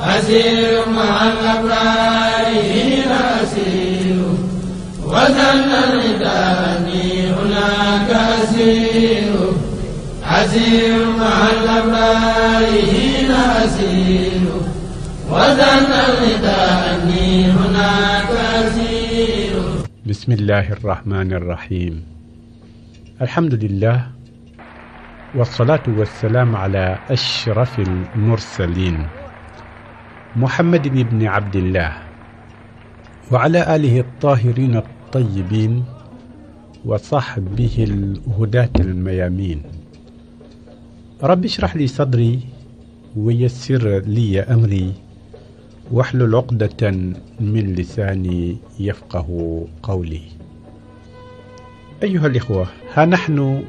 أسير مع الأبرار حين أسير وزن لداني هناك أسير أسير مع الأبرار حين أسير وزن لداني هناك أسير بسم الله الرحمن الرحيم الحمد لله والصلاة والسلام على أشرف المرسلين محمد بن عبد الله وعلى آله الطاهرين الطيبين وصحبه الهداة الميامين رب اشرح لي صدري ويسر لي أمري واحلل عقدة من لساني يفقه قولي أيها الإخوة ها نحن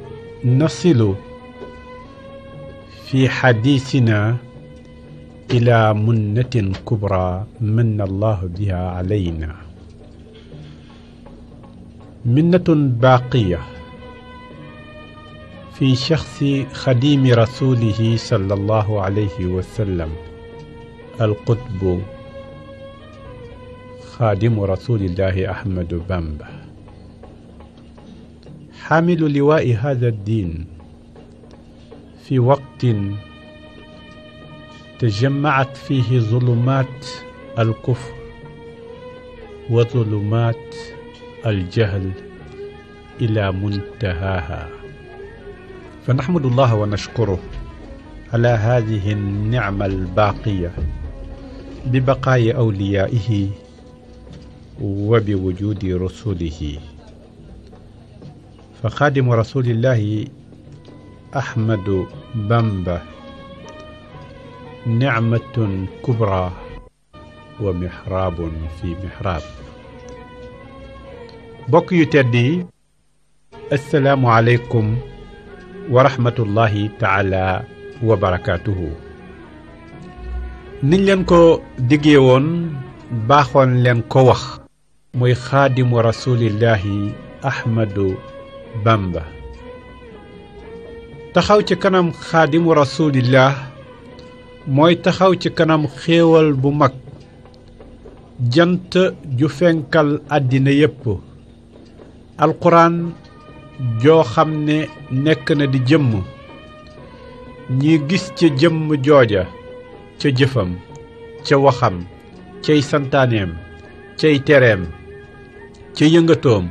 نصل في حديثنا إلى منة كبرى من الله بها علينا منة باقية في شخص خديم رسوله صلى الله عليه وسلم القطب خادم رسول الله أحمد بامبا حامل لواء هذا الدين في وقت تجمعت فيه ظلمات الكفر وظلمات الجهل إلى منتهاها فنحمد الله ونشكره على هذه النعمة الباقية ببقاء أوليائه وبوجود رسله فخادم رسول الله أحمد بمبه نعمة كبرى ومحراب في محراب bokk yu tedd yi asalaamualeykum wa rahmatullahi taala wa barakaatuhu niñ leen ko diggee woon baaxoon leen ko wax muy xaadimu rasulillahi ahmadu bamba taxaw ci kanam xaadimu rasulillah mooy taxaw ci kanam xéewal bu mag jant ju fenkal àddina yépp alxuraan joo xam ne nekk na di jëmm ñi gis ca jëmm jooja ca jëfam ca waxam cay santaaneem cay tereem ca yëngatoom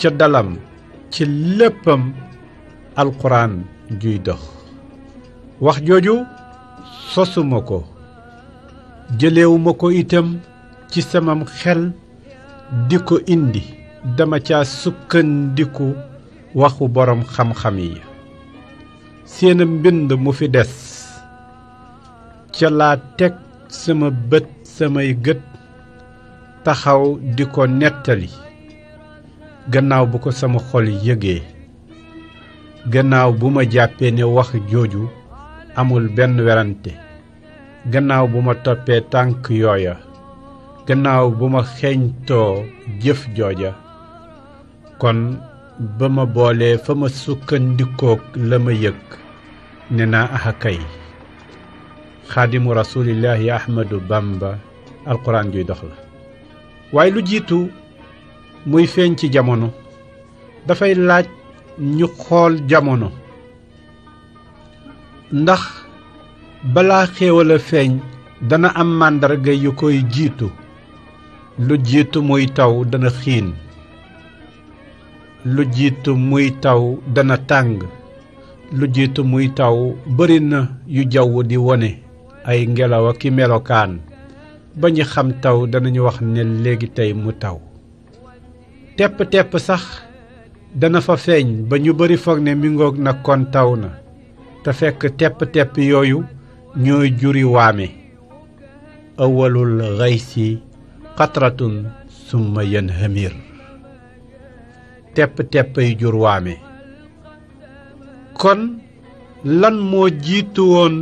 ca dalam ci léppam alxuraan juy dox sosuma ko jëlewuma ko itam ci samam xel di ko indi dama caa sukkandiku waxu boroom xam-xam yi seen mbind mu fi des ca laa teg sama bët samay gët taxaw di ko nettali gannaaw bu ko sama xol yëgee gannaaw bu ma jàppee ne wax jooju amul benn werante gannaaw bu ma toppee tànk yooya gannaaw bu ma xeeñtoo jëf jooja kon ba ma boolee fa ma sukkandikook la ma yëg ne naa axakay xaadimu rasuulillaahi ahmadu bamba alxuraan juy dox la waaye lu jiitu muy feeñ ci jamono dafay laaj ñu xool jamono ndax balaa xéewal feeñ dana am màndarga yu koy jiitu lu jiitu muy taw dana xiin lu jiitu muy taw dana tàng lu jiitu muy taw bari na yu jaww di wone ay ngelaw melokaan ba ñu xam taw danañu wax ne léegi tey mu taw tepp-tepp sax dana fa feeñ ba ñu bari foog ne mi na kon taw na te fekk tepp-tepp yooyu ñooy juri waame awalul xaysi xatratun summa yan hamir tepp-tepp yi jur waame kon lan moo jiitu woon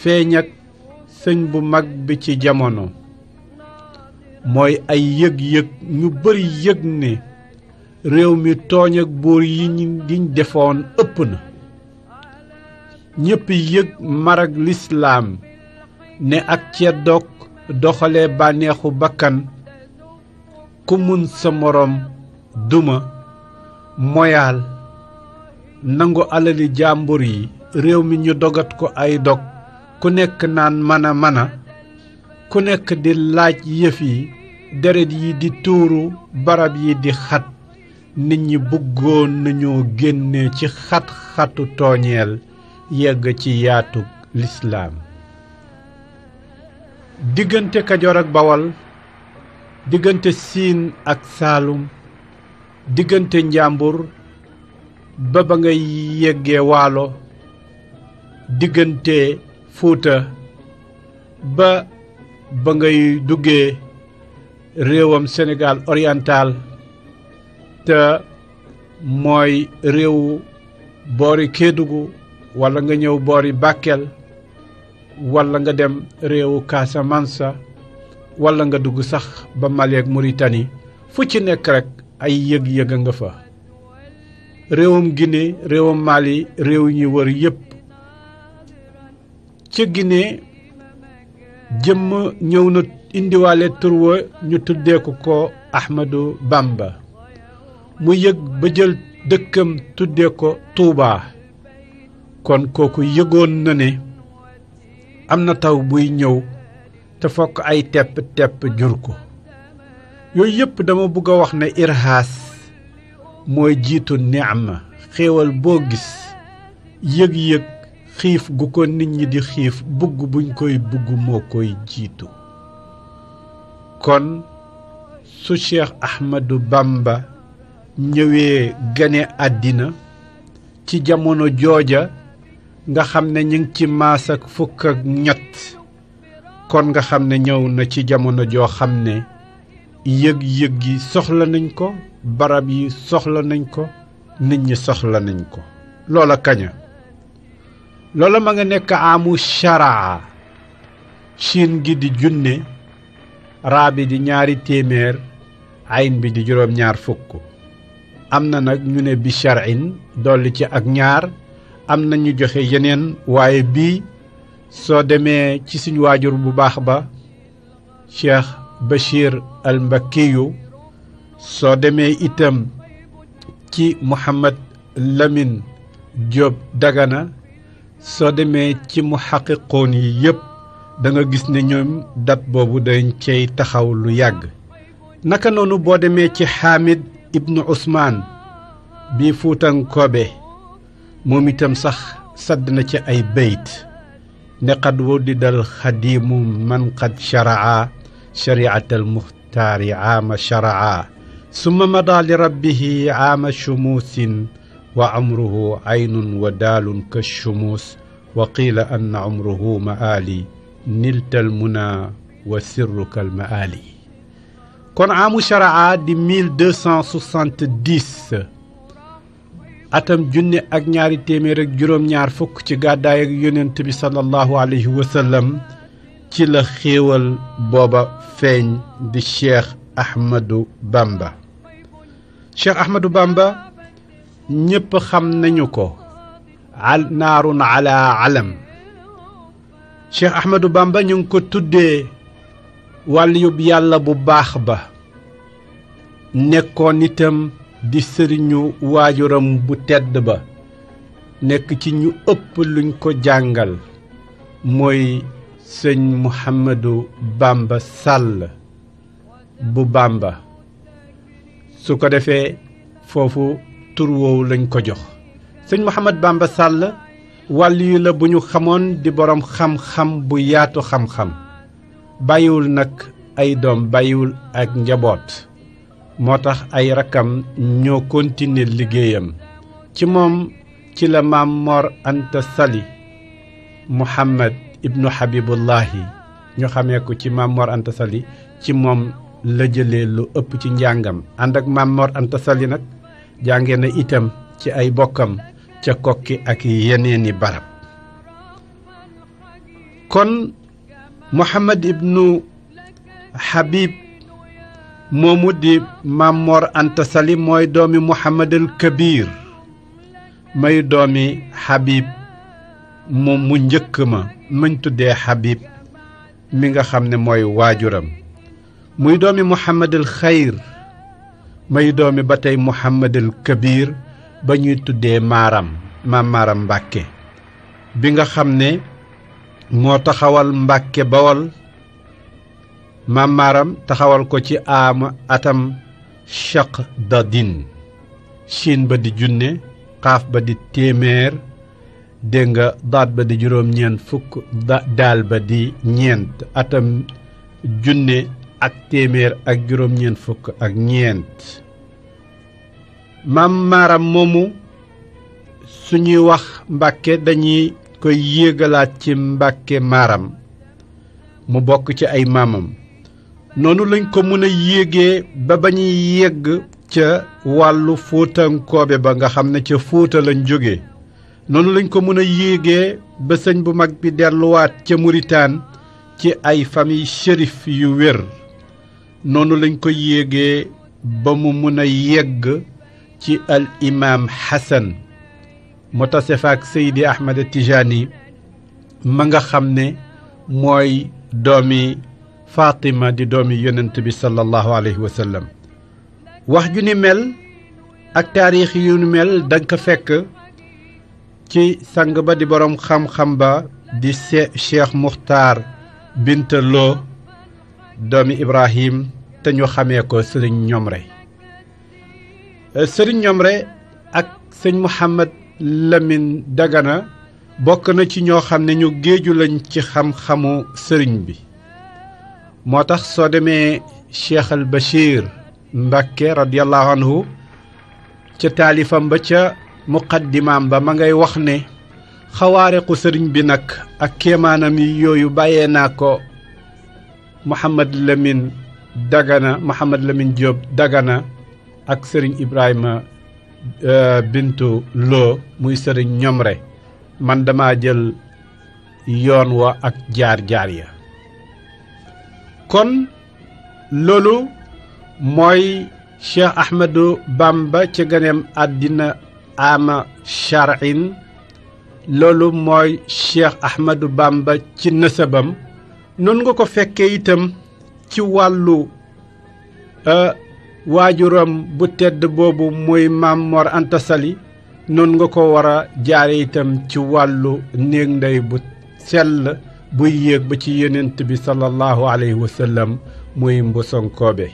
feeñ ak sëñ bu mag bi ci jamono mooy ay yëg-yëg ñu bari yëg ne réew mi tooñ ak buur yi ñu defoon ëpp na ñépp yëg marag lislaam ne ak dog doxale bànneexu bakkan ku mën sa moroom duma moyaal nangu alali jàmbur yi réew mi ñu dogat ko ay dog ku nekk naan mana mana ku nekk di laaj yëf yi deret yi di tuuru barab yi di xat nit ñi bëggoon nañu génne ci xat-xatu tooñeel yegg ci yaatug lislaam diggante kajoor ak bawal diggante siin ak saalum diggante njàmbur ba ba nga yeggee waalo diggante fuuta ba ba ngay duggee réewam Sénégal oriental te mooy réewu boori Kédougou wala nga ñëw boori bàkkel wala nga dem réewu Casamance walla nga dugg sax ba Mali ak fu ci nekk rekk ay yëg-yëg a nga fa réewum Guinée réewum Mali réew yi ñuy wër yépp ca Guinée jëmm ñëw na indiwaale turwa ñu tuddee ko ko Ahmadou ba mu yëg ba jël dëkkam tuddee ko tuubaa kon kooku yëgoon na ne am na taw buy ñëw te fokk ay tepp-tepp jur ko yooyu yëpp dama bëgg a wax ne irhaas mooy jiitu neema xéewal boo gis yëg-yëg xiif gu ko nit ñi di xiif bugg buñ koy bugg moo koy jiitu kon su Cheikh Ahmadou ba ñëwee gane àddina ci jamono jooja nga xam ne ñu ngi ci maas ak fukk ak ñett kon nga xam ne ñëw na ci jamono joo xam ne yëg-yëg yi soxla nañ ko barab yi soxla nañ ko nit ñi soxla nañ ko loola kaña loola ma nga nekk amu sharaa siin gi di junne raa bi di ñaari téeméer ayn bi di juróom ñaar fukk am na nag ñu ne bi sharin dolli ci ak ñaar am nañu joxe yeneen waaye bii soo demee ci suñu waajur bu baax ba Cheikh Bachir al Mbakkiyu soo demee itam ci Mouhamad Lamine Diop Dagana soo demee ci mu xaqiqoon yi yépp danga gis ne ñoom dat boobu dañ cay taxaw lu yàgg naka noonu boo demee ci Hamid ibnu Ousmane bi Fuutankoobe moom itam sax sadd na ci ay bayt ne xad waddidal xadiimu man xad sharaa shariatal muxtaari aama sharaa summa madaa li rabbihi aama shumuusin wa amruhu aynun wa daalun ka shumuus wa qiila anna umruhu maali niltal muna wa sirrukal maali kon aamu sharaa di 1270 atam junne ak ñaari téeméer ak juróom-ñaar fukk ci gàddaay ak yonent bi sallallahu alayhi wa ci la xéewal booba feeñ di cheikh Ahmadou Bamba cheikh ñépp xam nañu ko naaru na ala alam cheikh Ahmadou Bamba ñu ngi ko tuddee wàlliyub yàlla bu baax ba nekkoon itam di sëriñu waajuram bu tedd ba nekk ci ñu ëpp luñ ko jàngal mooy sëñ Muhammadu Bamba Sàll bu ba su ko defee foofu tur woowu lañ ko jox sëñ Muhammad Bamba Sàll wàll la bu ñu xamoon di boroom xam-xam bu yaatu xam-xam bàyyiwul nag ay doom bàyyiwul ak njaboot moo tax ay rakkam ñoo continuer liggéeyam ci moom ci la maam Mor Anta Sali Muhammad ibnu Habibullahi ñu xamee ko ci maam Mor Anta ci moom la jële lu ëpp ci njàngam ànd ak maam Mor Anta nag jàngee na itam ci ay bokkam ca kokki ak yeneeni barab kon Muhammad ibnu Habib moomu di Mamor Anta Sali mooy doomi Muhammadal Kabir may doomi Habib moom mu njëkk ma mañ tuddee Habib mi nga xam ne mooy waajuram muy doomi Muhammadal Xayr may doomi ba tey Muhammadal Kabir ba ñuy tuddee Maaram maam Maaram Mbàkke bi nga xam ne moo taxawal Mbàkke Bawol mammaaram taxawal ko ci aama atam chaq da din siin ba di junne xaaf ba di téeméer dégg daat ba di juróom ñeent fukk da ba di ñeent atam junné ak téeméer ak juróom ñeent fukk ak ñeent mammaaram moomu suñuy wax mbàkke dañuy koy yéegalaat ci mbàkke maaram mu bokk ci ay maamam noonu lañ ko mën a yéegee ba ba ñuy yegg ca wàllu Fuutankoobe ba nga xam ne ca Fuuta lañ jóge noonu lañ ko mën a yéegee ba sëñ bu mag bi delluwaat ca Muritaan ci ay famille shérif yu wér noonu lañ ko yéegee ba mu mën a yegg ci al imaam Xasan mu tase fa ak Seydi Ahmed Tijaani ma nga xam ne mooy doomi Fatima di doomi bi sallallahu alayhi wax ju ni mel ak taarix yu ni mel da ko fekk ci sang ba di boroom xam-xam ba di Cheikh Muxtaar Binta Lo doomi Ibrahim te ñu xamee ko sëriñ Ñomre sëriñ Ñomre ak sëñ Mouhamad Lamine Dagana bokk na ci ñoo xam ne ñu géeju lañ ci xam-xamu sëriñ bi moo tax soo demee Cheikh al Bachir Mbacke radiallahu ca taalifam ba ca muqaddimaam ba ma ngay wax ne xawaarequ sëriñ bi nag ak kéemaanam yi yooyu bàyyee naa ko Mouhamad Lamine Dagana Mouhamad Lamine Diop Dagana ak sëriñ Ibrahima euh, Bintu Lo muy sëriñ ñomre man dama jël yoon wa ak jaar-jaar ya kon loolu mooy Cheikh Ahmadou Bamba ci ganeem àddina ama shar'in loolu mooy Cheikh baam Bamba ci nësabam noon nga ko fekkee itam ci wàllu euh, waajuram bu tedd boobu mooy maam Mor Anta Sali nga ko war a jaare itam ci wàllu néeg ndey bu sell buy yéeg ba ci yonent bi sallallahu alayhi wa muy mbosonkoobe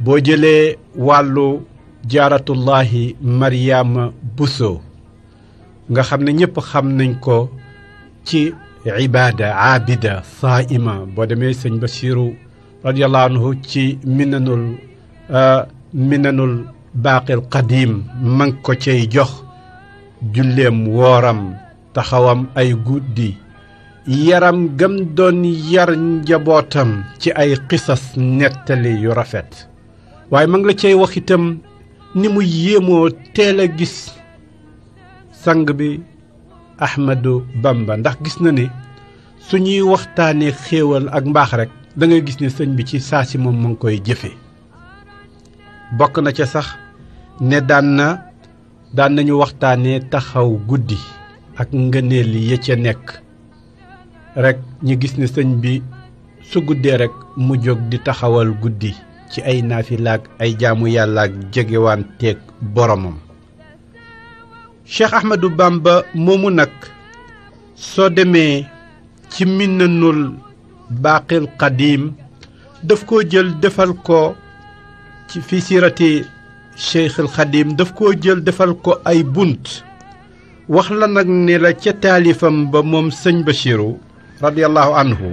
boo jëlee wàllu jaaratullahi maryaama buso nga xam ni ñëpp xam nañ ko ci ibaada aabida saaima boo demee sëñ Basiru radiallahu anhu ci minanul euh, minanul baaqil qadim ma ko cay jox julleem wooram taxawam ay guddi yaram gëm doon yar njabootam ci ay xisas nettali yu rafet waaye ma ngi la cay waxitam ni mu yéemoo teel a gis sang bi bam ba ndax gis na ni su ñuy waxtaanee xéewal ak mbaax rek da gis ni sëñ bi ci saa si moom mu ngi koy jëfe bokk na ca sax ne daan na daan nañu waxtaanee taxaw guddi ak ngëneel ya ca nekk rekk ñu gis ne sëñ bi su guddee rekk mu jóg di taxawal guddi ci ay naafilaak ay jaamu yàlla ak jegewaan teeg boromam Cheikh Ahmadou moomu nag soo demee ci minnanul baaqil qadiim daf koo jël defal ko ci fi sirati Cheikhul Xadim daf koo jël defal ko ay bunt wax la nag ne la ca taalifam ba moom sëñ ba Bachiru radiyallahu anhu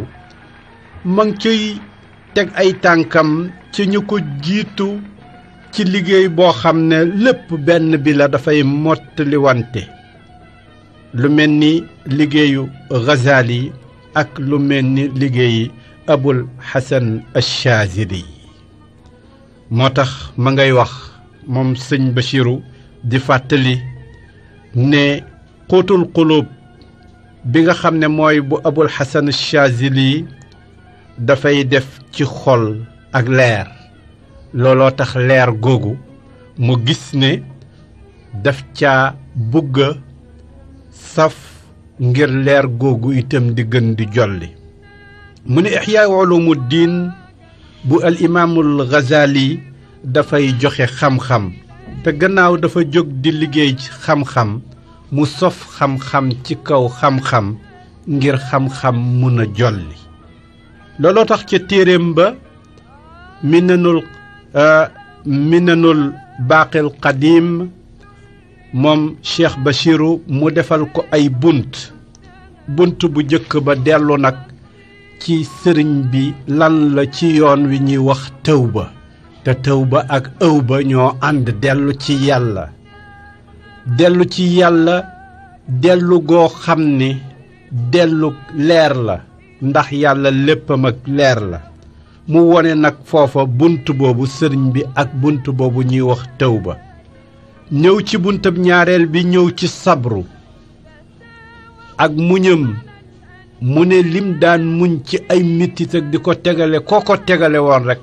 ma ciy teg ay tànkam ci ñu ko jiitu ci liggéey boo xam ne lépp benn bi la dafay mottaliwante lu mel ni liggéeyu Ghazali ak lu mel ni liggéeyu Abul Hasan Ash-Shazili moo tax ma ngay wax moom sëñ Bachiru di fàttali ne xóotul xulóob bi nga xam ne mooy bu abul xasan lii dafay def ci xol ak leer looloo tax leer googu mu gis ne def ca bugga saf ngir leer googu itam di gën di jolli mu ne ixyaa ulumu diin bu al imaamul dafay joxe xam-xam te gannaaw dafa jóg di liggéey xam-xam mu sof xam-xam ci kaw xam-xam ngir xam-xam mun a jolli looloo tax ca téeréem ba minanul euh, minanul baaqil qadim moom Cheikh Bachiru mu defal ko ay bunt bunt bu jëkk ba dellu nag ci sëriñ bi lan la ci yoon wi ñuy wax tëw ba te tëw ba ak ëw ba ñoo ànd dellu ci yàlla dellu ci yàlla dellu goo xam ne dellu leer la ndax yàlla léppam ak leer la mu wone nag foofa bunt boobu sëriñ bi ak bunt boobu ñuy wax ba ñëw ci buntab ñaareel bi ñëw ci sabru ak muñam mu ne lim daan muñ ci ay mettit ak di ko tegale koo ko tegale woon rekk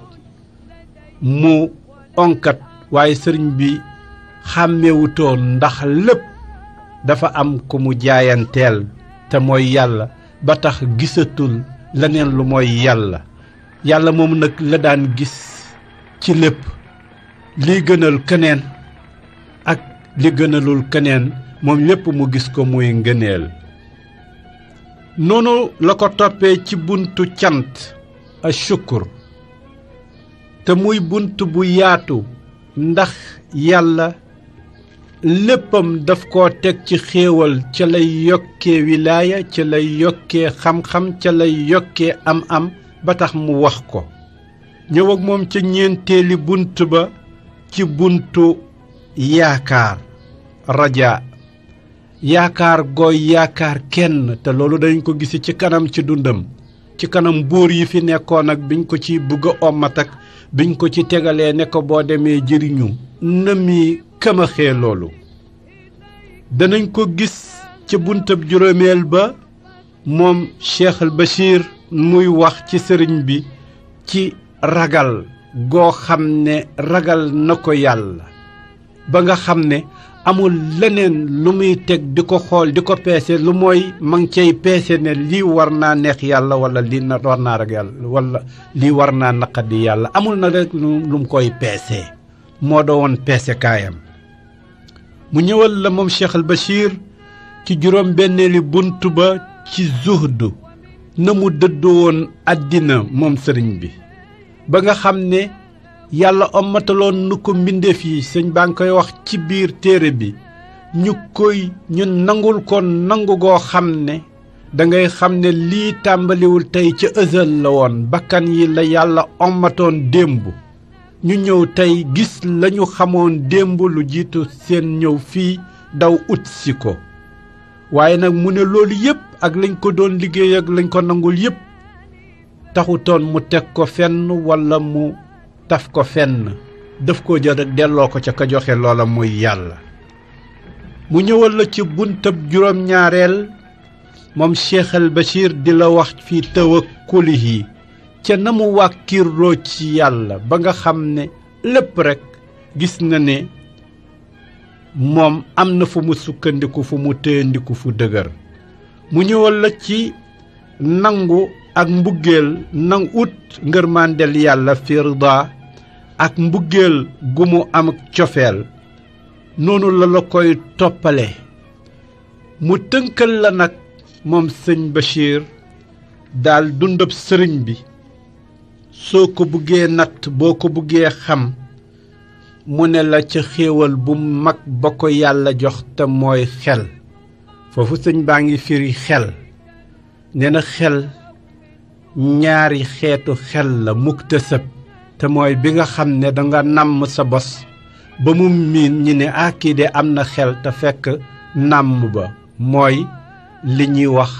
mu onkat waaye sëriñ bi xàmmewutoon ndax lépp dafa am ko mu jaayanteel te mooy yàlla ba tax gisatul leneen lu mooy yàlla yàlla moom nag la daan gis ci lépp lii gënal keneen ak li gënalul keneen moom yépp mu gis ko muy ngëneel noonu la ko toppee ci buntu cant a sukkur te muy bunt bu yaatu ndax yàlla léppam daf ko teg ci xéewal ca lay yokkee wilaaya ca lay yokkee xam-xam ca lay yokke am-am ba tax mu wax ko ñëw ak moom ca ñeenteeli bunt ba ci buntu yaakaar raja yaakaar gooy yaakaar kenn te loolu dañ ko gisi ci kanam ci dundam ci kanam buur yi fi nekkoon ak biñ ko ci bugg a ommat ak biñ ko ci tegalee ne ko boo demee jëriñu na mi kamaxe loolu danañ ko gis ci buntab juróomeel ba moom Cheikh al Bachir muy wax ci sëriñ bi ci ragal goo xam ne ragal na ko yàlla ba nga xam ne amul leneen lu muy teg di ko xool di ko peese lu mooy ma ngi cay peese ne lii war naa neex yàlla wala lii na war naa rek yàlla wala lii war naa naqadi yàlla amul na rek lu koy peese moo doo woon peese kaayam mu ñëwal la moom Cheikh ba Bachir ci juróom benneeli bunt ba ci zuhdu na mu dëdd woon àddina moom sëriñ bi ba nga xam ne yàlla ommataloon nu ko mbindeef yi sëñ baa ngi koy wax ci biir téere bi ñu koy ñu nangul ko nangu goo xam ne dangay xam ne lii tàmbaliwul tey ca ësal la woon bakkan yi la yàlla ommatoon démb ñu ñëw tey gis lañu xamoon démb lu jiitu seen ñëw fii daw ut si ko waaye nag mu ne loolu yépp ak lañ ko doon liggéey ak lañ ko nangul yépp taxutoon mu teg ko fenn walla mu taf ko fenn daf ko jël rek delloo ko ca ka joxe loola mooy yàlla mu ñëwal la ci buntab juróom-ñaareel moom Cheikh al Bachir di la wax fi yi ca na mu wàkkirloo ci yàlla ba nga xam ne lépp rekk gis na ne moom am na fu mu sukkandiku fu mu tëyandiku fu dëgër mu ñëwal la ci nangu ak mbuggeel nang ut ngërmandel yàlla firda ak mbuggeel gu mu am cofeel noonu la la koy toppale mu tënkal la nag moom sëñ Bachir daal dundab sëriñ bi soo ko buggee natt boo ko buggee xam mu ne la ca xéewal bu mag ba ko yàlla jox te mooy xel foofu sëñ baa ngi firi xel nee na xel ñaari xeetu xel la muktasab te mooy bi nga xam ne danga nàmm sa bos ba mu miin ñi ne ah kii de am na xel te fekk nàmm ba mooy li ñuy wax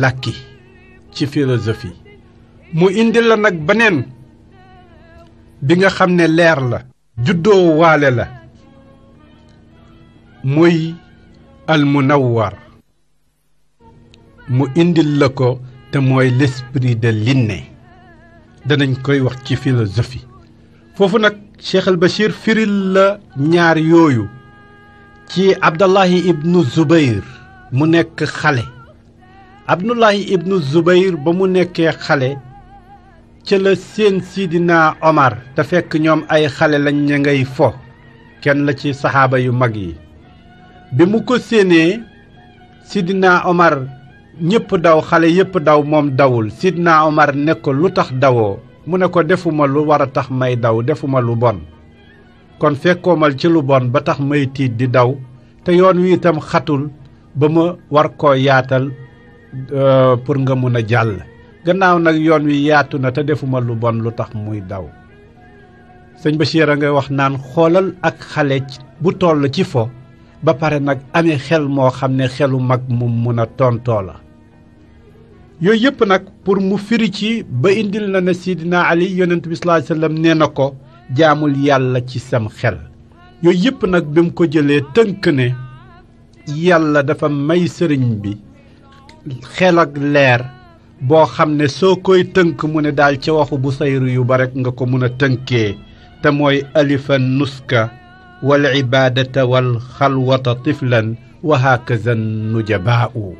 làkki ci philosophie mu indi la nag beneen bi nga xam ne leer la juddoo waale la muy almunawwar mu indil la ko te mooy l'esprit de l'inné danañ koy wax ci philosophie foofu nag Cheikh al Bachir firil la ñaar yooyu ci Abdallahi ibnu Zubayr mu nekk xale Abdullahi ibnu Zubayr ba mu nekkee xale ca la seen Sidina Omar te fekk ñoom ay xale lañ ña ngay fo kenn la ci saxaaba yu mag yi bi mu ko séenee Sidina Omar ñépp daw xale yépp daw moom dawul sidna omar ne ko lu tax dawoo mu ne ko defuma lu war a tax may daw defuma lu bon kon fekkoomal ci lu bon ba tax may tiit di daw te yoon wi itam xatul ba ma war koo yaatal euh, pour nga mun a jàll gannaaw nag yoon wi yaatu na te defuma lu bon lu tax muy daw sëñ Bachir a ngay wax naan xoolal ak xale bu toll ci fo ba pare nag ame xel moo xam ne xelu mag mu mun a tontoo la yooyu yëpp nag pour mu firi ci ba indil na ne Sidina Ali yonent bi nee na ko jaamul yàlla ci sam xel yooyu yëpp nag bi mu ko jëlee tënk ne yàlla dafa may sëriñ bi xel ak leer boo xam ne soo koy tënk mu ne daal ca waxu bu sayru yu ba rek nga ko mun a tënkee te mooy alifa nuska wal ibaadata wal xalwata tiflan wa hakaza nujabaa'u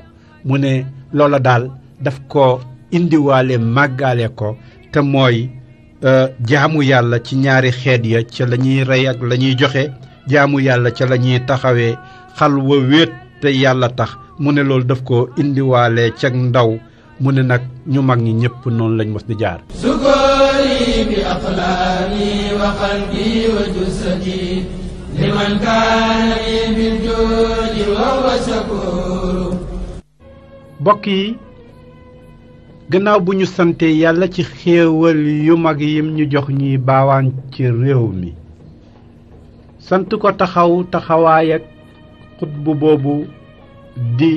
mu ne loola daal daf ko indiwaale màggaale ko te mooy euh, jaamu yàlla ci ñaari xeet ya ca lañuy ñuy rey ak la joxe jaamu yàlla ca la ñuy taxawee xal wa wéet te yàlla tax mu ne loolu daf ko indiwaale cag ndaw mu ne nag ñu mag ñi ñëpp noonu lañ mos di jaar sukoori bi aqlaani wa qalbi wa jusadi liman kaani bil jooji wa wa sakoor bokk yi gannaaw bu ñu santee yàlla ci xéewal yu mag yim ñu jox ñuy baawaan ci réew mi sant ko taxaw taxawaay ak xutbu boobu di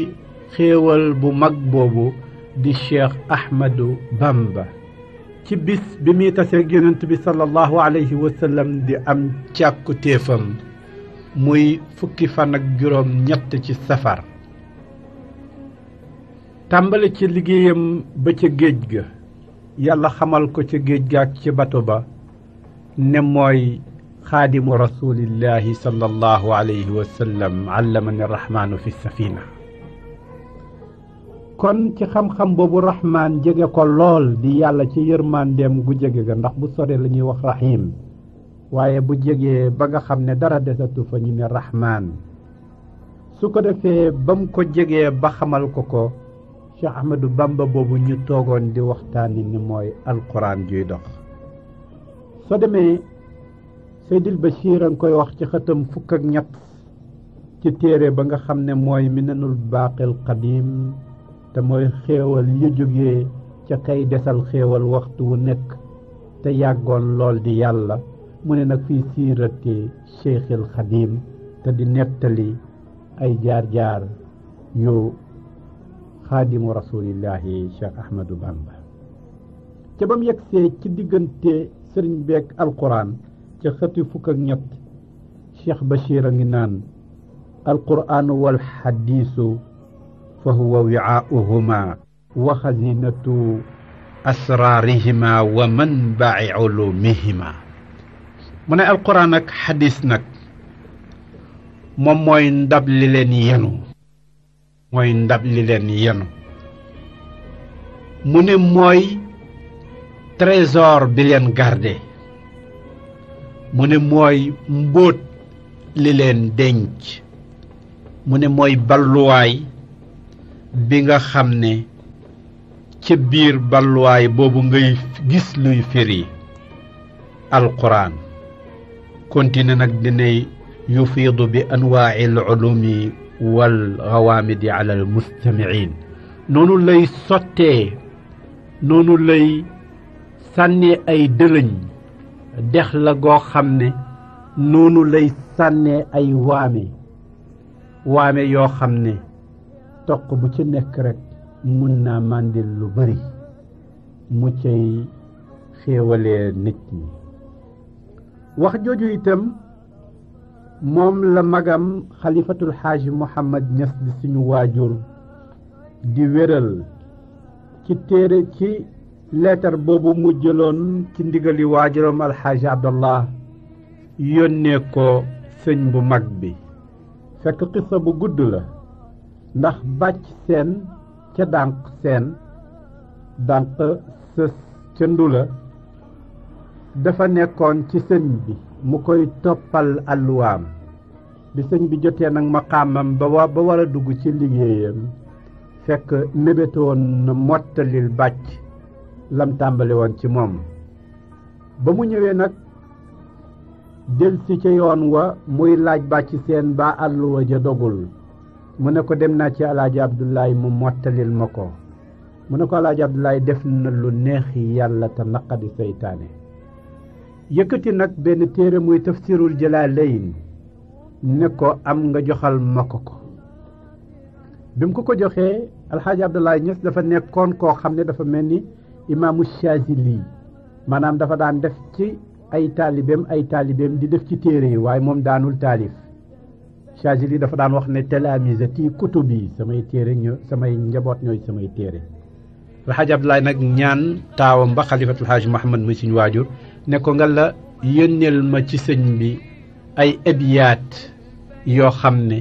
xéewal bu mag boobu di cheikh ahmadu bamba ci bis bi muy taseeg yonent bi sallallahu alayhi wa di am càkku muy fukki fan ak juróom ñett ci safar tàmbale ci liggéeyam ba ca géej ga yàlla xamal ko ca géej ga ak ca bato ba ne mooy xaadimu rasulillahi sallallahu alayhi wa sallam allamani rahmaanu fi safina kon ci xam-xam boobu raxmaan jege ko lool di yàlla ci yërmandeem gu jege ga ndax bu sore la ñuy wax rahim waaye bu jegee ba nga xam ne dara desatu fa ñu ne rahmaan su ko defee ba mu ko jegee ba xamal ko ko Cheikh Ahmadou Bamba boobu ñu toogoon di waxtaani ni mooy alquran juy dox soo demee Seydil ba a ngi koy wax ci xëtam fukk ak ñett ci téere ba nga xam ne mooy mi minanul baaqil qadim te mooy xéewal yu jóge ca kay desal xéewal waxtu wu nekk te yàggoon lool di yàlla mu ne nag fii siirati Cheikhil Xadim te di nettali ay jaar-jaar yu xaadimu rasulillahi ca ba mu yegsee ci diggante sëriñ beek alquran ca xëti fukk ak ñett Cheikh Bachir a ngi naan alquranu wal xadiisu fa huwa wiaauhuma wa xazinatu asraarihima wa manbai ulumihima mu ne alquran ak xadis nag moom mooy ndab lileen leen yenu mooy ndab li leen yenu mu ne mooy trésor bi leen gàrde mu ne mooy mbóot li leen denc mu ne mooy balluwaay bi nga xam ne ci biir balluwaay boobu ngay gis luy yi alxuraan continue nag dinay yufiidu bi anwaa'il ulumi wal xawaamidi ala al mustamiin noonu lay sottee noonu lay sànnee ay dëlëñ dex la goo xam ne noonu lay sànnee ay waame waame yoo xam ne toq bu ci nekk rek mun naa màndil lu bari mu cay xéewalee nit ñi moom la magam xalifatul xaaj Mouhamad Niass di suñu waajur di wéral ci téere ci leetar boobu mu jëloon ci ndigali waajuram alxaaji Abdallah yónnee ko sëñ bu mag bi fekk xisa bu gudd la ndax bàcc seen ca dànq seen dànq sës ca ndula dafa nekkoon ci sëñ bi mu koy toppal àlluwaam bi sëñ bi jotee nag ma maqaamam ba wa ba war a dugg ci liggéeyam fekk mébétoon na mottalil bàcc lam tàmbali woon ci moom ba mu ñëwee nag delsi ca yoon wa muy laaj bàcc seen ba àlluwa ja dogul mu ne ko dem naa ci alaaji Abdoulaye mu mottalil ma ko mu ne ko alaaji Abdoulaye def na lu neexi yàlla te naqadi seytaane yëkkati nag benn téere muy tafsirul jalalayn ne ko am nga joxal ma ko ko bi mu ko ko joxee alxaaji Abdoulaye Niass dafa nekkoon koo xam ne dafa mel ni imaamu Chazili maanaam dafa daan def ci ay taalibeem ay taalibeem di def ci téere yi waaye moom daanul taalif lii dafa daan wax ne talaamisati bii samay téere samay njaboot ñooy samay téere alxaaji Abdoulaye nag ñaan taawam ba xalifatul xaaji Muhammad muy suñu waajur ne ko nga yónneel ma ci sëñ bi ay ebiyaat yoo xam ne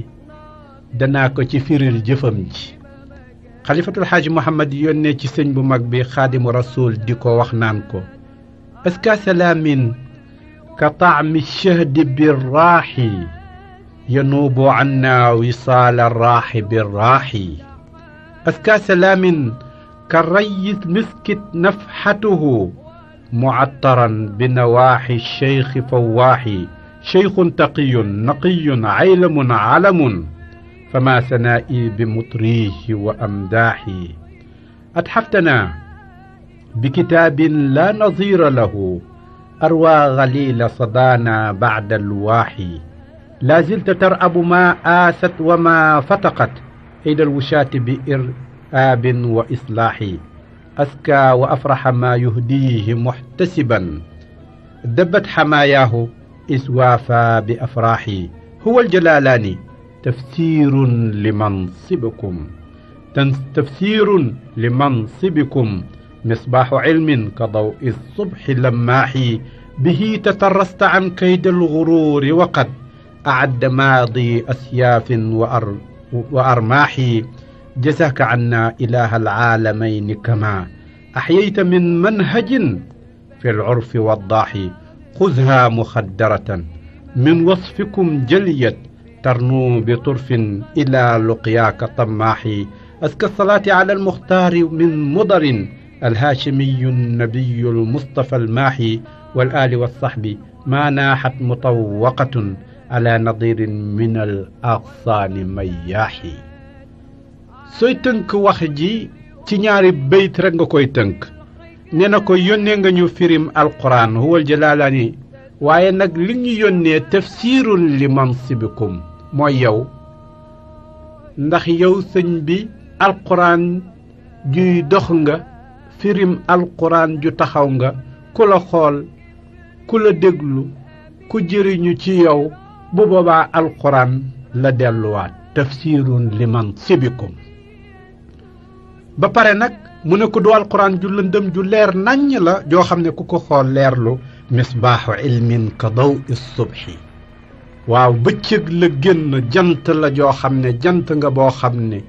danaa ko ci firil jëfam ji xalifatul xaaji Muhammad yónnee ci sëñ bu mag bi xaadimu rasul di ko wax naan ko aska salaamin ka taami shahdi birraaxi yanuubu anna wisaala raaxi birraaxi aska salaamin ka rayis miskit nafxatuhu mucattaran bi nawaaxi cheikhi fawaaxi cheikhun taqiyun naqiyun aylamun alamun fama sanaa'i bi mutriihi wa amdaaxi atxaftanaa bi kitaabin laa nadiira lahu arwaa galiila sadaanaa bacda alwaaxi laa zilta tarabu maa aasat wa maa fataqat idal wusaati bi iraabin wa islaaxi أذكى وأفرح ما يهديه محتسبا دبت حماياه إذ وافى بأفراحي هو الجلالاني تفسير لمنصبكم تفسير لمنصبكم مصباح علم كضوء الصبح لماح به تترست عن كيد الغرور وقد أعد ماضي أسياف وأر وأرماح جزاك عنا إله العالمين كما أحييت من منهج في العرف والضاح خذها مخدرة من وصفكم جليت ترنو بطرف إلى لقياك طماحي أزكى الصلاة على المختار من مضر الهاشمي النبي المصطفى الماحي والآل والصحب ما ناحت مطوقة على نظير من الأغصان مياحي sooy tënk wax ji ci ñaari béyt rekk nga koy tënk nee na ko yónnee nga ñu firim alquran huwal jalaalaani waaye nag li ñu yónnee tafsiirun li mansibikum mooy yow ndax yow sëñ bi alquran juy dox nga firim alquran ju taxaw nga ku la xool ku la déglu ku jëriñu ci yow bu boobaa alxuraan la delluwaat tafsirun liman sibikum ba pare nag mu ne ko du alquran ju lëndëm ju leer naññ la joo xam ne ku ko xool leerlu misbaaxu ilmin ka daw subhi waaw bëccëg la génn jant la joo xam ne jant nga boo xam ne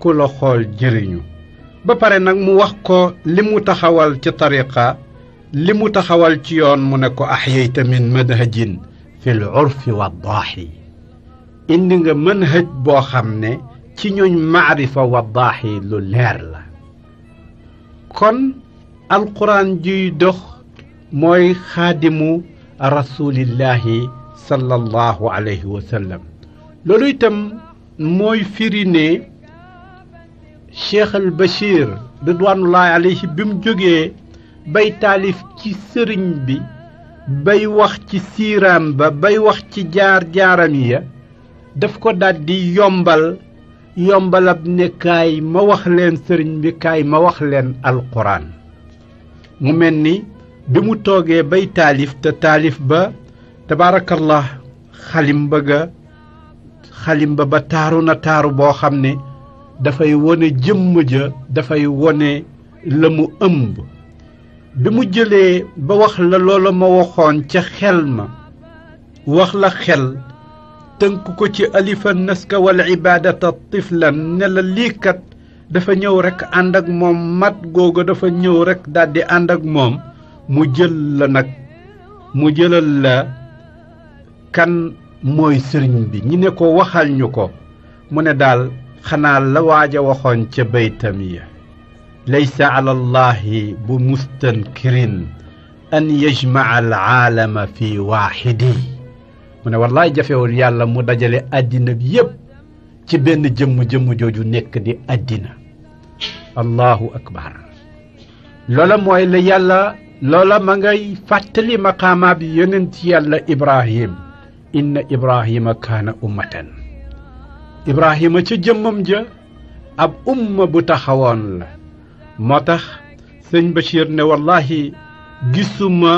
ku la xool jëriñu ba pare nag mu wax ko li mu taxawal ci tariqa li mu taxawal ci yoon mu ne ko axyayta min manhajin fi l urfi wa daaxi indi nga manhaj boo xam ne ci ñooñ maarifa waddaaxi lu leer la kon alquran juy dox mooy xaadimu rasulillahi sallallahu alayhi wa loolu itam mooy firi ne cheikh al bachir ridwanullahi alayhi bi mu jógee bay taalif ci sëriñ bi bay wax ci siiraam ba bay wax ci jaar jaaram ya daf ko daldi yombal yombalab ne kaay ma wax leen sëriñ bi kaay ma wax leen alxuraan mu mel ni bi mu toogee bay taalif te taalif ba tabaarakallah xalim ba ga ba ba taaru na taaru boo xam ne dafay wone jëmm ja dafay wone la mu ëmb bi mu jëlee ba wax la loola ma waxoon ca xel ma wax la xel tënk ko ci alifa naska wal ibaadata tiflan ne liikat dafa ñëw rekk ànd ak moom mat googu dafa ñëw rekk daldi ànd ak moom mu jël la nag mu jëlal la kan mooy sëriñ bi ñu ne ko waxal ñu ko mu ne daal xanaa la waaja waxoon ca baytam ya laysa ala allahi bu mustankirin an yajmaa alaalama fi waaxidi mu ne wallaay jafewul yàlla mu dajale àddina bi yépp ci benn jëmm jëmm jooju nekk di àddina allahu akbar loola mooy la yàlla loola ma ngay fàttali maqaamaa bi yonent yàlla ibrahim inna ibrahima kaana ummatan ibrahima ca jëmmam ja ab umma bu taxawoon la moo tax sëñ Bachir ne wallahi gisuma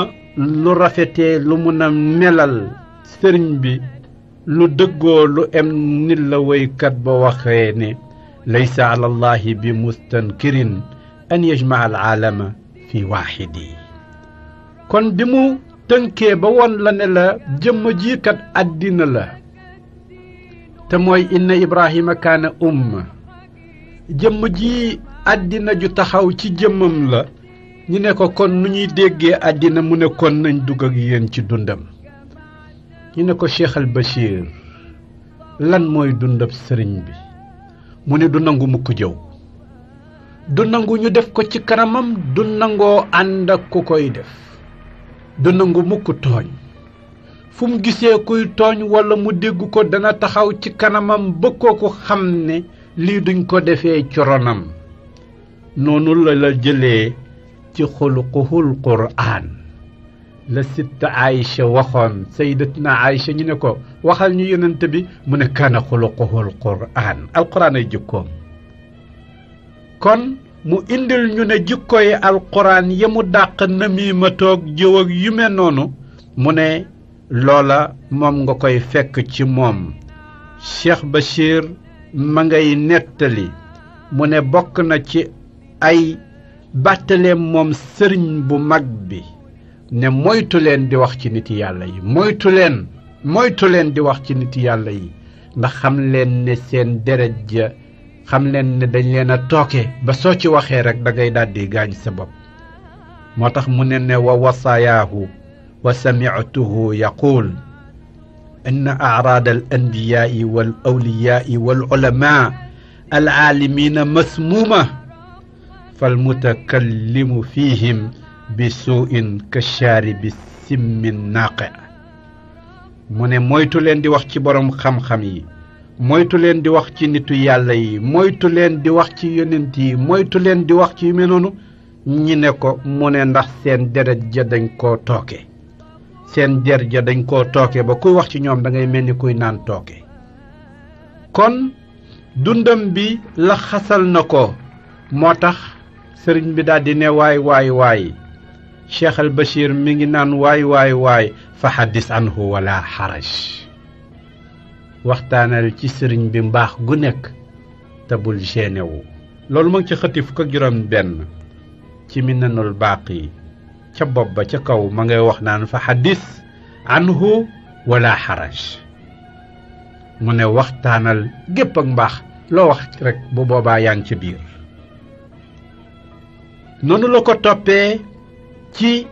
lu rafete lu mën a melal sëriñ bi lu dëggoo lu em nit la woykat ba waxee ne laysa ala bi mustankirin an yajmaa al aalama fi waaxidi kon bi mu tënkee ba won la ne la jëmm jiikat àddina la te mooy inna ibrahima kaana umma jëmm ji àddina ju taxaw ci jëmmam la ñu ne ko kon nu ñuy déggee àddina mu ne kon nañ dugg ak yéen ci dundam ñu ne ko Cheikh Al Bachir lan mooy dundab sëriñ bi mu ne du nangu mukk jëw du nangu ñu def ko ci kanamam du nangoo ànd ak ku koy def du nangu mukk tooñ fu mu gisee kuy tooñ walla mu dégg ko dana taxaw ci kanamam ba kooku xam ne lii duñ ko defee coronam noonu la la jëlee ci xuluquhul quraan la sitta Aïcha waxoon sayyidatuna Aïcha ñu ne ko ñu yonent bi mu ne kaana xuluquhul kon mu indil ñu ne jikkoy alquraan ya mu dàq ma toog jëw ak yu noonu mu ne loola moom nga koy fekk ci moom Cheikh Bachir ma ngay nettali mu ne bokk na ci ay bàttaleem moom sëriñ bu mag bi ne moytu di wax ci nit yàlla yi moytu leen di wax ci nit yàlla yi ndax xam leen ne seen deret ja xam leen ne dañ leen a tooke ba soo ci waxee rek da ngay daldi gaañ sa bopp moo tax mu ne ne wa wasayaahu wa samictuhu yaquul inna acraada al anbiyaai wal awliyaai wal ulamaa al caalimiina masmuuma fal mutakallimu fihim bi suu in kashaari bi simmin naaqe mu ne moytu leen di wax ci boroom xam-xam yi moytu leen di wax ci nitu yàlla yi moytu di wax ci yonent yi moytu leen di wax ci yu mel ñi ne ko mu ne ndax seen deret ja dañ koo tooke seen der ja dañ koo tooke ba kuy wax ci ñoom da ngay mel ni kuy naan tooke kon dundam bi la xasal na ko moo tax sëriñ bi daldi ne waay waay waay cheikh al bachir mi ngi naan waay waay waay fa xaddis anhu wala xaraj waxtaanal ci sëriñ bi mbaax gu nekk te bul génne loolu mu ci xëti fukk ak juróom benn ci minanul yi ca bopp ba ca kaw ma ngay wax naan fa xaddis anhu wala xaraj mu ne waxtaanal gépp ak mbaax loo wax rek bu boobaa yaa ngi ci biir ci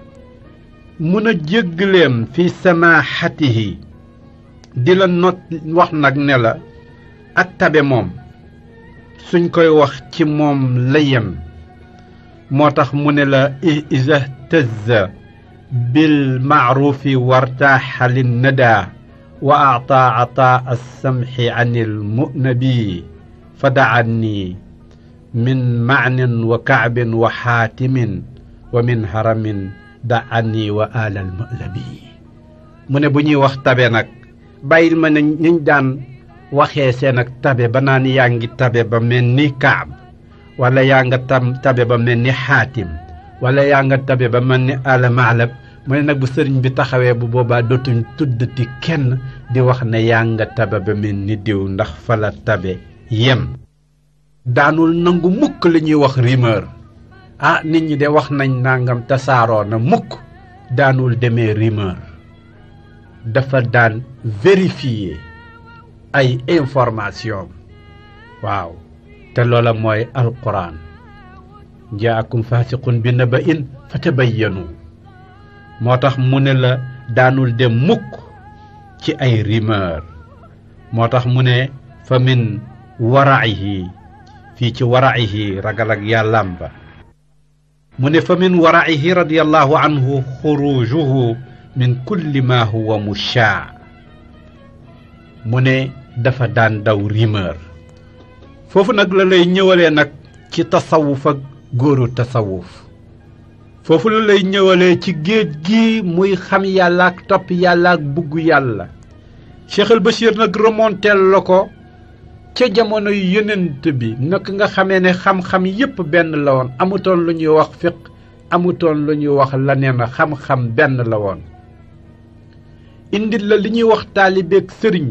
mun a jéggaleem fi samaaxatihi di la not wax nag ne la ak tabe moom suñ koy wax ci moom la yem moo tax mu ne la ihtazza bil maarufi wartaaxa lin nada wa aata ataa alsamxi an il munabi fa daan nii min maanin wa kaabin wa xaatimin wa min haramin da mu ne bu ñuy wax tabe nag bàyyil ma ne niñ daan waxee seen ak tabe ba naan yaa ngi tabe ba mel ni kaab wala yaa nga tam tabe ba mel ni xaatim wala yaa nga tabe ba mel ni alamaalab mu ne nag bu sëriñ bi taxawee bu boobaa dootuñ tuddati kenn di wax ne yaa nga tabe ba mel ni diw ndax fala tabe yem daanul nangu mukk li ñuy wax rumeur ah nit ñi de wax nañ nangam tasaaroo na mukk daanul demee rumeur dafa daan vérifier ay information waaw te loola mooy alquran jaakum fasiqun bi naba in fatabayyanu moo tax mu ne la daanul dem mukk ci ay rumeur moo tax mu ne fa min waraihi fii ci waraihi ragal ak yàllam ba mu ne fa min waraihi radiallahu anhu xurujuhu min kulli mu ne dafa daan daw rumeur foofu nag la lay ñëwalee nag ci tasawuf ak góoru tasawuf foofu la lay ñëwalee ci géej gi muy xam yàlla topp yàlla bugg yàlla Cheikh ba Bachir nag remonteel la ko ca jamono yu yonent bi naka nga xamee ne xam-xam yépp benn la woon amutoon lu ñuy wax fiq amutoon lu ñuy wax leneen xam-xam benn la woon indil la li ñuy wax taalibeeg sëriñ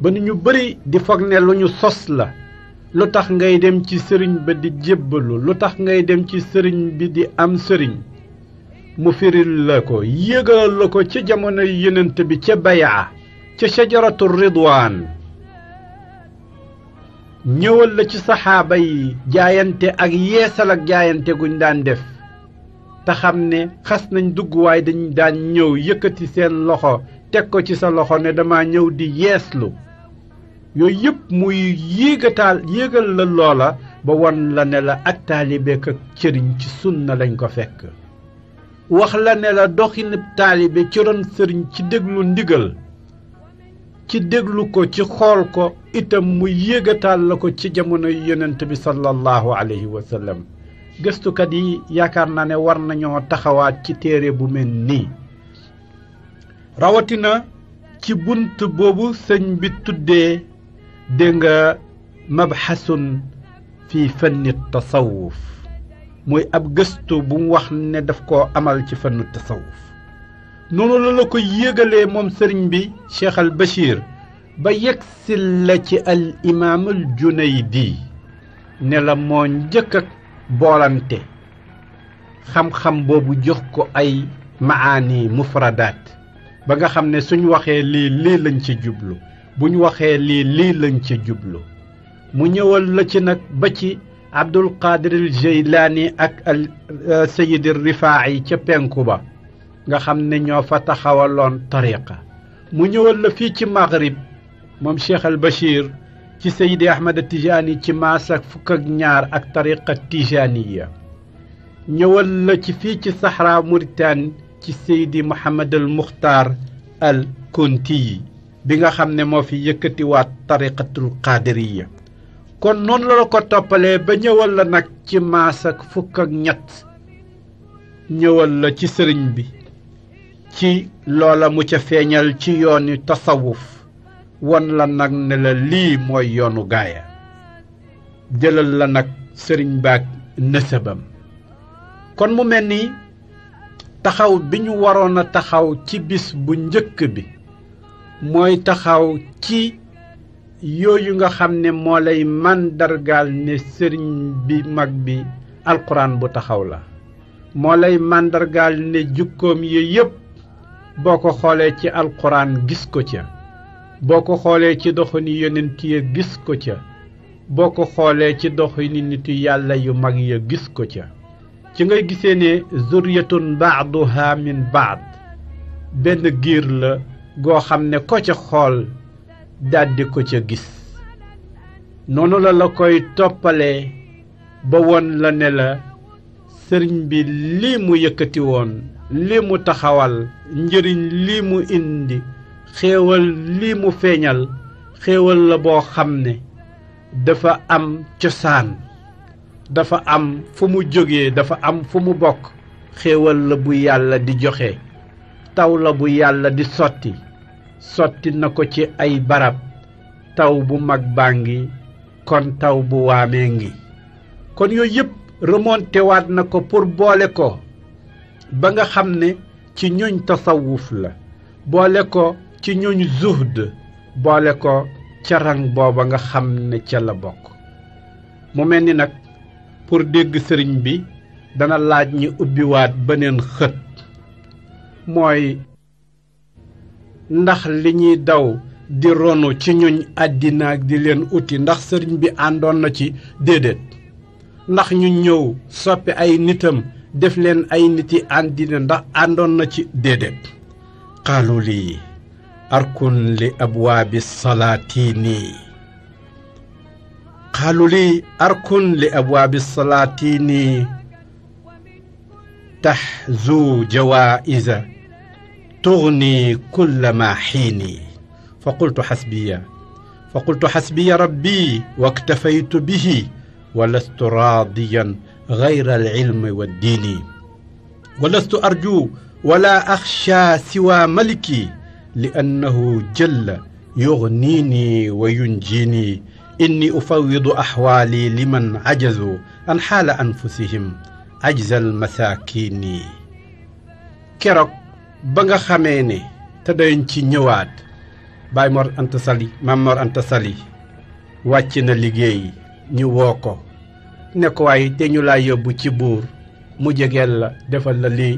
ba nu ñu bari di foog ne lu ñu sos la lu tax ngay dem ci sëriñ ba di jébbalu lu tax ngay dem ci sëriñ bi di am sëriñ mu firil la ko yégal la ko ca jamono yeneent bi ca bayaa ca sajaratu ridwaan ñëwal la ci saxaaba yi jaayante ak yeesal ak jaayante guñ daan def te xam ne xas nañ dugg waaye dañ daan ñëw yëkkati seen loxo teg ko ci sa loxo ne dama ñëw di yeeslu yooyu yëpp muy yéegataal yéegal la loola ba won la ne la ak taalibeek ak cëriñ ci sunna lañ ko fekk wax la ne la doxinib taalibe ci ron sëriñ ci déglu ndigal ci déglu ko ci xool ko itam mu yéegataal la ko ci jamono yonent bi sallallahu alayhi wa sallam gëstukat yi yaakaar naa ne war nañoo taxawaat ci téere bu mel nii rawatina ci bunt boobu sëñ bi tuddee dégg nga mabxasun fi fanni tasawuf muy ab gëstu bu mu wax ne daf ko amal ci fannu tasawuf noonu la la ko yëgalee moom sëriñ bi Cheikh al Bachir ba yegsil la ci al imaam al Junaydi ne la moo njëkk ak boolante xam-xam boobu jox ko ay maani mufradaat ba nga xam ne suñ waxee lii lii lañ ci jublu buñ waxee lii lii lañ ci jublu mu ñëwal la ci nag ba ci Abdul Qadir al Jeylaani ak al euh, Sayyid al ca penku ba nga xam ne ñoo fa taxawaloon tariqa mu ñëwal la fii ci maghrib moom Cheikh al Bachir ci Seydi Ahmada Tijaani ci maas ak fukk ak ñaar ak tariqa tijaniya ñëwal la ci fii ci Sahra Mauritanie ci Seydi Mouhamad al Mukhtar al Konti bi nga xam ne moo fi yëkkatiwaat tariqatul qaadiriya kon noonu la la ko toppalee ba ñëwal la nag ci maas ak fukk ak ñett ñëwal la ci sëriñ bi ci loola mu ca feeñal ci yoon yoonu tasawuf won la nag ne la lii mooy yoonu gaaya jëlal la nag sëriñ baag nësëbam kon mu mel ni taxaw bi ñu waroon a taxaw ci bis bu njëkk bi mooy taxaw ci yooyu nga xam ne moo lay màndargaal ne sëriñ bi mag bi alxuraan bu taxaw la moo lay màndargaal ne jukkoom yi yépp boo ko xoolee ci alxuraan gis ko ca boo ko xoolee ci doxini yonent ya gis ko ca boo ko xoolee ci doxini nitu yàlla yu mag ya gis ko ca ci ngay gisee ne zuriyatun baaduha min baad benn giir la goo xam ne ko ca xool daldi ko ca gis noonu la la koy toppalee ba woon la ne la sëriñ bi lii mu yëkkati woon lii mu taxawal njëriñ lii mu indi xéewal lii mu feeñal xéewal la boo xam ne dafa am cosaan dafa am fu mu jóge dafa am fu mu bokk xéewal la bu yàlla di joxe taw la bu yàlla di sotti sotti na ko ci ay barab taw bu mag baa ngi kon taw bu waamee ngi kon yooyu yëpp remonté na ko pour boole ko ba nga xam ne ci ñooñ tasawuf la boole ko ci ñooñ zuhd boole ko ca rang booba nga xam ne ca la bokk mu mel ni nag pour dégg sëriñ bi dana laaj ñi ubbiwaat beneen xët mooy ndax li ñuy daw di ronu ci ñuñ àddina di leen uti ndax sëriñ bi àndoon na ci déedéet ndax ñu ñëw soppi ay nitam def leen ay niti àndina ndax àndoon na ci déedéet xaalu lii arkun li abwaabi salaatini xaalu lii arkun li abwaabi salaatini taxzu jawaaiza tugni kulla ma xiini fa qultu xasbiya fa qultu xasbiya rabbi waktafaytu ولست راضيا غير العلم والدين ولست أرجو ولا أخشى سوى ملكي لأنه جل يغنيني وينجيني إني أفوض أحوالي لمن عجزوا عن حال أنفسهم عجز المساكين keroog ba nga xamee ne te dañ ci ñëwaat Baay Mor Anta Sali Maam Mor Anta Sali wàcc na liggéey ñu woo ko ne ko waaye te ñu laa yóbbu ci buur mu jegeel la defal la lii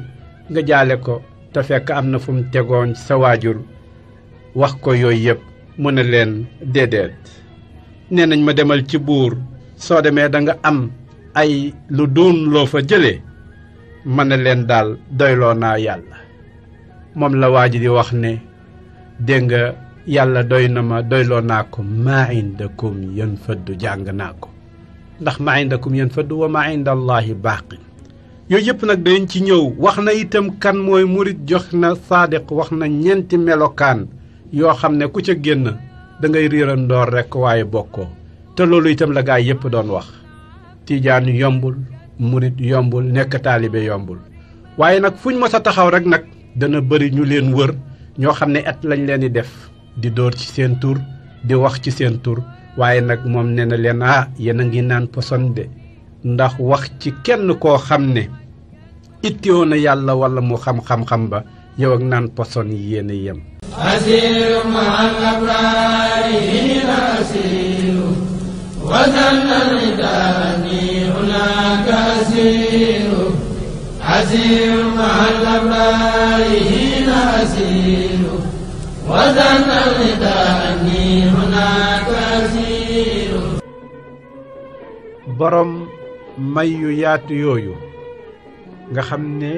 nga jaale ko te fekk am na fu mu tegoon sa waajur wax ko yooyu yëpp mu ne leen déedéet nee nañ ma demal ci buur soo demee danga am ay lu duun loo fa jëlee ma ne leen daal doyloo naa yàlla moom la waa ji di wax ne dégg nga yàlla doy na ma doyloo naa ko maa indakum yan fëdd jàng naa ko ndax ma indakum yanfadu wa ma inda allahi baaqi yooyu yëpp nag dañ ci ñëw wax na itam kan mooy murit jox na saadiq wax na ñeenti melokaan yoo xam ne ku ca génn da ngay riirandoor rekk waaye bokkoo te loolu itam la gaa yëpp doon wax tiijaan yombul murit yombul nekk taalibe yombul waaye nag fuñ mës a taxaw rek nag dana bëri ñu leen wër ñoo xam ne at lañ leen di def di dóor ci seen tur di wax ci seen tur waaye nag moom nee na leen ah yéen a ngi naan poson de ndax wax ci kenn koo xam ne ittoo na yàlla wala mu xam xam-xam ba yow ak naan poson yi yéen a yem. asiru boroom may yu yaatu yooyu nga xam ni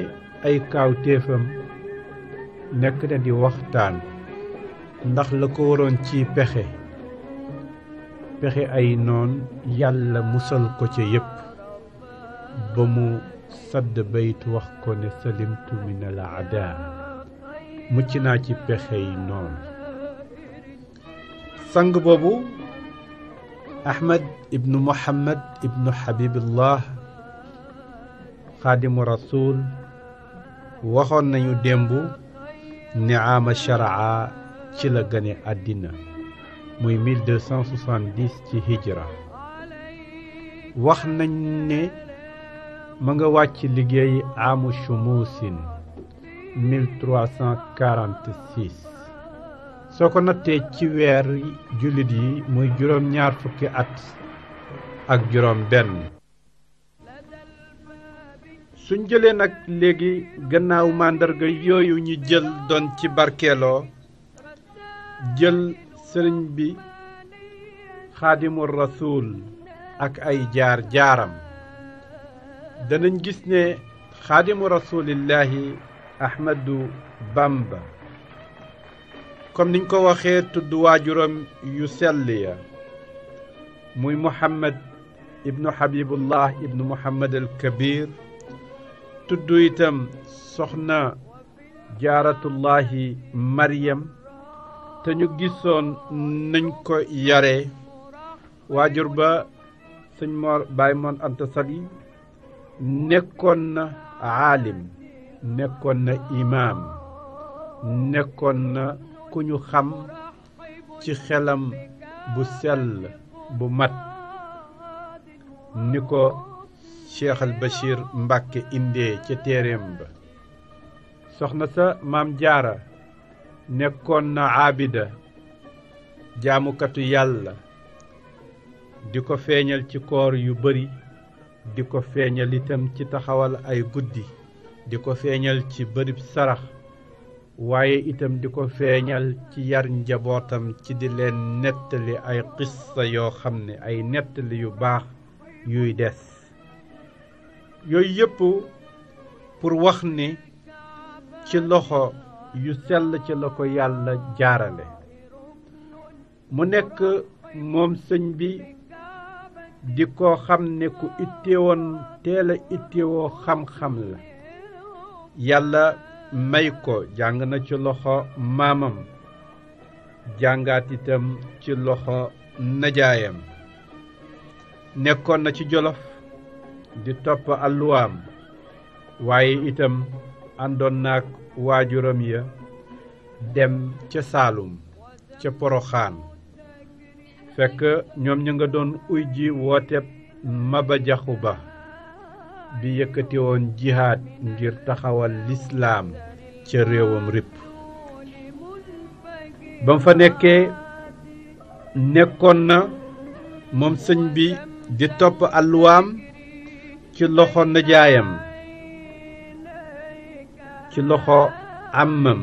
ay kaawtéefam nekk na di waxtaan ndax la ko waroon ci pexe pexe ay noon yàlla musal ko ca yépp ba mu sadd bayt wax ko ne salimtu min al aada mucc naa ci pexe yi noonu Ahmed ibnu Muhammad ibnu Habibullah xaadimu rasul waxoon nañu démb ni ama sharaa ci la gane àddina muy 1270 ci hijra wax nañ ne ma nga wàcc liggéey amu shumuusin 1346 soo ko nattee ci weer jullit yi muy juróom ñaar fukki at ak juróom benn suñ jëlee nag léegi gannaaw màndarga yooyu ñu jël doon ci barkeeloo jël sëriñ bi xaadimul rasuul ak ay jaar jaaram danañ gis ne xaadimu rasuulillaahi ahmadu bamba comme niñ ko waxee tudd waajuram yu sell ya muy muhammad ibnu habibullah ibnu muhammad al kabir tudd itam soxna jaaratullahi maryam te ñu gisoon nañ ko yare waajur ba sëñ moor baay moon anta sali nekkoon na aalim nekkoon na imaam nekkoon na ku ñu xam ci xelam bu sell bu mat ni ko Cheikh al Bachir Mbàkke ca téereem ba soxna sa maam jaara nekkoon na abida jaamukatu yàlla di ko feeñal ci koor yu bari di ko feeñal itam ci taxawal ay guddi di ko feeñal ci bërib sarax waaye itam di ko feeñal ci yar njabootam ci di leen nettali ay qissa yoo xam ne ay nettali yu baax yuy des yooy yëpp pour wax ni ci loxo yu sell ci la ko yàlla jaarale mu nekk moom sëñ bi di ko xam ne ku itteewoon teel a itteewoo xam-xam la yàlla may ko jàng na ca loxo maamam jàngaat itam ci loxo najaayam nekkoon na ci jolof di topp alluwaam waaye itam àndoon naak waajuram ya dem ca saalum ca poroxaan fekk ñoom ñu nga doon uy ji woote ma ba jaxu ba bi yëkkati woon jihaad ngir taxawal lislaam ca réewam ripp ba mu fa nekkee nekkoon na moom sëñ bi di topp alluwaam ci loxo najaayam ci loxo àmmam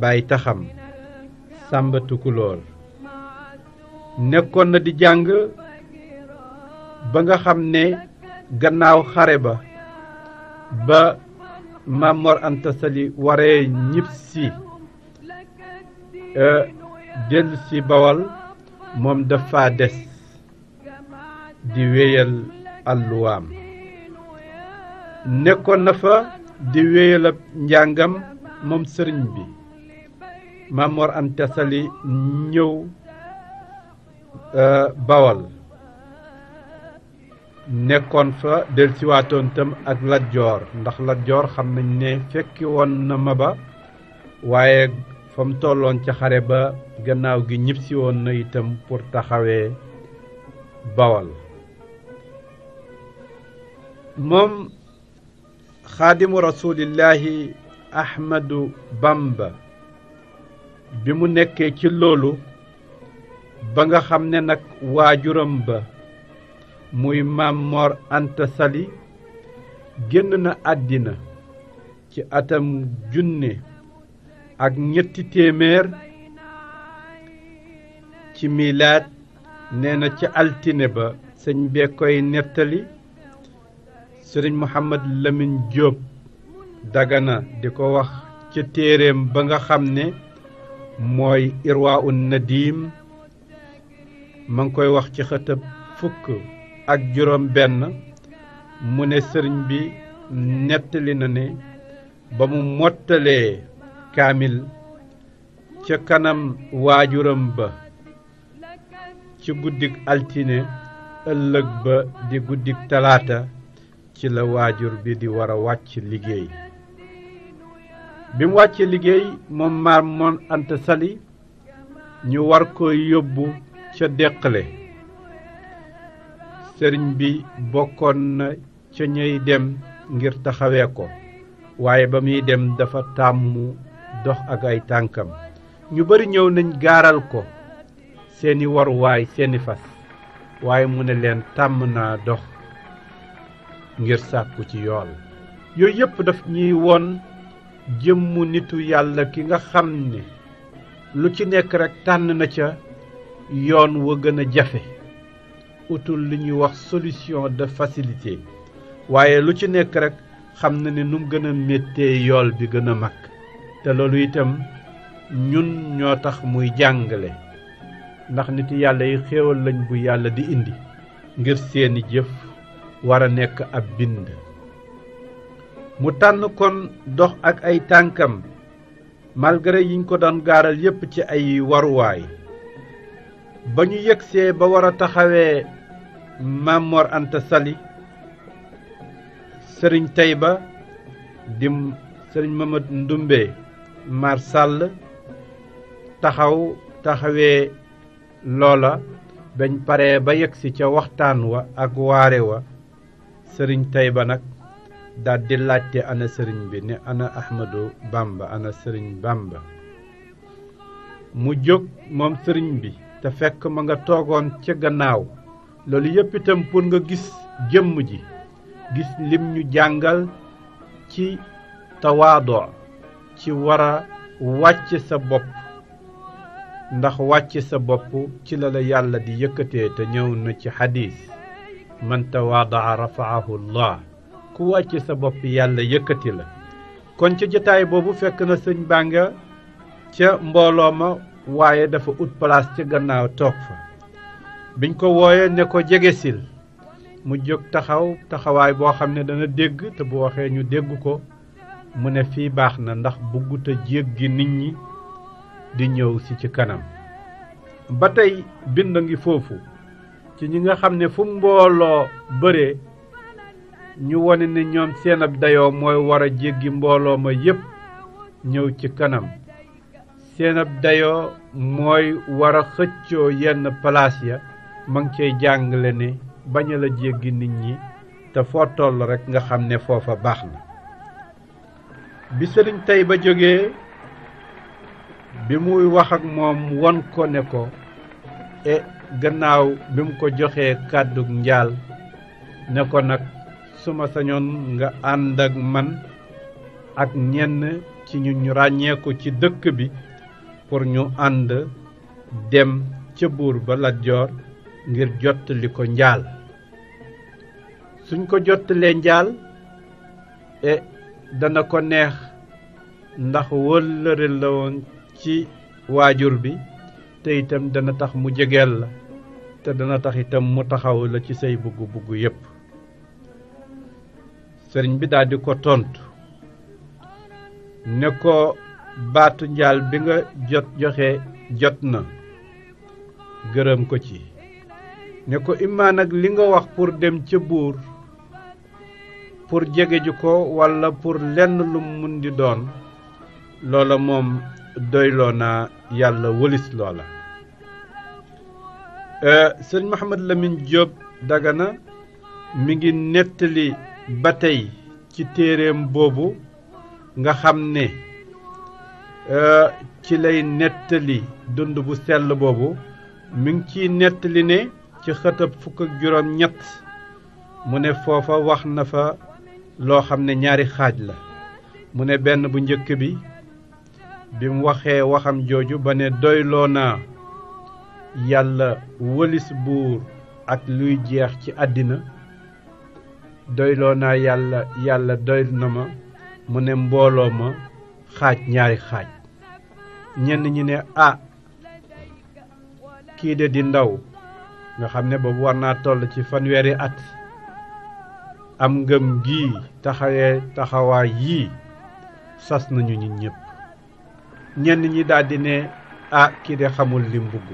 baay taxam sàmbatu Tukulóor nekkoon na di jàng ba nga xam ne gannaaw xare ba ba Maam Mor Anta Sali waree ñib si euh, dellu si Bawol moom dafa des di wéyal àlluwaam nekkoon na fa di wéyal ab njàngam moom sëriñ bi Maam Mor Anta Sali ñëw euh, Bawol nekkoon fa dellusiwaatoon tam ak Lat ndax Lat Joor xam nañ ne fekki woon na ma ba waaye fa mu tolloon ca xare ba gannaaw gi ñibbisi woon na itam pour taxawee Bawal moom xaadimu rasulillahi Ahmadu ba bi mu nekkee ci loolu ba nga xam ne nag waajuram ba muy maam Mor Anta Sali génn na àddina ci atam junne ak ñetti téeméer ci milaat nee na ci altine ba sëñ bee koy nettali sëriñ Mouhamad Lamine Diop Dagana di ko wax ca téeréem ba nga xam ne mooy Irwa un Nadim ma ngi koy wax ci xëtëb fukk ak juróom benn mu ne sëriñ bi nettali na ne ba mu mottalee kaamil ca kanam waajuram ba ci guddik altine ëllëg ba di guddik talaata ci la waajur bi di wara a wàcc liggéey bi mu wàccee liggéey moom Maam Mor Anta Sali ñu war ko yóbbu ca Déqale sëriñ bi bokkoon na ca ñey dem ngir taxawee ko waaye ba muy dem dafa tàmm dox ak ay tànkam ñu bari ñëw nañ gaaral ko seeni waruwaay seeni fas waaye mu ne leen tàmm naa dox ngir sàkku ci yool yooyu yëpp daf ñuy woon jëmmu nitu yàlla ki nga xam ne lu ci nekk rekk tànn na ca yoon wa gën a jafe utul li ñuy wax solution de facilité waaye lu ci nekk rekk xam na ne nu mu gën a méttee yool bi gën a mag te loolu itam ñun ñoo tax muy jàngale ndax nit yàlla yi xéewal lañ bu yàlla di indi ngir seeni jëf war a nekk ab bind mu tànn kon dox ak ay tànkam malgré yiñ ko daan gaaral yépp ci ay waruwaay ba ñu yegsee ba war taxawee Mamor Anta Sali sëriñ tey ba di sëriñ Mamad Ndumbe Mar taxaw taxawee loola bañ pare ba yegsi ca waxtaan wa ak waare wa sëriñ tey ba nag daldi laajte ana sëriñ bi ne ana Ahmadu Bamba ana sëriñ Bamba mu jóg moom sëriñ bi te fekk ma nga toogoon ca gannaaw loolu yëpp itam pour nga gis jëmm ji gis lim ñu jàngal ci tawaadoo ci war a wàcc sa bopp ndax wàcc sa bopp ci la la yàlla di yëkkatee te ñëw na ci xadiis man tawaadaa rafaahu llah ku wàcc sa bopp yàlla yëkkati la kon ca jataay boobu fekk na sëñ baa nga ca mbooloo ma waaye dafa ut palaas ca gannaaw toog fa biñ ko wooyee ne ko jege sil mu jóg taxaw taxawaay boo xam ne dana dégg te bu waxee ñu dégg ko mu ne fii baax na ndax buggut a jéggi nit ñi di ñëw si ci kanam ba tey bind ngi foofu ci ñi nga xam ne fu mbooloo bëree ñu wone ne ñoom seen ab dayoo mooy war jéggi mbooloo ma yépp ñëw ci kanam seen ab dayoo mooy war a xëccoo yenn palaas ya ma ngi cay jàngale ne bañ a la jéggi nit ñi te foo toll rek nga xam ne foofa baax na bi sëriñ tey ba jóge bi muy wax ak moom won ko ne ko e gannaaw bi mu ko joxee kàddug njaal ne ko nag suma sañoon nga ànd ak man ak ñenn ci ñu ñu ràññeeku ci dëkk bi pour ñu ànd dem ca buur ba Lat Joor ngir jottali ko njaal suñ ko jottalee njaal e dana ko neex ndax wëllëre la woon ci waajur bi te itam dana tax mu jegeel la te dana tax itam mu taxaw la ci say bugg-bugg yépp sëriñ bi daldi ko tontu ne ko baatu njaal bi nga jot joxe jot na gërëm ko ci ne ko immaa nag li nga wax pour dem ca buur pour jege ji ko walla pour lenn lu mun di doon loola moom doyloo naa yàlla wëlis loola euh, sëñ Mouhamed Lamine Diop Dagana mi ngi nettali ba tey ci téereem boobu nga xam ne euh, ci lay nettali dund bu sell boobu mi ngi ciy nettali ne ci xëtëb fukk ak juróom ñett mu ne foofa wax na fa loo xam ne ñaari xaaj la mu ne benn bu njëkk bi bi mu waxee waxam jooju ba ne doyloo naa yàlla wëlis buur ak luy jeex ci àddina doyloo naa yàlla yàlla doy na ma mu ne mbooloo ma xaaj ñaari xaaj ñenn ñi ne ah kii de di ndaw nga xam ne boobu war naa toll ci fanweeri at am ngëm gii taxawee taxawaay yii sas nañu ni ñëpp ñenn ñi daldi ne ah kii de xamul li mbugg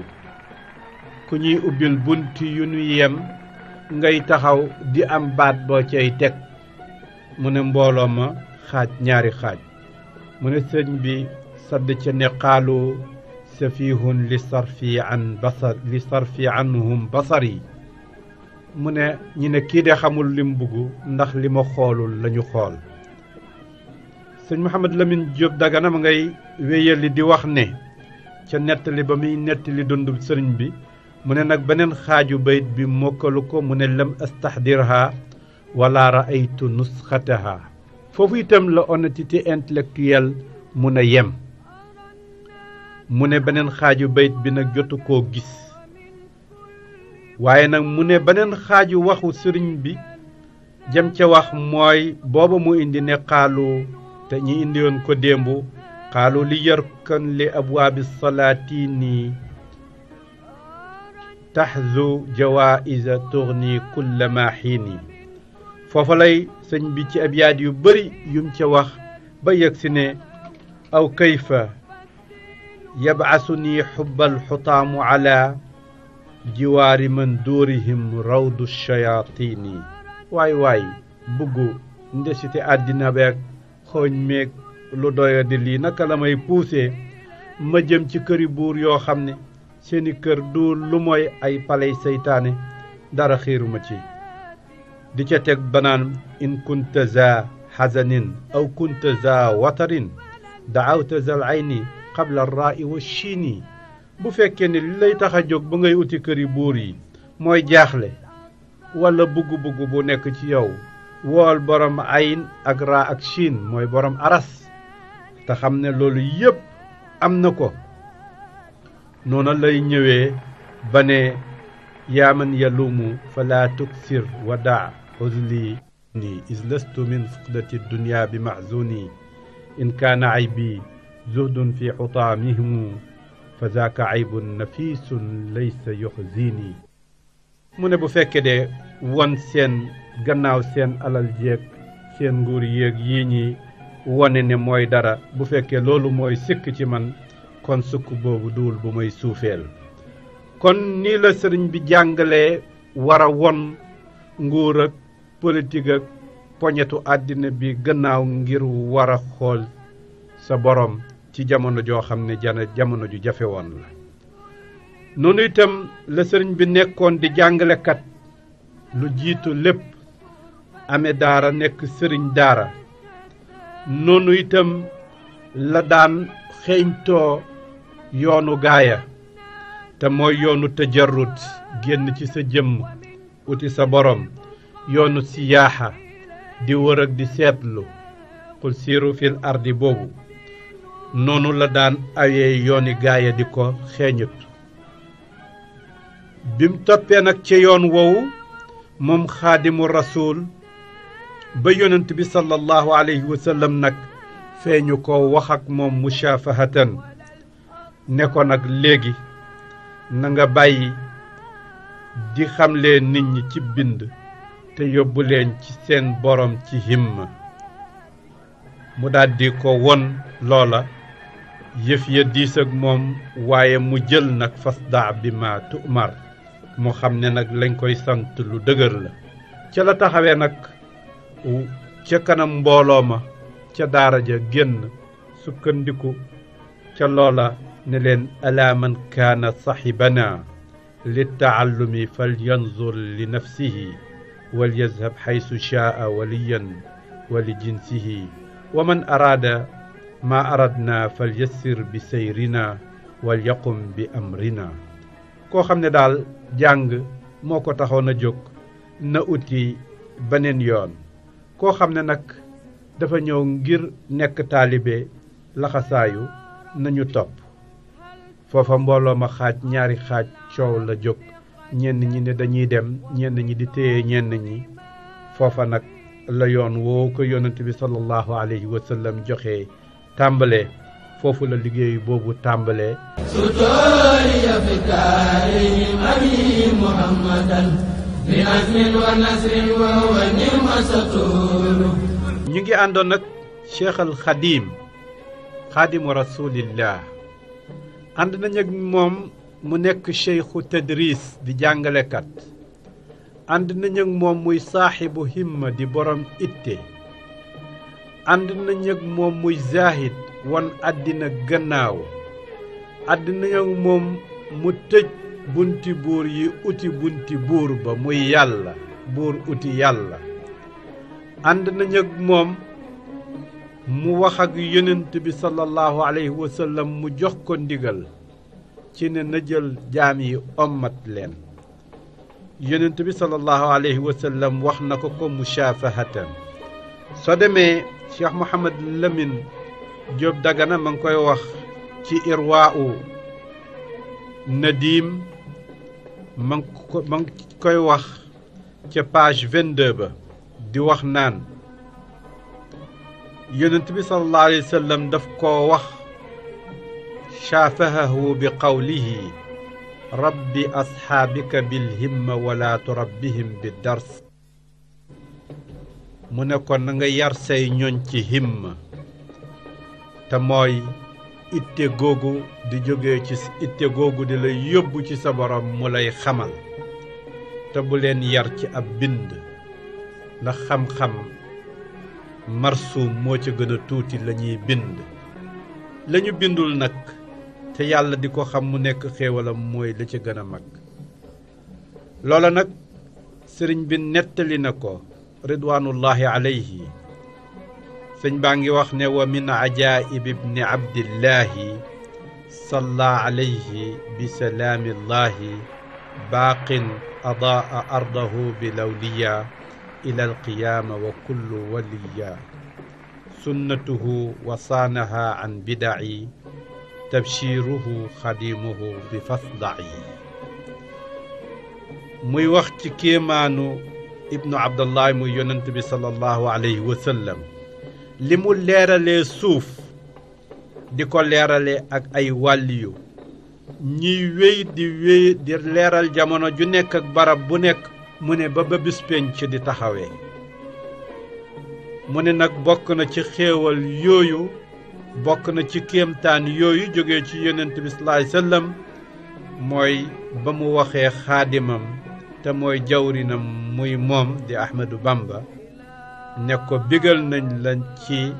ku ñuy ubbil bunt yu nu yem ngay taxaw di am baat boo cay teg mu ne mbooloo ma xaaj ñaari xaaj mu ne sëñ bi sadd ca ne xaalu safihun li sarfi an basar li mu ne ñi ne kii de xamul lim bugg ndax li ma xoolul lañu xool sëñ Mouhamed Lamine Diop Dagana ma ngay wéyali di wax ne ca nettali ba muy nettali dund sëriñ bi mu ne nag beneen xaaju bayit bi mokkalu ko mu ne lam astahdirha wala raaytu nusxataha foofu itam la honnêteté intellectuelle mun a yem mu ne beneen xaaju bayit bi nag jotu koo gis waaye nag mu ne beneen xaaju waxu sëriñ bi jëm ca wax mooy booba mu indi ne xaalu te ñu indi woon ko démb xaalu li yarkan li abwaabi salaatini taxzu jawaïsa tourni kulla ma xiini foofa lay sëñ bi ci abyaat yu bari yum ca wax ba yegsi ne aw kayfa yab'asuni xubbal xutaamu ala jiwaari man dóorihim rawdu shayaatini waay waay buggu ndesite àddina beeg xooñ meeg lu doya di lii naka la may puusee ma jëm ci këri buur yoo xam ne seeni kër du lu ay paley seytaane dara xiiruma ci di ca teg banaan in kunta za xazanin aw kunta za watarin daawta zal ayni xabla raa iwa chine yi bu fekkee ne li lay tax a jóg ba ngay uti kër yi buur yi mooy jaaxle wala bugg-bugg bu nekk ci yow wool borom ayin ak raa ak chine mooy boroom aras te xam ne loolu yépp am na ko noona lay ñëwee ba ne yaaman yalumu fala tuksir wadaa uzli ni islastu min fuqdati dunya bi mahzuni in kaana bi zuhdun fi xutaamihimu fa zaaka aybun nafisun laysa yuxzini mu ne bu fekkee de won seen gannaaw seen alal jeeg seen nguur yéeg yi ñi wone ne mooy dara bu fekkee loolu mooy sikk ci man kon sukk boobu duwul bu may suufeel kon nii la sëriñ bi jàngalee wara won nguur ak politique ak poñetu àddina bi gannaaw ngir war a xool sa borom ci jamono joo xam ne jana jamono ju jafe noonu itam la sëriñ bi nekkoon di jàngalekat lu jiitu lépp ame daara nekk sëriñ daara noonu itam la daan xeeñtoo yoonu gaaya te mooy yoonu tëjarut génn ci sa jëmm uti sa boroom yoonu siyaaxa di wër di seetlu xul siiru fil ardi boobu noonu la daan awee yooni gaaya di ko xeeñut bim toppee nag ci yoon woowu moom xaadimu rasuul ba yonent bi sallallahu alayhi wa sallam nag feeñu ko wax ak moom musaafahatan ne ko nag léegi na nga bàyyi di xamle nit ñi ci bind te yóbbu leen ci seen boroom ci himma mu daldi ko won loola yëf ya diis moom waaye mu jël nag fasdaa bi ma tu'mar mu xam ne nag lañ koy sant lu dëgër la ca la taxawee nag ca kanam mbooloo ma ca daara ja génn sukkandiku ca loola ne leen ala man kaana saxibana li taallumi fal yanzur li nafsihi wal yazhab xaysu shaa waliyan wa li jinsihi wa man araada maa aradna falyassir bi sayrina wal yaqum bi am amrina koo xam ne daal jàng moo ko taxoon a jóg na uti beneen yoon koo xam ne nag dafa ñëw ngir nekk taalibe laxasaayu nañu topp foofa mbooloo ma xaaj ñaari xaaj coow la jóg ñenn ñi ne dañuy dem ñenn ñi di téye ñenn ñi foofa nag la yoon woo ko yonent bi sallallahu alayhi wa sallam joxe tàmbalee foofu la liggéey boobu tàmbalee sutooriya fi taarihim abi muhammadan bi azmin wa nasrin wa huwa nirma satoolu ñu ngi àndoon nag cheikh al xadim xadimu rasulillah ànd nañ ak moom mu nekk cheikhu tadris di jàngalekat ànd nañ ak moom muy saaxibu himma di borom itte ànd nañ ak moom muy zaahid won àddina gannaaw àddina nañ ak moom mu tëj bunti buur yi uti bunti buur ba muy yàlla buur uti yàlla ànd nañ ak moom mu wax ak yonent bi sallallahu alayhi wa mu jox ko ndigal ci ne na jël jaam yi ommat leen yonent bi sallallahu alayhi wa wax na ko ko musaafahatan soo demee Cheikh Mouhamad Lamine Diop Dagana ma ngi koy wax ci irwaau Nadim ma ngi koy wax ca page 22 ba di wax naan yonent bi sallallahu sallam daf koo wax shaafahahu bi qawlihi rabbi asxaabika bilhimma wala turabbihim bi dars mu ne ko na nga yar say ñoñ ci himma te mooy itte googu di jóge ci itte googu di la yóbbu ci sa borom mu lay xamal te bu leen yar ci ab bind ndax xam-xam marsuum moo ca gën a tuuti lañuy bind lañu ñu bindul nag te yàlla di ko xam mu nekk xéewalam mooy la ca gën a mag loola nag sëriñ bi nettali na ko ridwanullahi alayhi sëñ baa ngi wax ne wa min ajaa'ib ibni abdillahi salla alayhi bi salaamillahi baaqin adaa ardahu bi lawliya ila alqiyaama wa kullu waliya sunnatuhu wa saanaha an bidaci tabshiiruhu xadimuhu bi fasdaci muy wax ci kéemaanu ibnu abdallah muy yonent bi sallallahu alayhi wa sallam li mu leeralee suuf di ko leerale ak ay wàlliyu ñiy wéy di wéy di leeral jamono ju nekk ak barab bu nekk mu ne ba ba bis penc di taxawe mu ne nag bokk na ci xéewal yooyu bokk na ci kéemtaan yooyu jóge ci yonent bi salaay sallam mooy ba mu waxee xaadimam te mooy jawrinam muy moom di Ahmadou Bamba ne ko bigal nañ la ci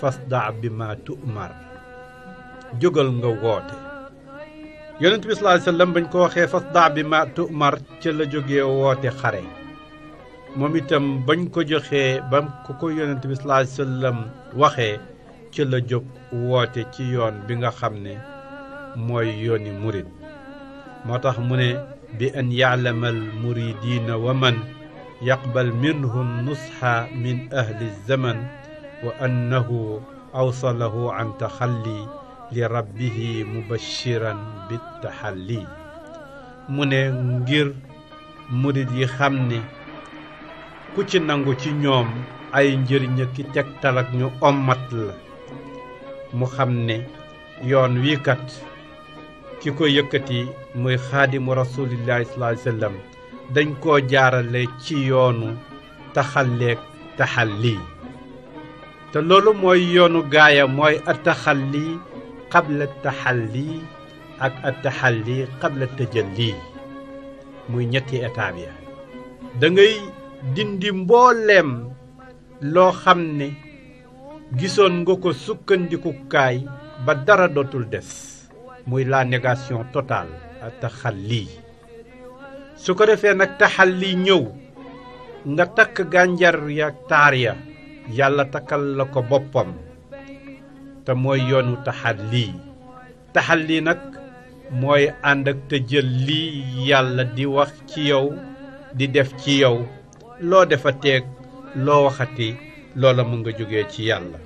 fasda bi ma tu'mar jógal nga woote yonent bi sallallahu alayhi bañ ko waxee fasda bi ma tu'mar ca la jóge woote xare moom itam bañ ko joxee ba ku ko yonent bi sallallahu waxee ci la jóg woote ci yoon bi nga xam ne mooy yooni murit moo tax mu ne bi an yaclama almuridiina wa man yaqbal minhum nusxa min ahli zaman wa annahu awsalahu an taxalli li rabbihi mubashiran bittaxalli mu ne ngir murit yi xam ne ku ci nangu ci ñoom ay njëriñ ki tegtal ak ñu ommat la mu xam ne yoon wii kat ki ko yëkkati muy xaadimu rasulillahi sallallahu dañ koo jaarale ci yoonu taxal lii te loolu mooy yoonu gaaya mooy attaxalli qabla taxalli ak attaxalli qabla tajalli muy ñetti étape ya da dindi mboolem loo xam ne gisoon nga ko sukkandikukaay ba dara dootul des muy la négation totale taxal lii su ko defee nag taxal lii ñëw nga takk gànjar ya taar ya yàlla takkal la ko boppam te mooy yoonu taxal lii taxal lii nag mooy ànd ak te jël lii yàlla di wax ci yow di def ci yow loo defa teeg loo waxati loola mu nga jóge ci yàlla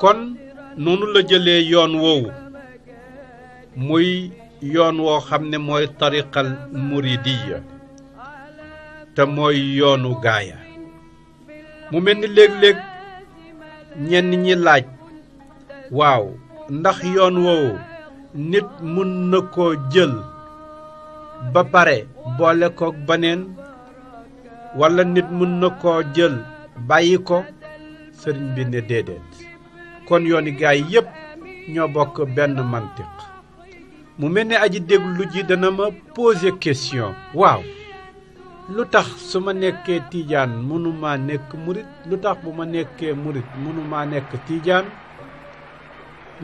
kon noonu la jëlee yoon woowu muy yoon woo xam ne mooy tarixal tariqal muridiya te mooy yoonu gaaya mu mel ni léeg-léeg ñenn ñi laaj waaw ndax yoon woowu nit mën na koo jël ba pare boole kook baneen walla nit mën na ko jël bàyyi ko sëriñ bi ne déedéet kon yooni gaay yépp ñoo bokk benn mantiq mu mel ni aji déglu ji dana ma poser question waaw lu tax su ma nekkee tiijaan mënumaa nekk murit lu tax bu ma nekkee murit mënumaa nekk tiijaan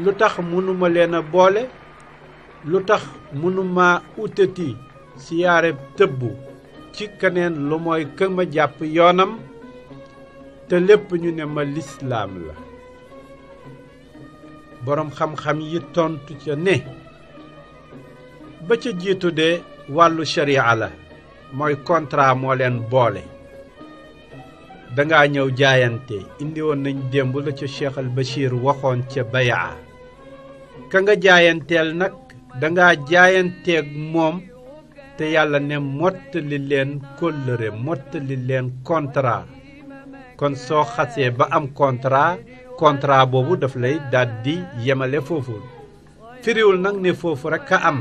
lu tax mënuma leen a boole lu tax mënumaa utati siyaareb tëbbu ci keneen lu mooy kë ma jàpp yoonam te lépp ñu ne ma lislaam la boroom xam-xam yi tontu ca ne ba ca jiitu de wàllu sharia la mooy contrat moo leen boole dangaa ñëw jaayante indiwoon woon nañ démb la ca Cheikh al Bachir waxoon ca bayaa ka nga jaayanteel nag dangaa jaayanteeg moom te yàlla ne mottali leen kóllëre mottali leen contrat kon soo xasee ba am contrat contrat boobu daf lay daldi yemale foofu firiwul nag ne foofu rekk a am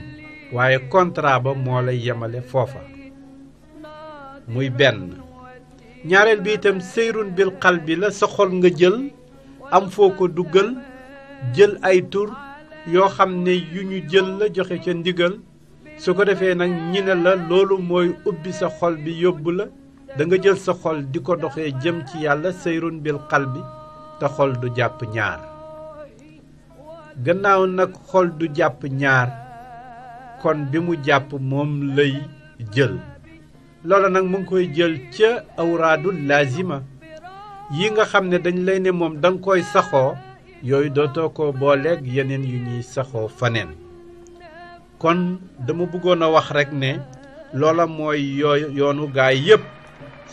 waaye contrat ba moo lay yemale foofa muy benn ñaareel bi itam seyrun bil xal bi la sa xol nga jël am foo ko duggal jël ay tur yoo xam ne yu ñu jël la joxe ca ndigal su ko defee nag ñi ne la loolu mooy ubbi sa xol bi yóbbu la danga jël sa xol di ko doxee jëm ci yàlla seyrun bil xal bi te xol du jàpp ñaar gannaaw nag xol du jàpp ñaar kon bi mu jàpp moom lay jël loola nag mu ngi koy jël ca awraadu laazima yi nga xam ne dañ lay ne moom danga koy saxoo yooyu dootoo ko booleeg yeneen yu ñuy saxoo faneen kon dama bëggoon a wax rek ne loola mooy yooyu gaay yépp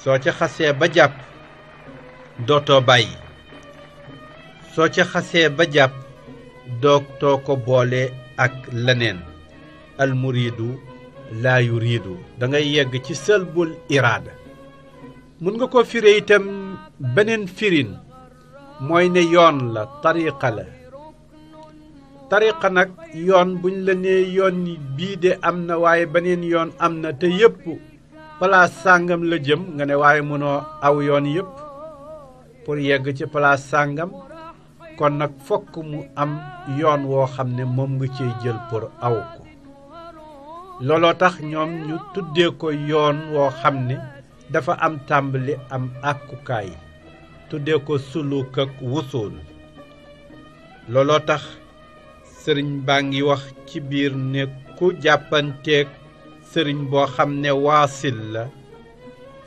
soo ca xasee ba jàpp dootoo bàyyi soo ca xasee ba jàpp dootoo ko boole ak leneen almuridu laa yuridu da ngay yegg ci sëlbul iraada mun nga ko fire itam beneen firin mooy ne yoon la tariqa la tariqa nag yoon buñ la nee yoon bii de am na waaye beneen yoon am na te yépp palaas sàngam la jëm nga ne waaye mënoo aw yoon yépp pour yegg ci palaas sàngam kon nag fokk mu am yoon woo xam ne moom nga ciy jël pour aw looloo tax ñoom ñu tudde ko yoon woo xam ne dafa am tàmbali am àkkukaay tuddee ko suluk ak looloo tax sëriñ baa ngi wax ci biir ne ku jàppanteeg sëriñ boo xam ne waasil la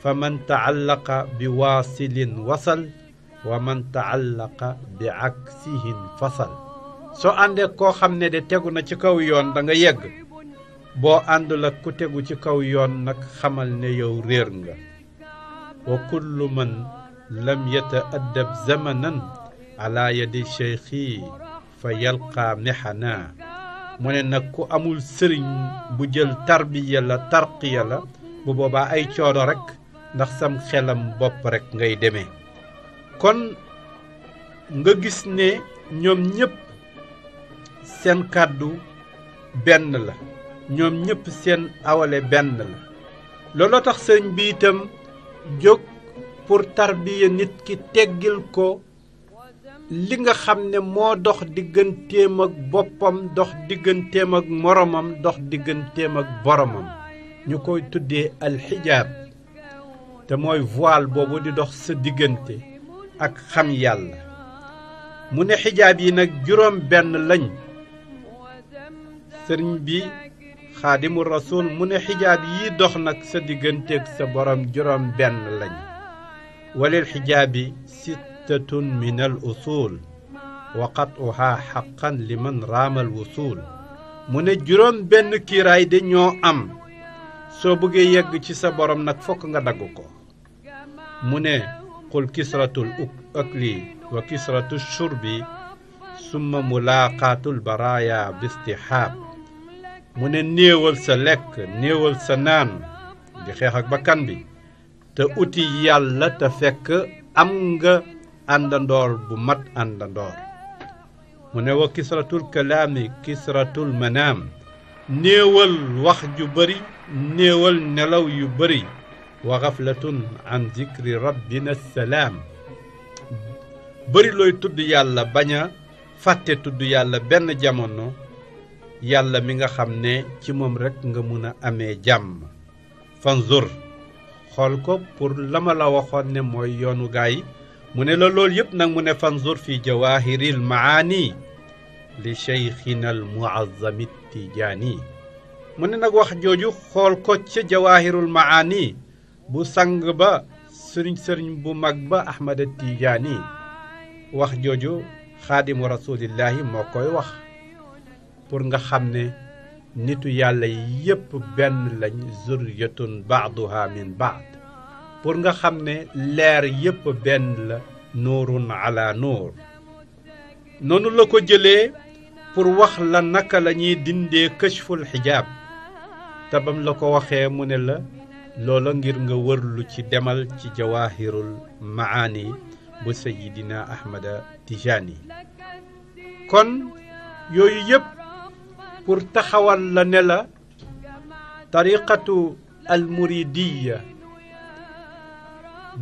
fa man taallaqa bi waasilin wasal wa man taallaqa bi aksihin fasal soo àndee koo xam ne de tegu na ci kaw yoon danga nga yegg boo àndul ak ku tegu ci kaw yoon nag xamal ne yow réer nga wa kullu man lam yata'addab zamanan ala yadi cheikhi fa yalqaa mexanaa mu ne nag ku amul sëriñ bu jël tarbiya la tarqiya la bu boobaa ay coono rekk ndax sam xelam bopp rekk ngay deme kon nga gis ne ñoom ñépp seen kàddu benn la ñoom ñépp seen awale benn la looloo tax sëñ bi itam jóg pour tarbiya nit ki teggil ko li nga xam ne moo dox digganteem ak boppam dox digganteem ak moroomam dox digganteem ak boromam ñu koy tuddee alxijaab te mooy voile boobu di dox sa diggante ak xam yàlla mu ne xijaab yi nag juróom benn lañ bi xaadimu rasul mu ne xijaab yi dox nag sa digganteeg sa borom juróom benn lañ walil xijaabi sittatun min al usul wa qatuhaa xaqan liman raamal wusul mu ne juróom benn kiiraay de ñoo am soo bëggee yegg ci sa boroom nag fokk nga dagg ko mu ne qul kisratul akli wa kisratu shurbi summa mulaaqaatul baraaya bistihaab mu ne néewal sa lekk néewal sa naan di xeex ak bakkan bi te uti yàlla te fekk am nga àndandoor bu mat àndandoor mu ne wa kisratul kalaami kisratul manaam néewal wax ju bari néewal nelaw yu bari wa xaflatun an zikri rabbina salaam bari looy tudd yàlla bañ a fàtte tudd yàlla benn jamono yàlla mi nga xam ne ci moom rekk nga mun a amee jàmm fanzur xool ko pour la ma waxoon ne mooy yoonu gaa yi mu ne la loolu yëpp nag mu ne fanzur fi jawahiril maani li cheykhina al muazzami tijaani mu ne nag wax jooju xool ko ca jawahirul maani bu sang ba sëriñ sëriñ bu mag ba ahmada tijaani wax jooju xaadimu rasulillahi moo koy wax pour nga xam ne nitu yàlla yépp benn lañ zurriyatun baaduha min baad pour nga xam ne leer yépp benn la nuurun ala nuur noonu la ko jëlee pour wax la naka lañuy ñuy dindee këchful xijaab tabam la ko waxee mu ne la loola ngir nga wër lu ci demal ci jawaahirul maani bu sayidina ahmada tijaani kon yooyu yépp pour taxawal la ne la tariqatu almuridiya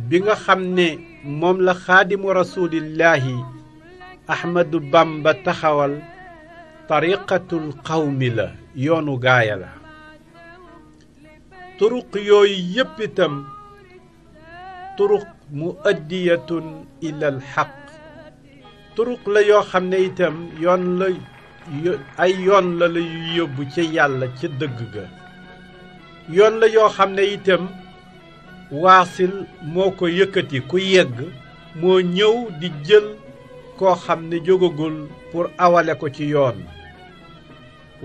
bi nga xam ne moom la xaadimu rasulillahi ahmadu bamba taxawal tariqatul qawmi la yoonu gaaya la turuq yooyu yépp itam turuq muaddiyatun ila alxaq turuq la yoo xam ne itam yoon la ay yoon la la yu yóbbu ca yàlla ca dëgg ga yoon la yoo xam ne itam waasil moo ko yëkkati ku yegg moo ñëw di jël koo xam ne jógagul pour awale ko ci yoon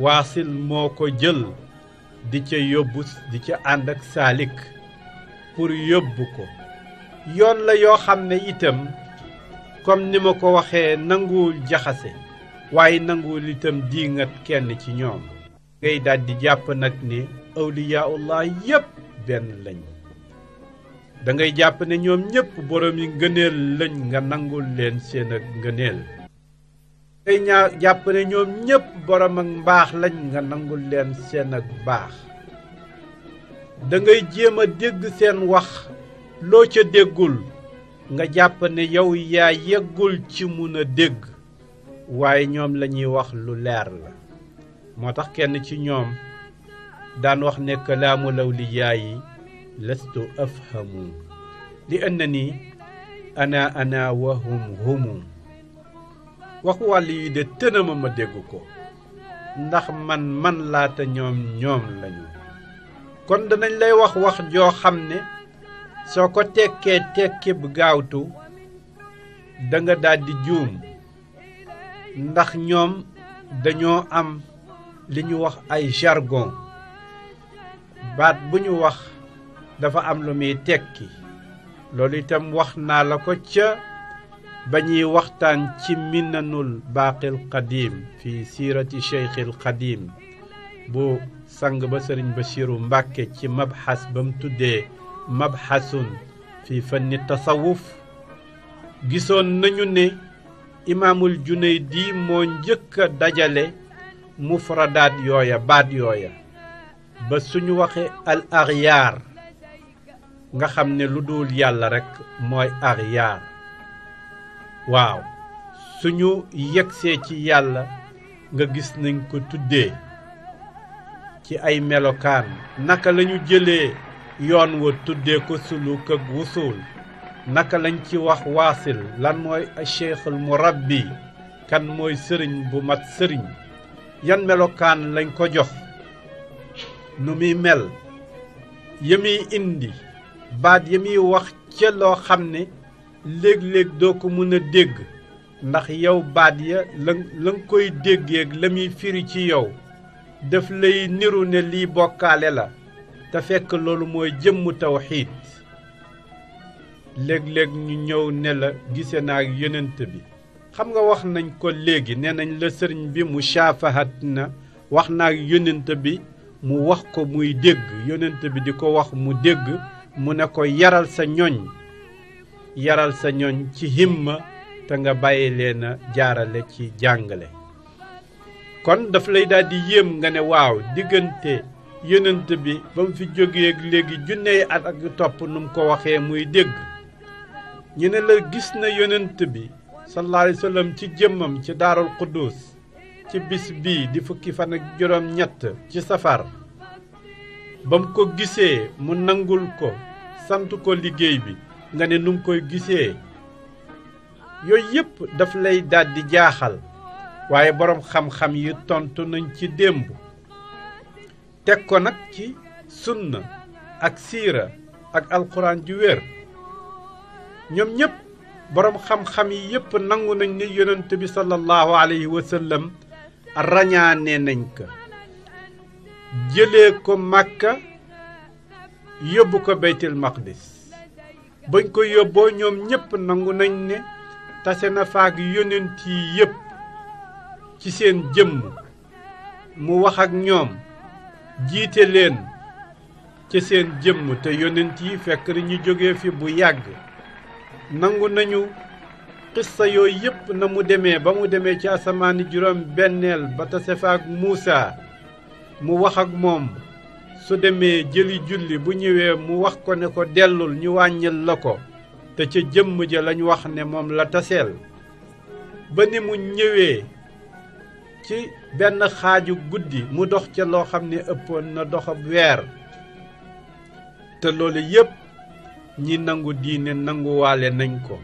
waasil moo ko jël di ca yóbbu di ca ànd ak saalik pour yóbbu ko yoon la yoo xam ne itam kon ni ma ko waxee nanguwul jaxase waaye nanguwul itam diingat kenn ci ñoom ngay daldi jàpp nag ni ne awliyaullah yépp benn lañ da jàpp ne ñoom ñépp boroom yi ngëneel nga nangul leen seen ak ngëneel ngay ñaa jàpp mbaax lañ nga nangu leen seen ak baax dangay jéem a dégg seen wax loo ca déggul nga jàpp ne yow yaa yeggul ci mun a dégg waaye ñoom lañuy wax lu leer la moo tax kenn ci ñoom daan wax ne kalaamu law li yi lastu afhamu li ënna ni ana ana wahum humu waxu wàll yi de tënama ma dégg ko ndax man man laata ñoom ñoom lañu kon danañ lay wax wax joo xam ne soo ko tekkee tekki bu gaawtu danga daldi juum ndax ñoom dañoo am li ñu wax ay jargon baat bu ñu wax dafa am lu muy tekki loolu itam wax naa la ko ca ba ñuy waxtaan ci minanul baaqil qadim fi siirati cheikhil qadim bu sang ba sëriñ Bachiru Mbàkke ci mabxas ba mu tuddee mabxasun fi fanni tasawuf gisoon nañu ne imaamul junaydi moo njëkk a dajale mufradaat yooya baat yooya ba suñu waxe al axyaar nga xam ne lu dul yàlla rekk mooy axyaar waaw suñu yegsee ci yàlla nga gis nañ ko tuddee ci ay melokaan naka lañu jëlee yoon wa tuddee ko suluk ak wusuul naka lañ ci wax waasil lan mooy cheikhul murabbi kan mooy sëriñ bu mat sëriñ yan melokaan lañ ko jox nu muy mel yamiy indi baat yamiy wax ca loo xam ne léeg-léeg doo ko mën a dégg ndax yow baat ya la la koy déggeek la muy firi ci yow daf lay niru ne lii bokkaale la te fekk loolu mooy jëmm tawxiid léeg-léeg ñu ñëw ne la gise naa ak bi xam nga wax nañ ko léegi nee nañ la sëriñ bi mu saafahat na wax naa ak bi mu wax ko muy dégg yonent bi di ko wax mu dégg mu ne ko yaral sa ñoñ yaral sa ñoñ ci himma te nga bàyyi leen a jaarale ci jàngale kon daf lay daldi di yéem nga ne waaw diggante yonent bi ba mu fi jógee léegi junney at ak topp nu mu ko waxee muy dégg ñu ne la gis na yonent bi sallallahu alayhi ci jëmmam ci daarul quddus ci bis bi di fukki fan ak juróom ñett ci safar ba mu ko gisee mu nangul ko sant ko liggéey bi nga ne nu mu koy gisee yooyu yépp daf lay daldi jaaxal waaye boroom xam-xam yi tontu nañ ci démb teg ko nag ci sunna ak siira ak alxuraan ju wér ñoom ñëpp boroom xam-xam yi yëpp nangu nañ ni yonent bi sallallahu alayhi wa sallam rañaane nañ ko jëlee ko Màkka yóbbu ko Beytul Maqdis bañ ko yóbboo ñoom ñëpp nangu nañ ne tase na faak yonent yi yépp ci seen jëmm mu wax ak ñoom jiite leen ci seen jëmm te yonent yi fekk na ñu jóge fi bu yàgg nangu nañu xissa yooyu yépp na mu demee ba mu demee ca asamaani juróom benneel ba tase fa Muusa mu wax ak moom su demee jëli julli bu ñëwee mu wax ko ne ko dellul ñu wàññil la ko te ca jëmm ja lañu wax ne moom la taseel ba ni mu ñëwee ci benn xaaju guddi mu dox ca loo xam ne ëppoon na doxab weer te loolu yépp ñi nangu diine nanguwaale nañ ko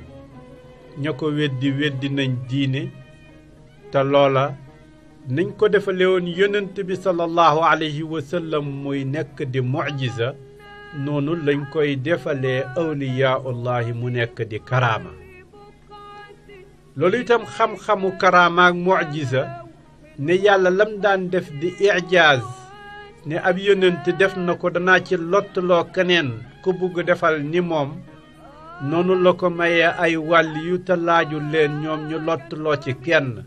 ña ko weddi weddi nañ diine te loola nañ ko defale woon yonent bi sallallahu alayhi wa sallam muy nekk di mucjisa noonu lañ koy defalee awliyaullahi mu nekk di karaama loolu itam xam-xamu karaama ak mucjisa ne yàlla lam daan def di ijaaz ne ab yónnent def na ko danaa ci lottaloo keneen ku bugg defal ni moom noonu la ko maye ay wàll yu te leen ñoom ñu lottaloo ci kenn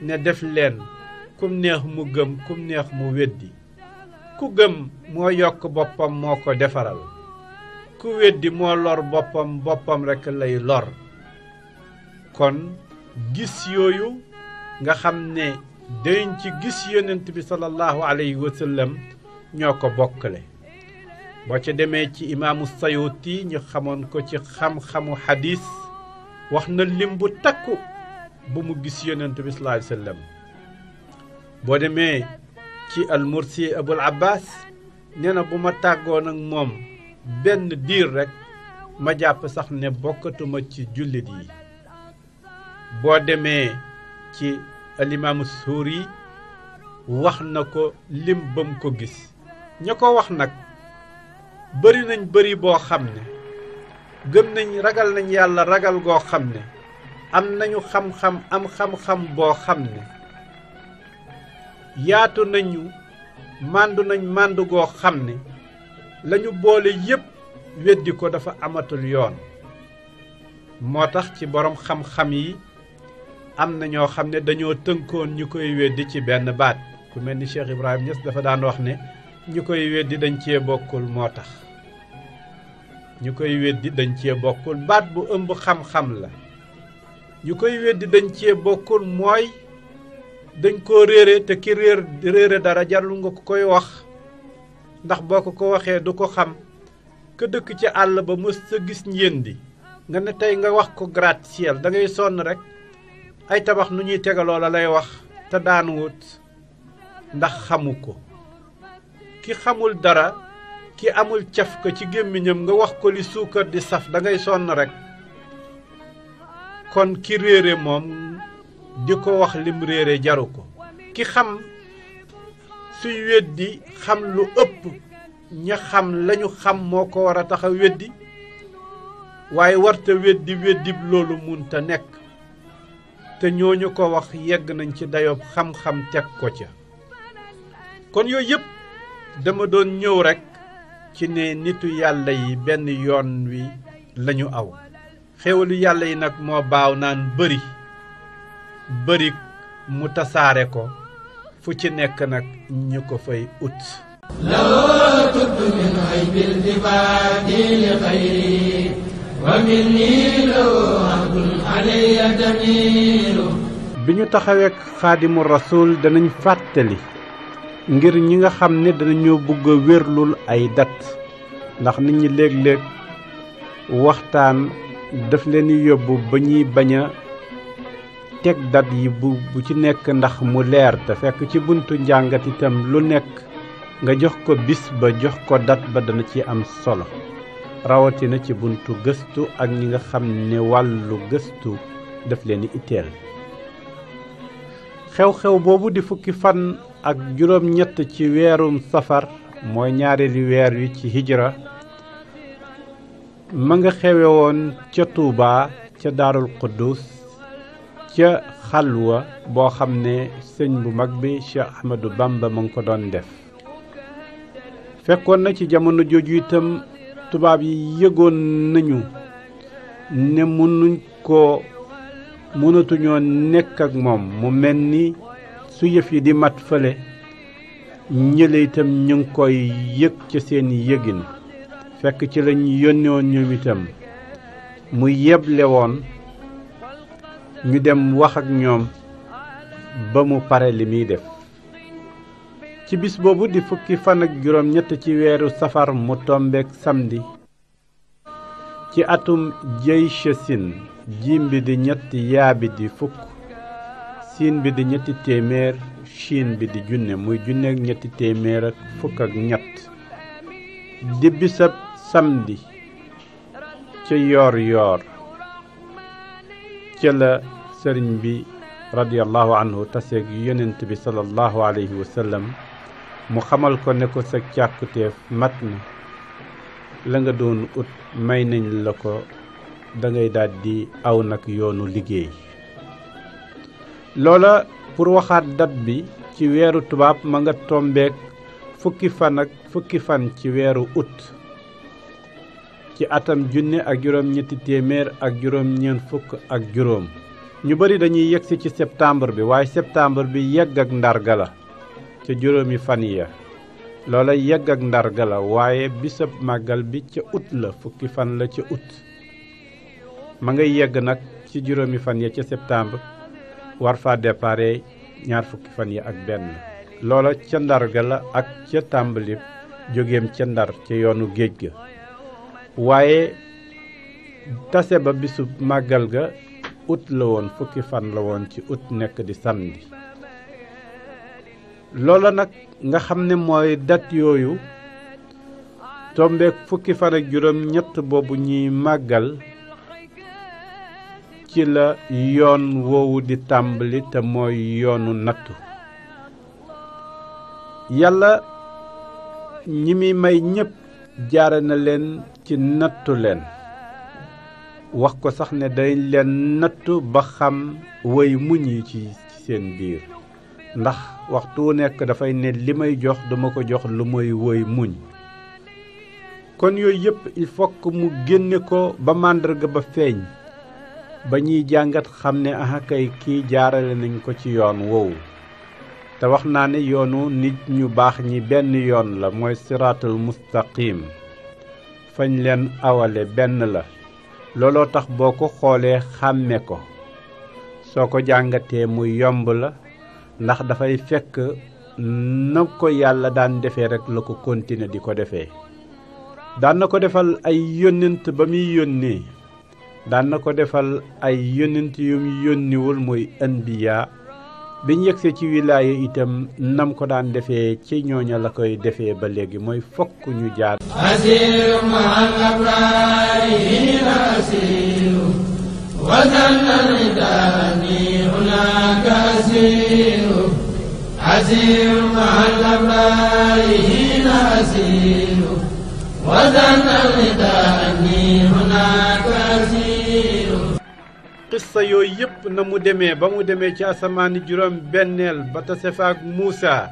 ne def leen kum neex mu gëm kum neex mu weddi ku gëm moo yokk boppam moo ko defaral ku weddi moo lor boppam boppam rekk lay lor kon gis yooyu nga xam ne dañ ci gis yonent bi sallallahu alayhi wa sallam ñoo ko bokkale boo ca demee ci imaamu sayuuti ñu xamoon ko ci xam-xamu xadis wax na lim bu takku bu mu gis yonent bi sallallahu alayhi boo demee ci mursi abul abbas nee na bu ma tàggoon ak moom benn diir rekk ma jàpp sax ne bokkatuma ci jullit yi boo demee ci alimaamu suuri wax na ko lim bam ko gis ña ko wax nag bëri nañ bëri boo xam ne gëm nañ ragal nañ yàlla ragal goo xam ne am nañu xam-xam am xam-xam boo xam ne yaatu nañu màndu nañ màndu goo xam ne lañu boole yépp weddi ko dafa amatul yoon moo tax ci boroom xam-xam yi am na ñoo xam ne dañoo tënkoon ñu koy weddi ci benn baat ku mel ni Cheikh Ibrahim Niass dafa daan wax ne ñu koy weddi dañ cee bokkul moo tax ñu koy weddi dañ cee bokkul baat bu ëmb xam-xam la ñu koy weddi dañ cee bokkul mooy dañ ko réere te ki réer réere dara jarlu nga ko koy wax ndax boo ko ko waxee du ko xam ka dëkk ci àll ba mës sa gis njëndi nga ne tey nga wax ko gratte-ciel da ngay sonn rek ay tabax nu ñuy tegaloo la lay wax te daan ndax xamu ko ki xamul dara ki amul caf ko ci gémmiñam nga wax ko li suukar di saf dangay sonn rekk kon ki réere moom di ko wax lim réere jaru ko ki xam suy weddi xam lu ëpp ña xam lañu xam moo ko war a tax a weddi waaye warta weddi weddi loolu munta nekk te ñooñu ko wax yegg nañ ci dayoob xam-xam teg ko ca kon yooyu yëpp dama doon ñëw rekk ci ne nitu yàlla yi benn yoon wi lañu aw xéewalu yàlla yi nag moo baaw naan bëri bëri mu tasaare ko fu ci nekk nag ñu ko fay ut loo tudd min xëy bil difaati li xëyri wa min nii loo abdul alaya damiru bi ñu taxawee xaadimu rasul danañ fàttali ngir ñi nga xam ne danañoo bëgg a wérlul ay dat ndax nit ñi léeg-léeg waxtaan daf leen yóbbu ba ñuy baña teg dat yi bu ci nekk ndax mu leer te fekk ci buntu njàngat itam lu nekk nga jox ko bis ba jox ko dat ba dana ci am solo rawatina ci buntu gëstu ak ñi nga xam ni wàllu gëstu daf leen itteel di fukki ak juróom-ñett ci weerum safar mooy ñaareelu weer wi ci hijra mu nga xewe woon ca Tuuba ca Daarul Quddus ca xalwa boo xam ne sëñ bu mag bi Cheikh Ahmadou Bamba mu ngi ko doon def fekkoon na ci jamono jooju itam tubaab yi yëgoon nañu ne mënuñ ko mënatuñoo nekk ak moom mu mel ni su yëf yi di mat fële ñële ñu ngi koy yëg ca seen yëgin fekk ci lañ yónne woon ñoom itam mu yeblewoon ñu dem wax ak ñoom ba mu pare li muy def ci bis boobu di fukki fan ak juróom ñett ci weeru safar mu tombeek samedi ci atum jëy chësin jimbi di ñett yaabi di fukk siin bi di ñetti téeméer Chine bi di junne muy junne ak ñetti téeméer ak fukk ak ñett di bisab samedi ca yoor yoor ca la sëriñ bi radiallahu anhu taseeg yonent bi sallallahu alayhi wa mu xamal ko ne ko sa càkkutéef mat na la nga doon ut may nañ la ko dangay daldi aw nag yoonu liggéey loola pour waxaat date bi ci weeru tubaab ma nga tombeek fukki fan ak fukki fan ci weeru ut ci atam junne ak juróom ñetti téeméer ak juróom ñeent fukk ak juróom ñu bari dañuy yegsi ci septembre bi waaye septembre bi yegg ak ndarga ca juróomi fan ya loola yegg ak ndarga la waaye bisab màggal bi ca ut la fukki fan la ca ut ma nga yegg nag ci juróomi fan ya ca septembre war fa dépare fan yi ak benn loola ca ndar ga la ak ca tàmbali jógeem ca ndar ca yoonu géej ga waaye tase ba bisu màggal ga ut la woon fukki fan la woon ci ut nekk di samedi loola nag nga xam ne mooy dat yooyu tombeek fukki fan ak juróom ñett boobu ñuy màggal ci yoon woowu di tàmbali mooy yoonu nattu yàlla ñi muy may ñépp jaare na leen ci nattu leen wax ko sax ne day leen nattu ba xam way muñ yi ci seen biir ndax waxtu wu nekk dafay ne li may jox duma ko jox lu mooy woy muñ kon yooyu yëpp il mu génne ko ba màndarga ba feeñ ba ñuy jàngat xam ne aha kii jaarale nañ ko ci yoon woowu te wax naa ne yoonu nit ñu baax ñi benn yoon la mooy siraatul mustaqim fañ leen awale benn la looloo tax boo ko xoolee xàmme ko soo ko jàngatee mu yomb la ndax dafay fekk na ko yàlla daan defee rek la ko continuer di ko defee daan na ko defal ay yónnent ba muy yónnee daan ko defal ay yónnent yum yónniwul muy anbiya biñ yegsee ci wilaaya itam nam ko daan defee ci ñooña la koy defee ba léegi mooy fokk ñu jaar asiru sa yooyu yépp na mu demee ba mu demee ca asamaani juróom benneel ba tase fa ak Muusa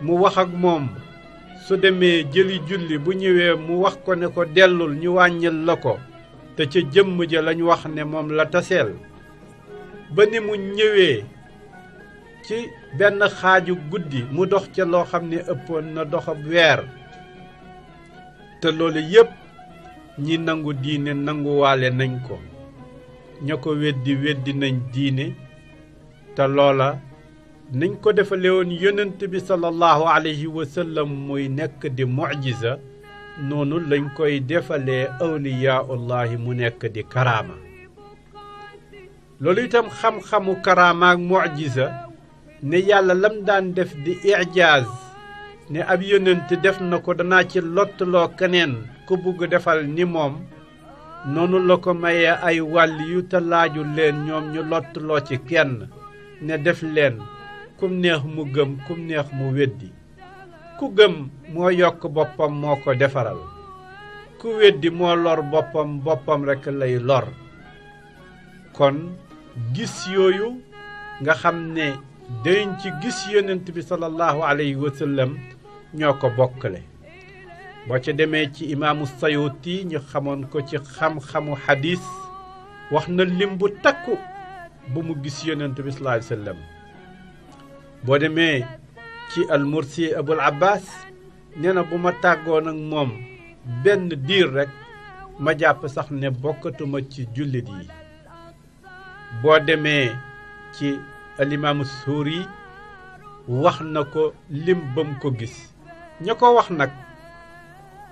mu wax ak moom su demee jëli julli bu ñëwee mu wax ko ne ko dellul ñu wàññil la ko te ca jëmm ja lañ wax ne moom la taseel ba ni mu ñëwee ci benn xaaju guddi mu dox ca loo xam ne ëppoon na doxab weer te loolu yépp ñi nangu diine nanguwaale nañ ko ña ko weddi weddi nañ diine te loola niñ ko defale woon yonent bi sallallahu alayhi wa sallam muy nekk di mucjisa noonu lañ koy defalee awliyaullahi mu nekk di karaama loolu itam xam-xamu karaama ak ne yàlla lam daan def di ijaaz ne ab yonent def na ko danaa ci lottaloo keneen ku bugg defal ni moom noonu la ko maye ay wàll yu te leen ñoom ñu lottuloo ci kenn ne def leen kum neex mu gëm kum neex mu weddi ku gëm moo yokk boppam moo ko defaral ku weddi moo lor boppam boppam rekk lay lor kon gis yooyu nga xam ne dañ ci gis yonent bi sallallahu alayhi wa sallam ñoo ko bokkale boo ca demee ci imaamu sayuti ñu xamoon ko ci xam-xamu xadis wax na lim bu takku bu mu gis yonent bi sallallahu alayhi wasallam boo demee ci almursi abul abbas nee na bu ma tàggoon ak moom benn diir rekk ma jàpp sax ne bokkatuma ci jullit yi boo demee ci alimaamu suuri wax na ko lim bam ko gis ña ko wax nag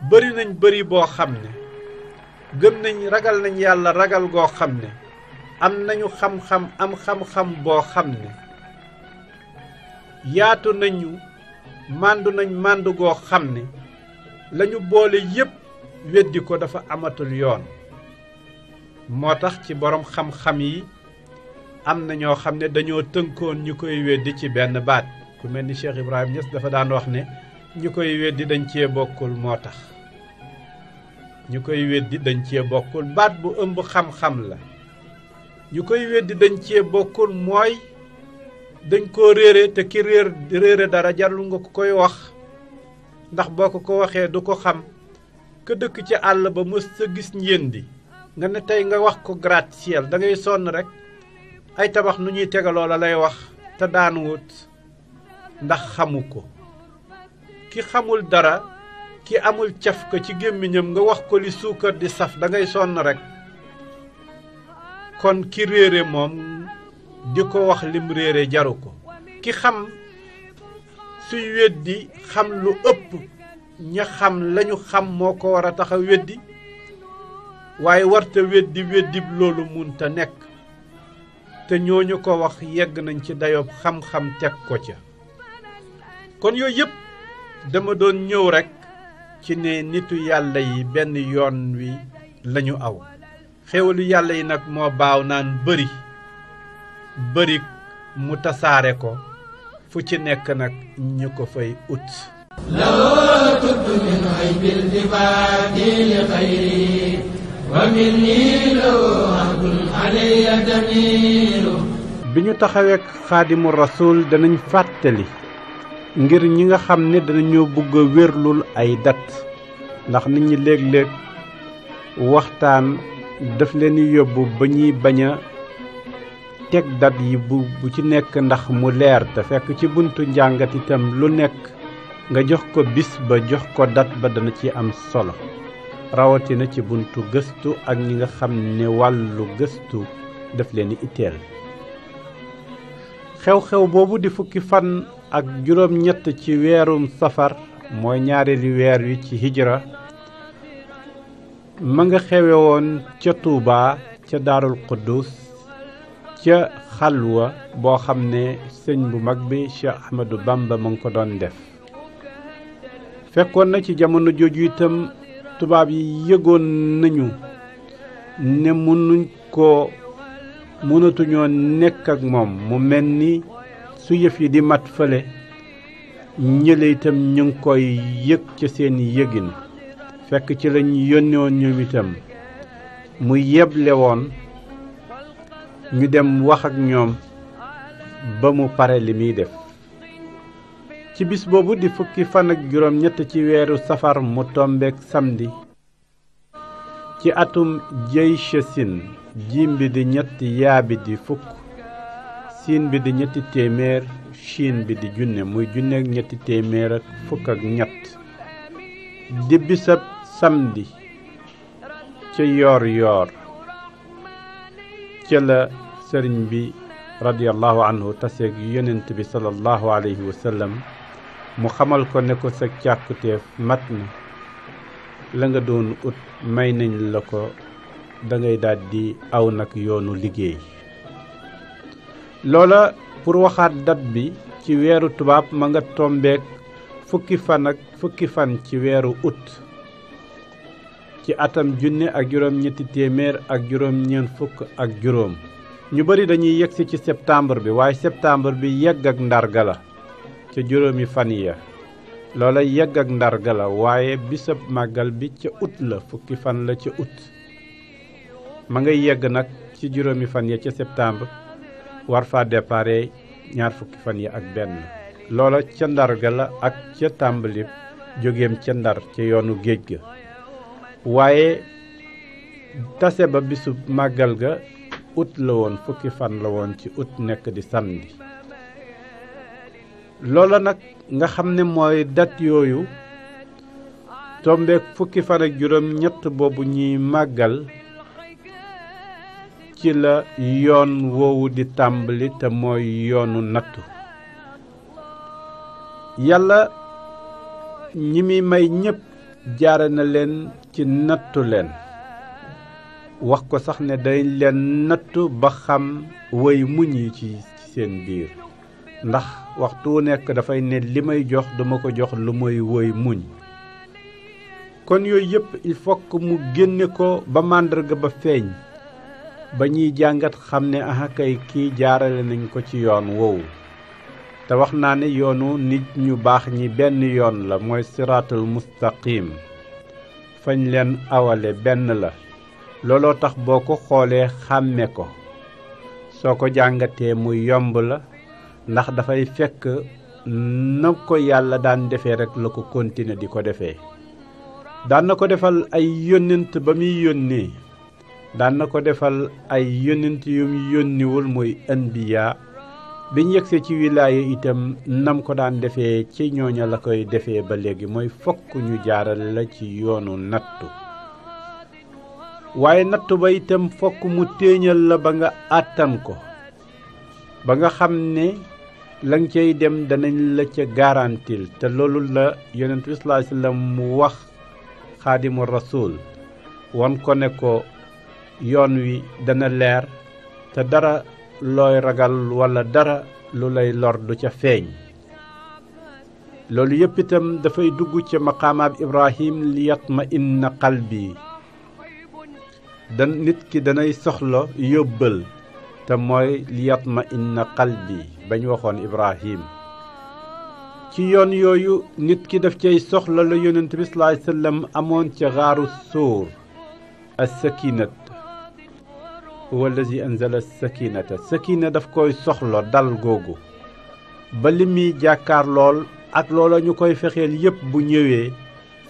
bëri nañ bëri boo xam ne gëm nañ ragal nañ yàlla ragal goo xam ne am nañu xam-xam am xam-xam boo xam ne yaatu nañu màndu nañ màndu goo xam ne lañu boole yépp weddi ko dafa amatul yoon moo tax ci boroom xam-xam yi am na ñoo xam ne dañoo tënkoon ñu koy weddi ci benn baat ku mel ni Cheikh Ibrahim Niass dafa daan wax ne ñu koy weddi dañ cee bokkul moo tax ñu koy weddi dañ cee bokkul baat bu ëmb xam-xam la ñu koy weddi dañ cee bokkul mooy dañ ko réere te ki réer réere dara jarlu nga ko koy wax ndax boo ko ko waxee du ko xam ka dëkk ci àll ba mës sa gis njéen njëndi nga ne tey nga wax ko gratte-ciel da ngay sonn rek ay tabax nu ñuy tegaloo la lay wax te daan ndax xamu ko ki xamul dara ki amul caf ko ci gémmiñam nga wax ko li suukar di saf dangay sonn rekk kon ki réere moom di ko wax lim réere jaru ko ki xam suy weddi xam lu ëpp ña xam lañu xam moo ko war a tax a weddi waaye warta weddi weddi loolu munta nekk te ñooñu ko wax yegg nañ ci dayoob xam-xam teg ko ca kon yooyu yëpp dama doon ñëw rekk ci ne nitu yàlla yi benn yoon wi lañu aw xéewalu yàlla yi nag moo baaw naan bëri bëri mu tasaare ko fu ci nekk nag ñu ko fay ut lawoo tudd min xay bil difaati li xayri wa min nii lawoo abdul alayya damiru bi ñu taxawee xaadimu rasul danañ fàttali ngir ñi nga xam ne danañoo bëgg a wérlul ay dat ndax nit ñi léeg-léeg waxtaan daf leen di yóbbu ba ñuy bañ teg dat yi bu ci nekk ndax mu leer te fekk ci buntu njàngat itam lu nekk nga jox ko bis ba jox ko dat ba dana ci am solo rawatina ci buntu gëstu ak ñi nga xam ni wàllu gëstu daf leen di itteel ak juróom-ñett ci weerum safar mooy ñaareelu weer wi ci hijra mu nga xewe woon ca Tuuba ca Daarul Quddus ca xalwa boo xam ne sëñ bu mag bi Cheikh Ahmadou Bamba mu ngi ko doon def fekkoon na ci jamono jooju itam tubaab yi yëgoon nañu ne mënuñ ko mënatuñoo nekk ak moom mu mel ni su yëf yi di mat fële ñële ñu ngi koy yëg ca seen yëgin fekk ci lañ yónnee woon itam mu yeble woon ñu dem wax ak ñoom ba mu pare li muy def ci bis boobu di fukki fan ak juróom ñett ci weeru safar mu tombeek samedi ci atum jëy chësin jimbi di ñett yaabi di fukk siin bi di ñetti bi di junne muy junne ak ñetti yoor yoor ca la sëriñ bi radiallahu anhu taseeg yonent bi sallallahu alayhi wa mu xamal ko ne ko sa càkkuteef mat na la nga doon ut may nañ la ko dangay daal aw nag yoonu liggéey loola pour waxaat date bi ci weeru tubaab ma nga tombeek fukki fan ak fukki fan ci weeru ut ci atam junne ak juróom ñetti téeméer ak juróom ñeent fukk ak juróom ñu bari dañuy yegsi ci septembre bi waaye septembre bi yegg ak ndarga la ca juróomi fan ya loola yegg ak ndarga la waaye bisab màggal bi ca août la fukki fan la ca août ma nga yegg nag ci juróomi fan ya ca septembre war fa dépare fan yi ak benn loola ca ndar ga la ak ca tàmbalib jógeem ca ndar ca yoonu géej ga waaye tase ba bisu màggal ga ut la woon fukki fan la woon ci ut nekk di samedi loola nag nga xam ne mooy dat yooyu tombeek fukki fan ak juróom ñett boobu ñuy màggal ci la yoon woowu di tàmbali te mooy yoonu nattu yàlla ñi mi may ñépp jaare na leen ci nattu wax ko sax ne day leen nattu ba xam way muñ yi ci seen biir ndax waxtu wu nekk dafay ne li may jox duma ko jox lu mooy woy muñ kon yooyu yépp il mu génne ko ba màndarga ba feeñ ba ñuy jàngat xam ne ahakay kii jaarale nañ ko ci yoon woowu te wax naa ne yoonu nit ñu baax ñi benn yoon la mooy siraatul mustaqim fañ leen awale benn la looloo tax boo ko xoolee xàmme ko soo ko jàngatee mu yomb la ndax dafay fekk na ko yàlla daan defee rek la ko continuer di ko defee daan na ko defal ay yónnent ba muy yónnee daan na ko defal ay yónnent yum yónniwul muy anbiya biñ yegsee ci wilaaya itam nam ko daan defee ci ñooña la koy defe ba léegi mooy fokk ñu jaarale la ci yoonu nattu waaye nattu ba itam fokk mu téeñal la ba nga àttan ko ba nga xam ne lang cay dem danañ la ca garantil te loolu la yonent bi sallallahu mu wax xaadimu rasul wan ko ne ko yoon wi dana leer te dara looy ragal walla dara lu lay lor du ca feeñ loolu yépp itam dafay dugg ca maqaamaab Ibrahim li yatma inna qalbi da nit ki danay soxla yóbbal te mooy li yatma inna bi bañ waxoon Ibrahim ci yoon yooyu nit ki daf cay soxla la yonent bi amoon ca xaaru suur as sakinat huwa allazi anzala sakinata sakina daf koy soxla dal googu ba li muy jàkkaar lool ak loola ñu koy fexeel yépp bu ñëwee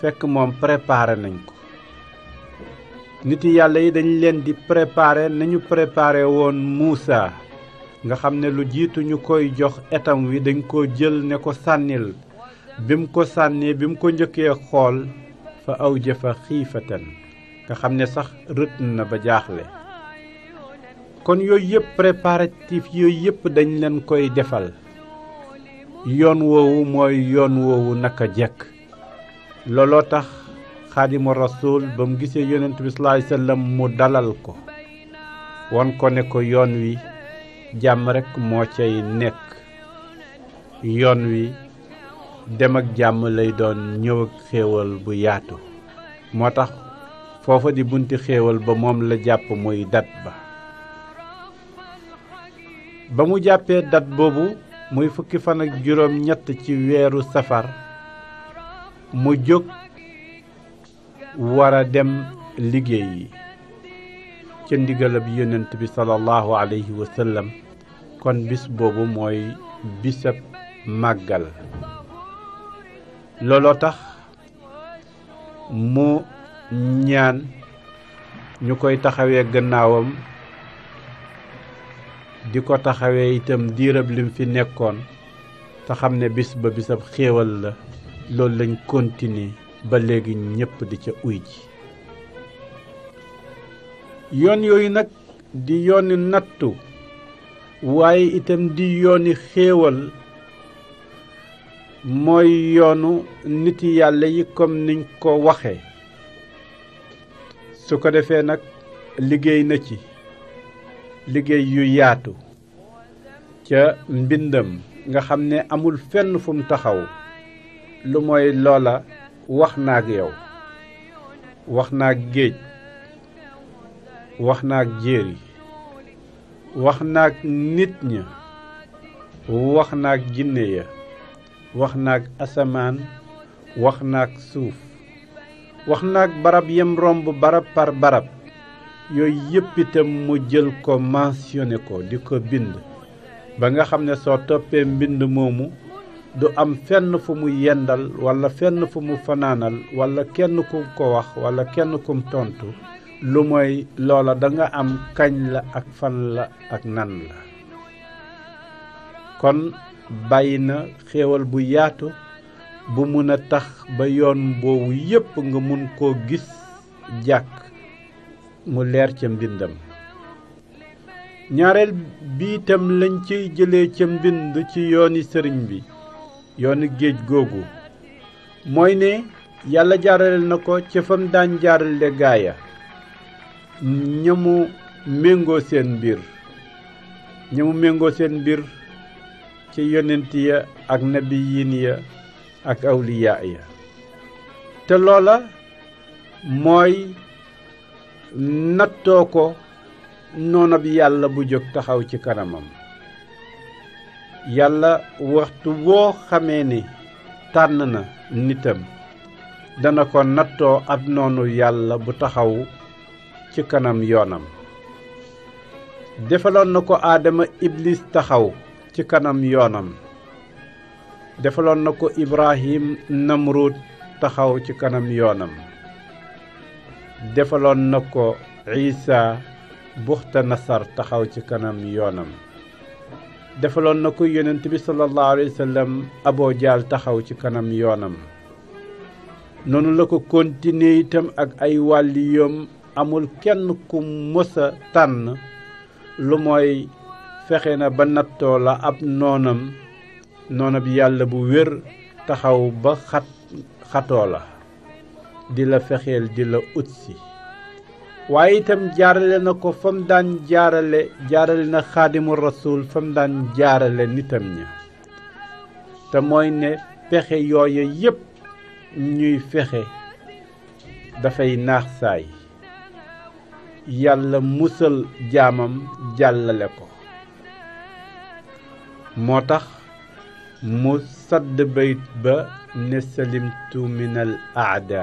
fekk moom préparé nañ ko nit yàlla yi dañ leen di préparé nañu préparé woon Muusa nga xam ne lu jiitu ñu koy jox etam wi dañ ko jël ne ko sànnil bi mu ko sànnee bi mu ko njëkkee xool fa aw jëfa xiifatan nga xam ne sax rët na ba jaaxle kon yooyu yëpp préparatif yooyu yëpp dañ leen koy defal yoon woowu mooy yoon woowu naka jekk looloo tax xaadima rasul ba mu gisee yonent bi salaay sallam mu dalal ko won ko ne ko yoon wi jàmm rekk moo cay nekk yoon wi dem ak jàmm lay doon ñëw ak xéewal bu yaatu moo tax foofa di bunti xéewal ba moom la jàpp muy dat ba ba mu jàppee dat boobu muy fukki fan ak juróom ñett ci weeru safar mu jóg war a dem liggéey yi ca ndigalab yonent bi sallallahu alayhi wa kon bis boobu mooy bisab màggal looloo tax mu ñaan ñu koy taxawee gannaawam di ko taxawee itam diirab lim fi nekkoon te ne bis ba bisab xéewal la loolu lañ continuer ba léegi ñépp di ca uy ji yoon yooyu nag di yooni nattu waaye itam di yooni xéewal mooy yoonu nit yàlla yi comme niñ ko waxe su ko defee nag liggéey na ci liggéey yu yaatu ca mbindam nga xam ne amul fenn fu mu taxaw lu mooy loola wax naag yow wax naag géej wax naag jéer yi wax naag nit ña wax naag jinné ya wax naag asamaan wax naag suuf wax naag barab yem romb barab par barab yooyu yëpp itam mu jël ko mentionné ko di ko bind ba nga xam ne soo toppee mbind moomu du am fenn fu mu yendal walla fenn fu mu fanaanal walla kenn ku ko wax walla kenn kum tontu lu mooy loola danga am kañ la ak fan la ak nan la kon bàyyi na xéewal bu yaatu bu mën a tax ba yoon boobu yépp nga mun koo gis jàkk mu leer ca mbindam ñaareel bi itam lañ ci jëlee ca mbind ci yooni sëriñ bi yoonu géej googu mooy ne yàlla jaarale na ko ca fam daan jaarale gaaya ñamu méngoo seen mbir ñamu méngoo seen mbir ci yonent ya ak nabiyin ya ak awliyaa ya te loola mooy nattoo ko noonab yàlla bu jóg taxaw ci kanamam yàlla waxtu woo xamee ni tànn na nitam dana ko nattoo ab noonu yàlla bu taxaw ci kanam yoonam defaloon na ko aadama ibliis taxaw ci kanam yoonam defaloon na ko ibrahim namrud taxaw ci kanam yoonam defaloon na ko Isa buxta nasar taxaw ci kanam yoonam defaloon na ko yonent bi sallallahu alayhi wa aboo jaal taxaw ci kanam yoonam noonu la ko continuer itam ak ay wàlliyoom amul kenn ku mës tànn lu mooy fexe na ba nattoo la ab noonam noonab yàlla bu wér taxaw ba xat xatoo la di la fexeel di la utsi waaye itam jaarale na ko fa mu daan jaarale jaarale na xaadimu rasul fa mu daan jaarale nitam ñi te mooy ne pexe yooyu yépp ñuy fexe dafay naax saay yàlla musal jaamam jàllale ko moo tax mu sadd bayt ba ne salimtu min al aada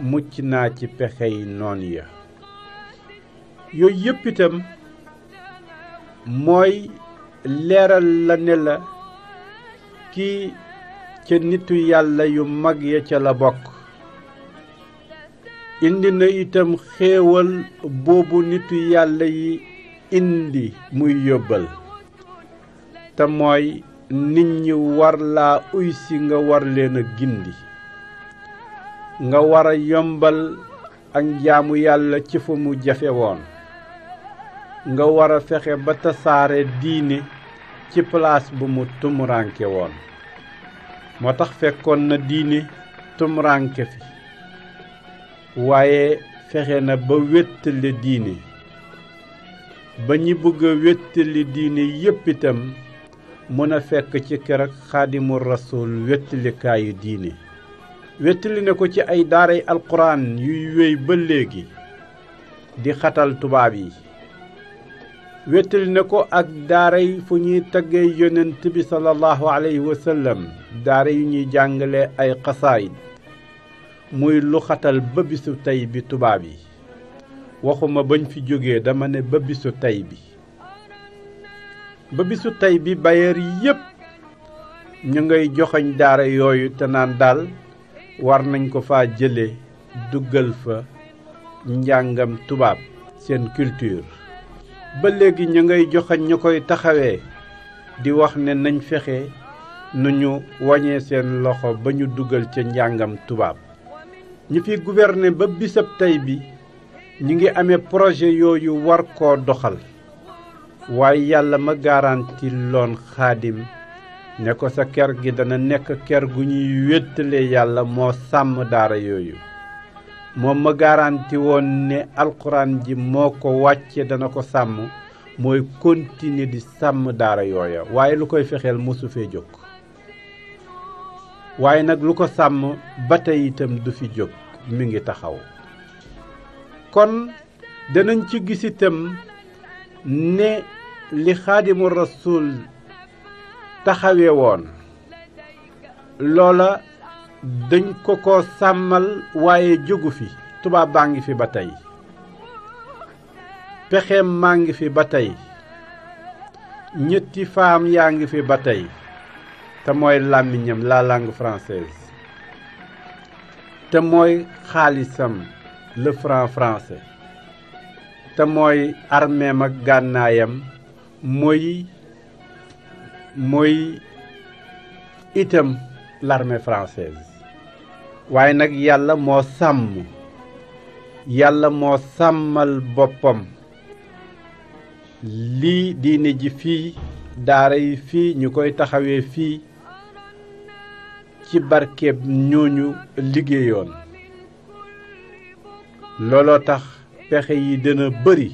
mucc naa ci pexey noon ya yooyu yépp itam mooy leeral la ne la kii ca nitu yàlla yu mag ya ca la bokk indi na itam xéewal boobu nitu yàlla yi indi muy yóbbal te mooy nit ñi war laa uy nga war leen a gindi nga war a yombal ak jaamu yàlla ci fu mu jafe woon nga war a fexe ba tasaare diine ci place bu mu tumuranke woon moo tax fekkoon na diine tumuranke fi waaye fexe na ba wéttali diine ba ñi bëgg a wéttali diine yépp itam mën a fekk ci kër ak xaadimu rasul wéttalikaayu diine wettali na ko ci ay daaray alxuraan yuy wéy ba léegi di xatal tubaab yi wettali na ko ak daaray fu ñuy taggee yonent bi sallallahu alayhi wa sallam daara yu ñuy jàngale ay xasaay muy lu xatal ba bisu bi tubaab yi waxuma bañ fi jógee dama ne ba bisu tey bi ba bisu tey bi bayeer yépp ñu ngay joxoñ daara yooyu te naan daal war nañ ko fa jële duggal fa njàngam tubaab seen culture ba léegi ñu ngay joxañ ñu koy taxawee di wax ne nañ fexe nu ñu wañee seen loxo ba ñu dugal ca njàngam tubaab ñu fi gouverner ba bisab tey bi ñu ngi amee projet yooyu war koo doxal waaye yàlla ma garanti loon xaadim ne ko sa ker gi dana nekk ker gu ñuy wéttale yàlla moo sàmm daara yooyu moom ma garanti woon ne alxuraan ji moo ko wàcce dana ko sàmm mooy continuer di sàmm daara yooya waaye lu koy fexeel mosu fee jóg waaye nag lu ko sàmm ba tey itam du fi jóg mu ngi taxaw kon danañ ci gisitam itam ne li xaadimu rasul taxawee woon loola dañ ko ko sàmmal waaye jógu fi tubaab baa ngi fi ba tey pexeem maa ngi fi ba tey ñetti faam yaa ngi fi ba tey te mooy làmmiñam la langue française te mooy xaalisam le franc te mooy armeem ak gànnaayam mooy mooy itam l'armée française waaye nag yàlla moo sàmm yàlla moo sàmmal boppam lii diine ji fii daara yi fii ñu koy taxawee fii ci barkeeb ñooñu liggéeyoon looloo tax pexe yi dina bari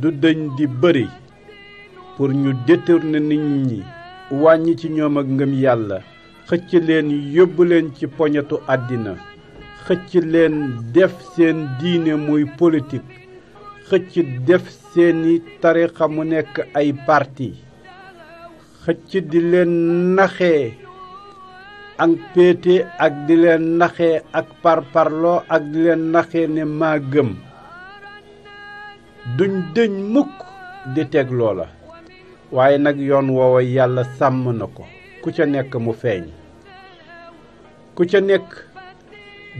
du dëñ di bari pour ñu na nit ñi wàññi ci ñoom ak ngëm yàlla xëcc leen yóbbu leen ci poñetu àddina xëcc leen def seen diine muy politik xëcc def seeni tarixa mu nekk ay parti xëcc di leen naxee ak péete ak di leen naxee ak parparloo ak di leen naxee ne maa gëm duñ dëñ mukk di teg loola waaye nag yoon woowa yàlla sàmm na ko ku ca nekk mu feeñ ku ca nekk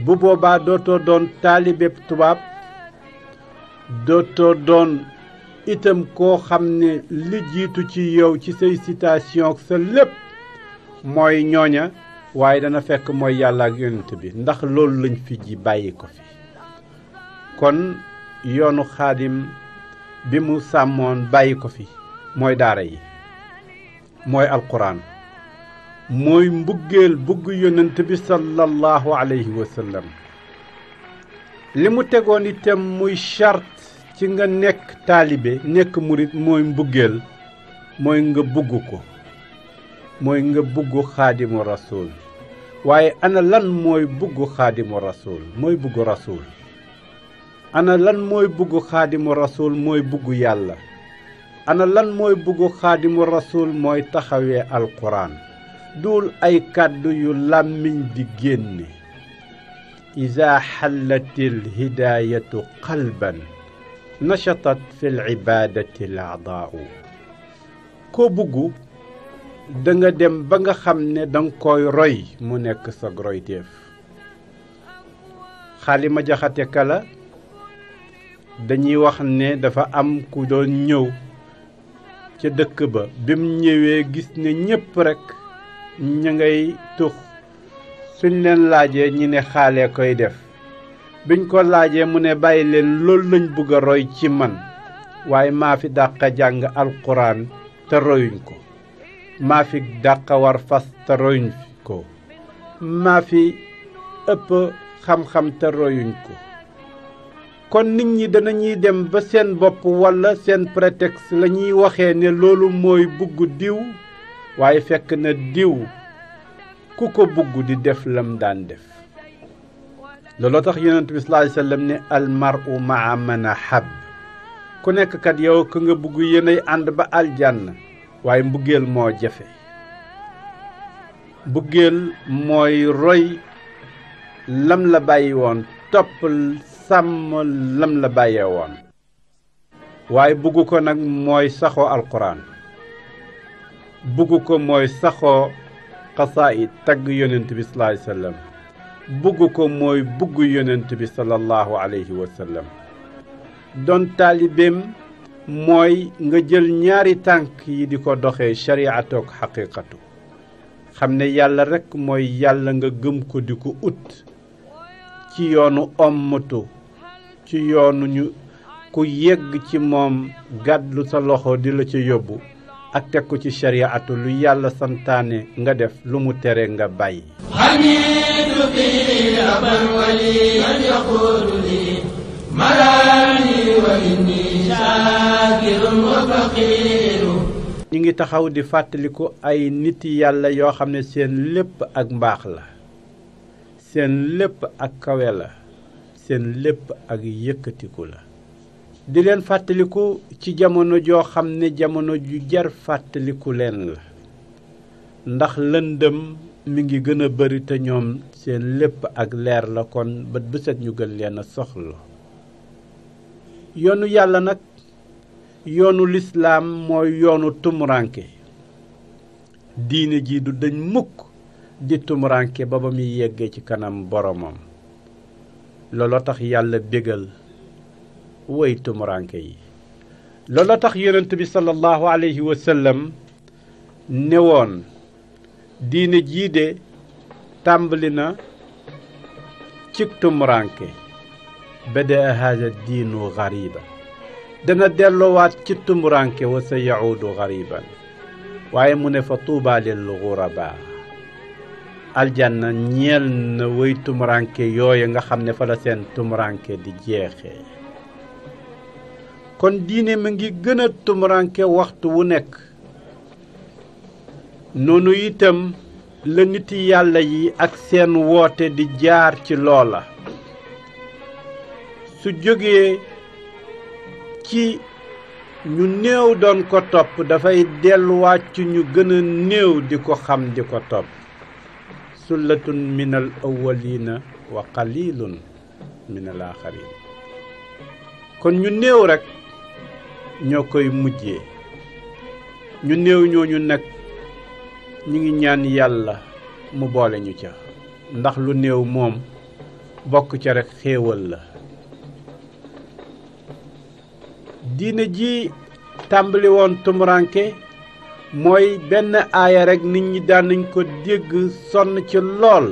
bu boobaa dootoo doon taalibeb tubaab dootoo doon itam koo xam ne li jiitu ci yow ci say citation sa lépp mooy ñooña waaye dana fekk mooy yàlla ak yonent bi ndax loolu lañ fi ji bàyyi ko fi kon yoonu xaadim bi mu sàmmoon bàyyi ko fi mooy daara yi mooy alquran mooy mbuggeel bugg yonent bi sallallahu alayhi wa sallam li mu tegoon itam muy charte ci nga nekk taalibe nekk murit mooy mbuggeel mooy nga bugg ko mooy nga bugg xaadimu rasul waaye ana lan mooy bugg xaadimu rasul mooy bugg rasul ana lan mooy bëgg xaadimu rasul mooy bëgg yàlla ana lan mooy bëggu xaadimu rasuul mooy taxawee alxuraan duul ay kàddu yu làmmiñ di génne idaa xallatil hidaayatu xalban nachatat fi libaadati l aadaau bëggu danga dem ba nga xam ne danga koy roy mu nekk sa royteef xaalima jaxate kala dañuy wax ne dafa am ku doon ñëw ca dëkk ba bim ñëwee gis ne ñépp rekk ña ngay tux suñ leen laajee ñi ne xaalee koy def biñ ko laajee mu ne bàyyi leen loolu lañ bëgg a roy ci man waaye maa fi dàq jàng alxuraan te royuñ ko maa fi dàq war fas te royuñ ko maa fi ëpp xam-xam te royuñ ko kon nit ñi danañuy dem ba seen bopp walla seen prétexte la ñuy waxee ne loolu mooy bugg diw waaye fekk na diw ku ko bugg di def lam daan def looloo tax yonent bi sallallahu alayhi wasallam ne almaru maa man ahab ku nekk kat yow ku nga bugg yéenay ànd ba aljaan waaye mbuggeel moo jafe mbuggeel mooy roy lam la bàyyi woon toppal sàmm lam la bàyyee woon waaye bugg ko nag mooy saxoo alxuraan bugg ko mooy saxoo xasaayid tagg yonent bi salaay sallam bugg ko mooy bugg yonent bi sallallahu alayhi wa doon taalibeem mooy nga jël ñaari tànk yi di ko doxee shariatook xaqiqatu xam ne yàlla rekk mooy yàlla nga gëm ko di ko ut ci yoonu ommatu ci yoonu ñu ku yegg ci moom gàddu sa loxo di la ci yóbbu ak teg ko ci shariatu lu yàlla santaane nga def lu mu tere nga bàyyi ñi ngi taxaw di fàttaliku ay nit yàlla yoo xam ne seen lépp ak mbaax la seen lépp ak kawe la seen lépp ak yëkkatiku la di leen fàttaliku ci jamono joo xam ne jamono ju jar fàttaliku leen la ndax lëndëm mi ngi gëna bari te ñoom seen lépp ak leer la kon bët bëset ñu gën leen soxla yoonu yàlla nag yoonu lislaam mooy yoonu tumuranke diine ji du dëñ mukk di tumuranke ba ba muy yeggee ci kanam boromam looloo tax yàlla bégal woy tumuranke yi looloo tax yonent bi sallallahu alayhi wa sallam ne woon diine jii de tàmbali na ci tumuranke badaa haada diinu gariba dana delloowaat ci tumuranke wa sa yahuudu gariban waaye mu ne fa tuubaa lil gurabaa aljanna ñeel na way tumuranke yooyu nga xam ne fa la seen tumuranke di jeexe kon diine mi ngi gëna a tumuranke waxtu wu nekk noonu itam la nit yàlla yi ak seen woote di jaar ci loola su jógee ci ñu néew doon ko topp dafay delluwaat ci ñu gëna a néew di ko xam di ko topp sullatun min al awwalina wa qalilun min al axarin kon ñu néew rekk ñoo koy mujje ñu néew ñooñu nag ñu ngi ñaan yàlla mu booleñu ca ndax lu néew moom bokk ca rekk xéewal la diine ji tàmbali woon tumuranke mooy benn aaya rekk nit ñi daan nañ ko dégg sonn ci lool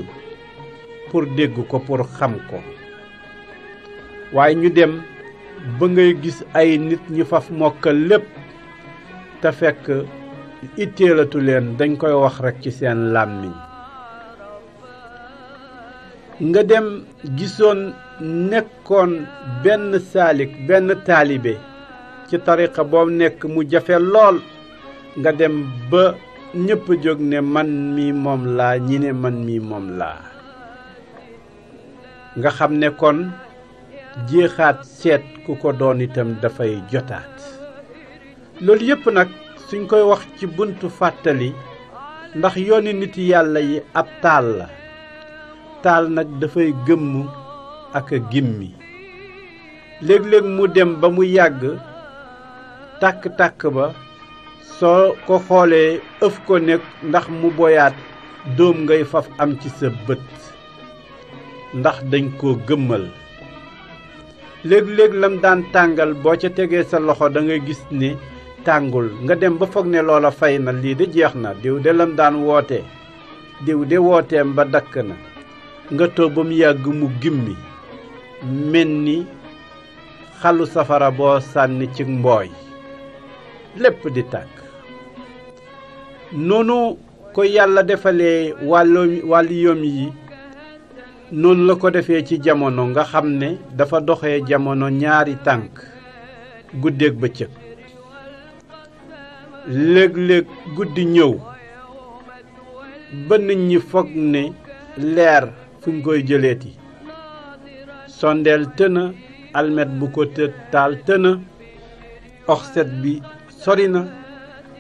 pour dégg ko pour xam ko waaye ñu dem ba ngay gis ay nit ñi faf mokkal lépp te fekk itteelatu leen dañ koy wax rekk ci seen làmmiñ nga dem gisoon nekkoon benn saalik benn taalibe ci tariqa boo nekk mu jafe lool nga dem ba ñépp jóg ne man mi moom laa ñi ne man mi moom laa nga xam ne kon jéexaat seet ku ko doon itam dafay jotaat loolu yépp nag suñ koy wax ci buntu fàttali ndax yoon nit yàlla yi ab taal la taal nag dafay gëmm ak a gimmi léeg-léeg mu dem ba mu yàgg tàkk-tàkk ba soo ko xoolee ëf ko nekk ndax mu boyaat doom ngay faf am ci sa bët ndax dañ ko gëmmal léeg-léeg lam daan tàngal boo ca tegee sa loxo dangay nga gis ne tàngul nga dem ba foog ne loola fay na lii de jeex na diw la lam daan woote diw de wooteem ba dakk na nga toog ba mu yàgg mu gimmi mel ni xalu safara boo sànni ci mbooy lépp di tàkk noonu ko yàlla defalee wàllu wàlliyoom yi noonu la ko defee ci jamono nga xam ne dafa doxe jamono ñaari tànk guddeeg bëccëg léeg-léeg guddi ñëw ba ñi foog ne leer fu ñu koy jëleeti sondeel tëna almet bu ko tët taal tëna oxset bi sori na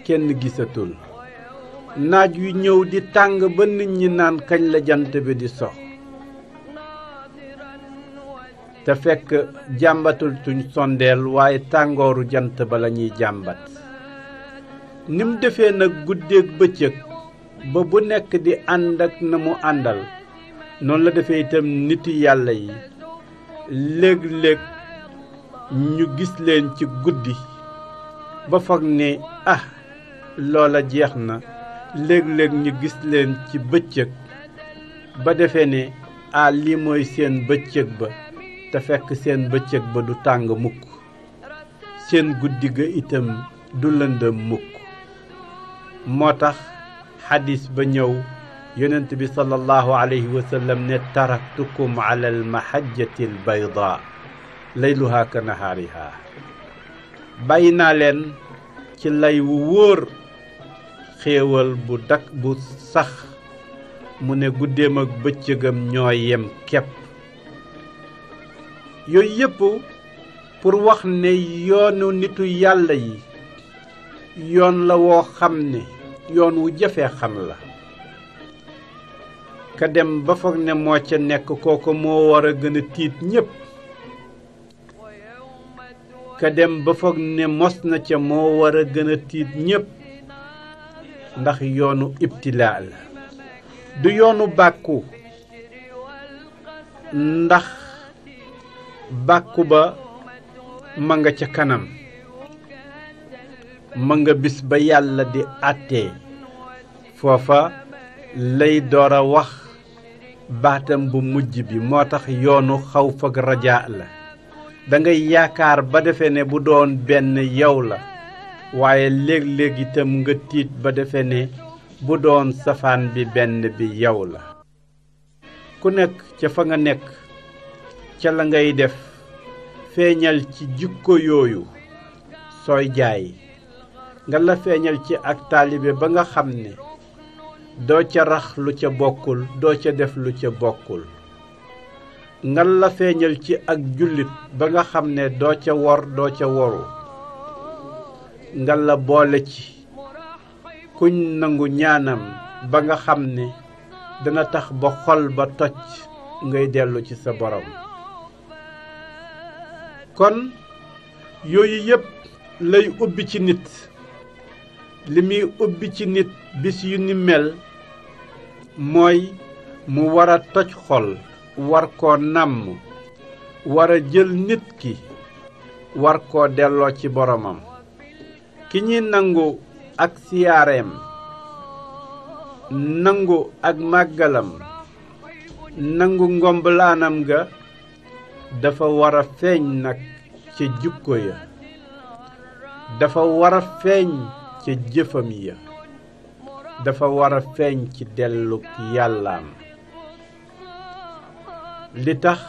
kenn gisatul naaj wi ñëw di tàng ba nit ñi naan kañ la jant bi di sox te fekk jàmbatul tuñ sondeel waaye tàngooru jant ba lañuy jàmbat ni mu defee nag guddeeg bëccëg ba bu nekk di ànd ak na mu àndal noonu la defee itam niti yàlla yi léeg-léeg ñu gis leen ci guddi ba foog ne ah loola jeex na léeg-léeg ñu gis leen ci bëccëg ba defe ne a ah, mooy seen bëccëg ba te fekk seen bëccëg ba du tàng mukk seen guddi ga itam du lëndëm mukk moo tax xadis ba ñëw yonent bi sallallahu alayhi wa sallam ne taraktukum ala almahajjati albayda layluha ka nahaariha bàyyi naa leen ci lay wu wóor xéewal bu dakk bu sax mu ne guddeem ak bëccëgam ñoo yem kepp yooyu yépp pour wax ne yoonu nitu yàlla yi yoon la woo xam ne yoon wu jafe xam la ka dem ba foog ne moo ca nekk kooku moo war a gën a tiit ñépp ka dem ba foog ne mos na ca moo war a gën a tiit ñépp ndax yoonu ibtilaa la du yoonu bàkku ndax bàkku ba ma nga ca kanam ma nga bis ba yàlla di àttee foofa lay door a wax baatam bu mujj bi moo tax yoonu xaw ak rajaa la da ngay yaakaar ba defee ne bu doon benn yow la waaye léeg-léeg itam nga tiit ba defe ne bu doon safaan bi benn bi yow la ku nekk ca fa nga nekk ca la ngay def feeñal ci jikko yooyu sooy jaay nga la feeñal ci ak taalibe ba nga xam ne doo ca raxlu lu ca bokkul doo ca def lu ca bokkul nga la feeñal ci ak jullit ba nga xam ne doo ca wor doo ca woru nga la boole ci kuñ nangu ñaanam ba nga xam ne dana tax ba ba toj ngay dellu ci sa borom kon yooyu yépp lay ubbi ci nit li muy ubbi ci nit bis yu ni mel mooy mu war a toj xol war koo nàmm war jël nit ki war koo delloo ci boromam ki ñuy nangu ak siyaareem nangu ak màggalam nangu ngomblaanam ga dafa war a feeñ nag ca jukko ya dafa wara feeñ ca jëfam ya dafa wara a feeñ ci dellug yàllaam li tax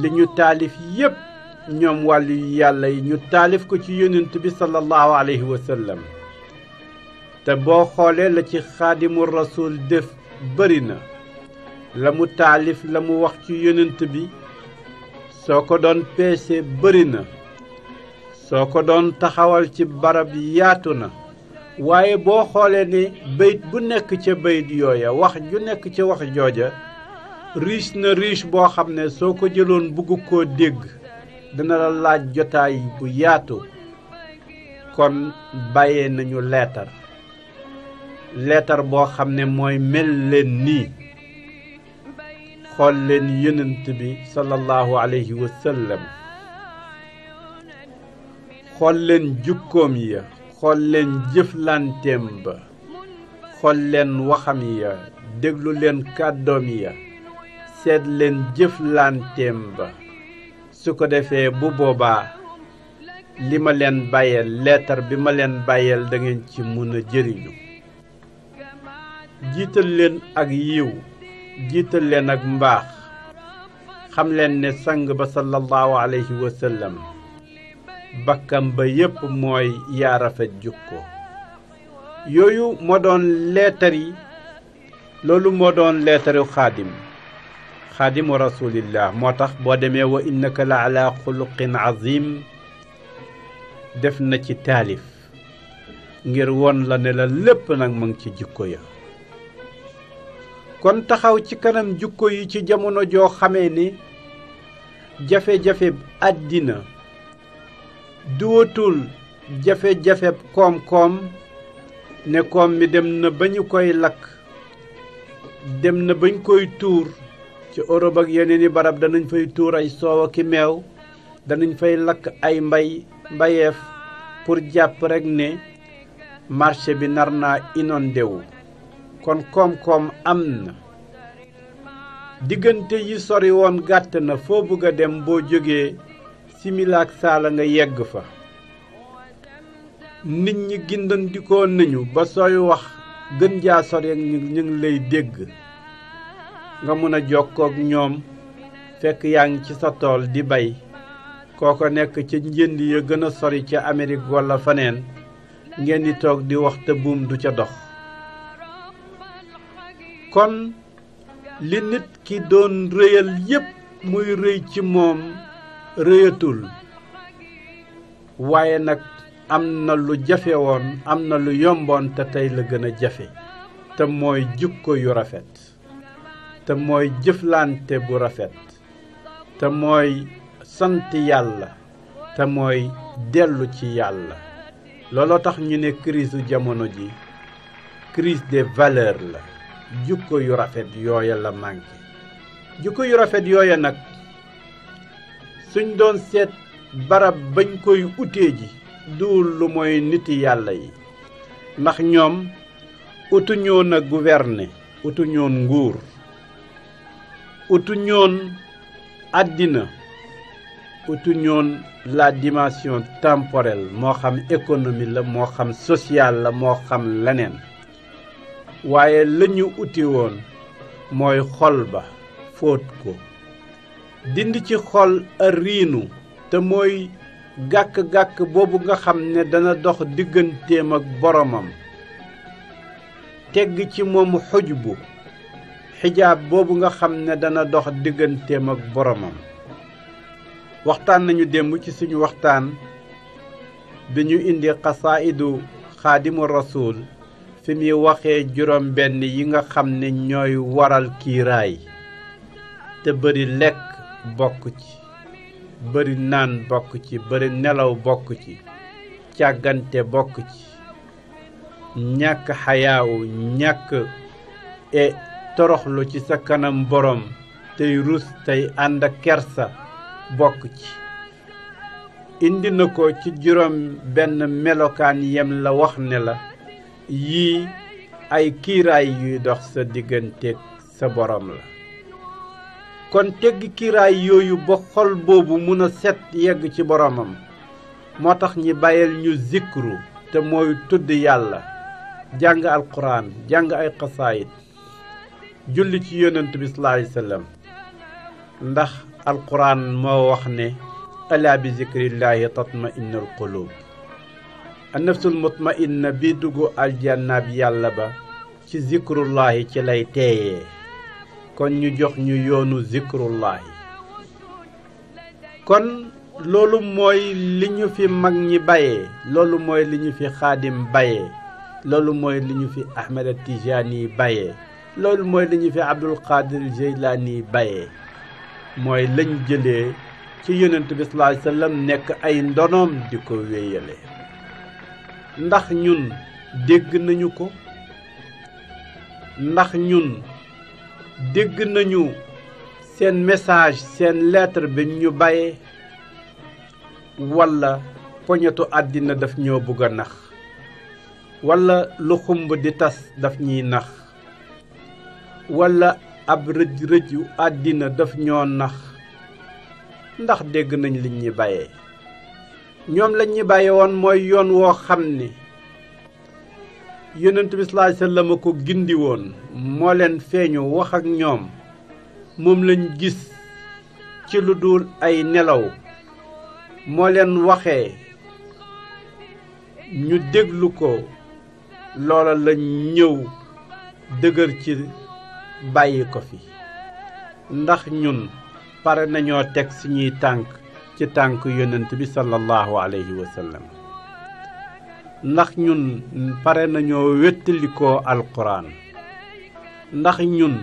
li ñu taalif yépp ñoom wàllu yàlla yi ñu taalif ko ci yonent bi sallallahu alayhi te boo xoolee la ci xaadimu rasul def bëri na la mu taalif la mu wax ci yonent bi soo ko doon peese bëri na soo ko doon taxawal ci barab yaatu na waaye boo xoolee ne bayt bu nekk ca bayt yooya wax ju nekk ca wax jooja riche na riis boo xam ne soo ko jëloon bugg ko dégg dina la laaj jotaay bu yaatu kon bàyyee nañu leetar leetar boo xam ne mooy mel leen nii xool leen yonent bi sallallahu alayhi wa sallam xool leen jukkoom ya xool leen jëflanteem ba xool leen waxam ya déglu leen kàddoom ya seet leen jëflanteem ba su ko defee bu boobaa li ma leen bàyyeel leetar bi ma leen bàyyeel dangeen ci mun a jëriñu jiital leen ak yiw jiital leen ak mbaax xam leen ne sang ba sallallahu alayhi wa sallam bakkam ba yépp mooy yaa rafet ko yooyu moo doon leetar yi loolu moo doon leetaru xaadim xaadimu rasulillah moo tax boo demee wa innaka la ala xuluqin azim def na ci taalif ngir won la ne la lépp nag mu ngi ci jikko ya kon taxaw ci kanam jukko yi ci jamono joo xamee ni jafe-jafe àddina duwatul jafe-jafe koom-koom ne koom mi dem na ba ñu koy lakk dem na bañ koy tuur ci Europe ak yeneen i barab danañ fay tuur ay soow ak i meew danañu fay lakk ay mbay mbayeef pour jàpp rekk ne marché bi nar naa inoon wu kon koom-koom am na diggante yi sori woon gàtt na foo bëgg a dem boo jógee simila ak saala nga yegg fa nit ñi gindandikoo nañu ba sooy wax gën jaa sori ak ñu ngi lay dégg nga mën a jokkook ñoom fekk yaa ngi ci sa tool di bay kooko nekk ca njënd ya gën a sori ca amerig walla faneen ngeen di toog di wax te buum du ca dox kon li nit ki doon réyal yépp muy rëy ci moom rëyatul waaye nag am na lu jafe woon am na lu yomboon te tey la gën a jafe te mooy jikko yu rafet te mooy jëflante bu rafet te mooy sant yàlla te mooy dellu ci yàlla looloo tax ñu ne crise jamono ji crise de valeurs la jukko yu rafet yooya la manqué jukko yu rafet yooya nag suñ doon seet barab bañ koy utee ji duul lu mooy niti yàlla yi ndax ñoom utuñoon a gouverner utuñoon nguur utu àddina utu ñoon la dimension temporel moo xam économie la moo xam sociale la moo xam leneen waaye lañu uti woon mooy xol ba fóot ko dindi ci xol a riinu te mooy gàkk-gàkk boobu nga xam ne dana dox digganteem ak boromam tegg ci moom xujbu xijaab boobu nga xam ne dana dox digganteem ak boromam waxtaan nañu démb ci suñu waxtaan bi ñu indi xasaa'idu xaadimu rasuul fi muy waxee juróom benn yi nga xam ne ñooy waral kiiraay te bari lekk bokk ci bëri naan bokk ci bëri nelaw bokk ci càggante bokk ci ñàkk xayaawu ñàkk e toroxlu ci sa kanam borom tey rus tey ànd ak kersa bokk ci indi na ko ci juróom benn melokaan yem la wax ne la yii ay kiiraay yuy dox sa digganteeg sa borom la kon teggi kiiraay yooyu ba xol boobu mën a set yegg ci boroomam moo tax ñi bàyyil ñu zikru te mooy tudd yàlla jàng alxuraan jàng ay xasaayit julli ci yonent bi salaay ndax alquran moo wax ne ala bi zikrillaahi tatma innal qulub annafsul mutma bi dugg aljannaab yàlla ba ci zikrullaahi ci lay teeyee kon ñu jox ñu yoonu zikrullaahi kon loolu mooy li ñu fi mag ñi bayee loolu mooy li ñu fi xaadim bayee loolu mooy li ñu fi Ahmed Tijaani bayee loolu mooy lañu fi Abdul laa Jeylaani bayee mooy lañ jëlee ci yonent bi sallallahu alayhi nekk ay ndonoom di ko wéyale ndax ñun dégg nañu ko ndax ñun dégg nañu seen message seen lettre bi ñu baye walla poñetu àddina daf ñoo bëgg a nax walla lu xumb di tas daf ñuy nax walla ab rëj rëj yu àddina daf ñoo nax ndax dégg nañu liñ ñi bàyyee ñoom lañ ñi bàyyee woon mooy yoon woo xam ni yonent bi sallallahu alayhi wasallam ko gindiwoon moo leen feeñu wax ak ñoom moom lañ gis ci lu dul ay nelaw moo leen waxee ñu déglu ko loola lañ ñëw dëgër ci bàyyi ko fi ndax ñun pare nañoo teg suñuy tànk ci tànk yonent bi sallallahu alayhi wa ndax ñun pare nañoo wéttalikoo alxuraan ndax ñun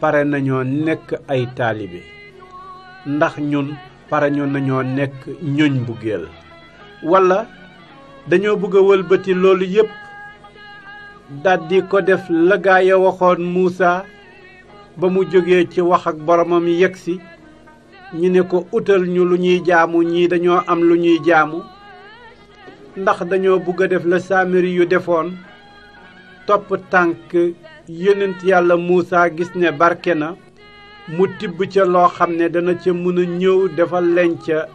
pare nañoo nekk ay taalibe ndax ñun pare nañoo nekk ñoñ buggeel walla dañoo bëgg a wëlbati loolu yépp daldi ko def la gaaya waxoon Muusa ba mu jógee ci wax ak boromam yegg si ñu ne ko utal ñu lu ñuy jaamu ñii dañoo am lu ñuy jaamu ndax dañoo bëgg a def la saamiri yu defoon topp tànk yonent yàlla Muusa gis ne barke na mu tibb ca loo xam ne dana ca mën a ñëw defal leen ca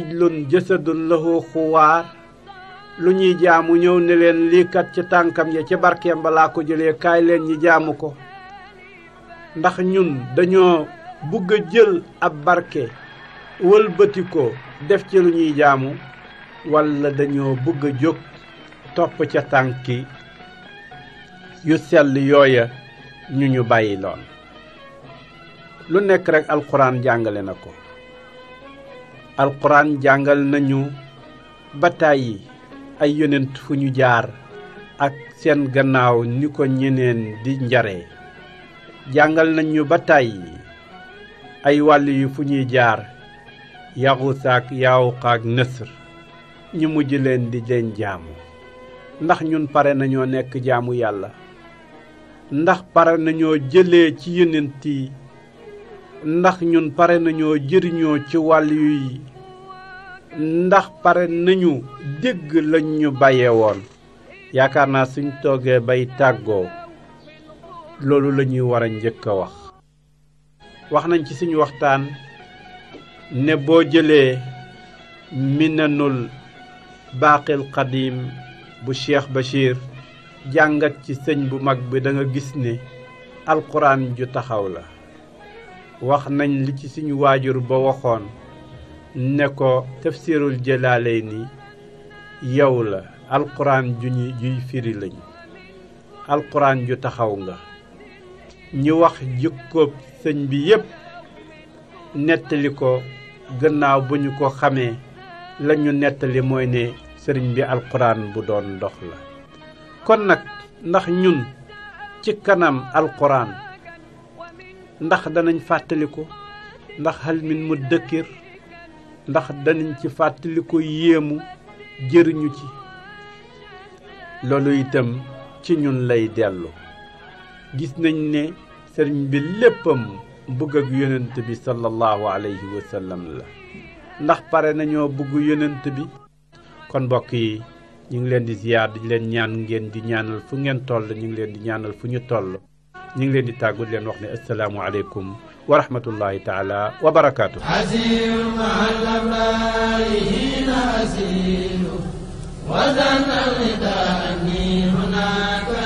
ijlun jësadun lahu xuwaar lu ñuy jaamu ñëw ne leen liikat ca tànkam ya ca barkeem balaa ko jële kaay leen ñi jaamu ko ndax ñun dañoo bugg a jël ab barke wëlbati ko def ci lu ñuy jaamu walla dañoo bëgg a jóg topp ca tànki yu sell yooya ñu ñu bàyyi loon lu nekk rekk alxuraan jàngale na ko alxuraan jàngal nañu bataay yi ay yonent fu ñu jaar ak seen gannaaw ni ko ñeneen di njare jàngal nañu ñu ba tàyyi ay wàll yu fu ñuy jaar yaxusaak yaawuqaak nësr ñu mu jëleen di leen jaamu ndax ñun pare nañoo nekk jaamu yàlla ndax pare nañoo jëlee ci yonent yi ndax ñun pare nañoo jëriñoo ci wàll yi ndax pare nañu dégg lañ ñu bàyyee woon yaakaar naa suñ toogee bay tàggoo loolu la ñuy war a njëkk a wax wax nañ ci suñu waxtaan ne boo jëlee minanul baaqil qadim bu Cheikh Bachir jàngat ci sëñ bu mag bi danga gis ne alquran ju taxaw la wax nañ li ci suñu waajur ba waxoon ne ko tafsirul jëlaalee ni yow la alquran ju ñuy juy firi lañu alquran ju taxaw nga ñu wax jikkoob sëñ bi yépp nettali ko gannaaw bu ñu ko xamee lañu nettali mooy ne sëriñ bi alxuraan bu doon dox la kon nag ndax ñun ci kanam alxuraan ndax danañ fàttaliku ndax hal mu dëkkir ndax danañ ci fàttaliku yéemu jëriñu ci loolu itam ci ñun lay dellu gis nañ ne sëriñ bi léppam bëgg ak bi sallallahu alayhi wa la ndax pare nañoo bëgg yonent bi kon mbokk yi ñu ngi leen di ziyaar di leen ñaan ngeen di ñaanal fu ngeen toll ñu ngi leen di ñaanal fu ñu toll ñu ngi leen di tàggu di leen wax ne asalaamu aleykum wa rahmatullahi taala wa barakaatu وذن الغداء هناك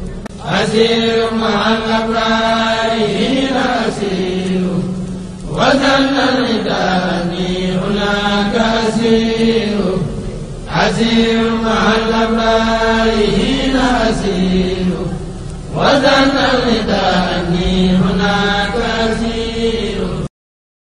أسير مع الأبرار حين أسير وزن لداني هناك أسير أسير مع الأبرار حين أسير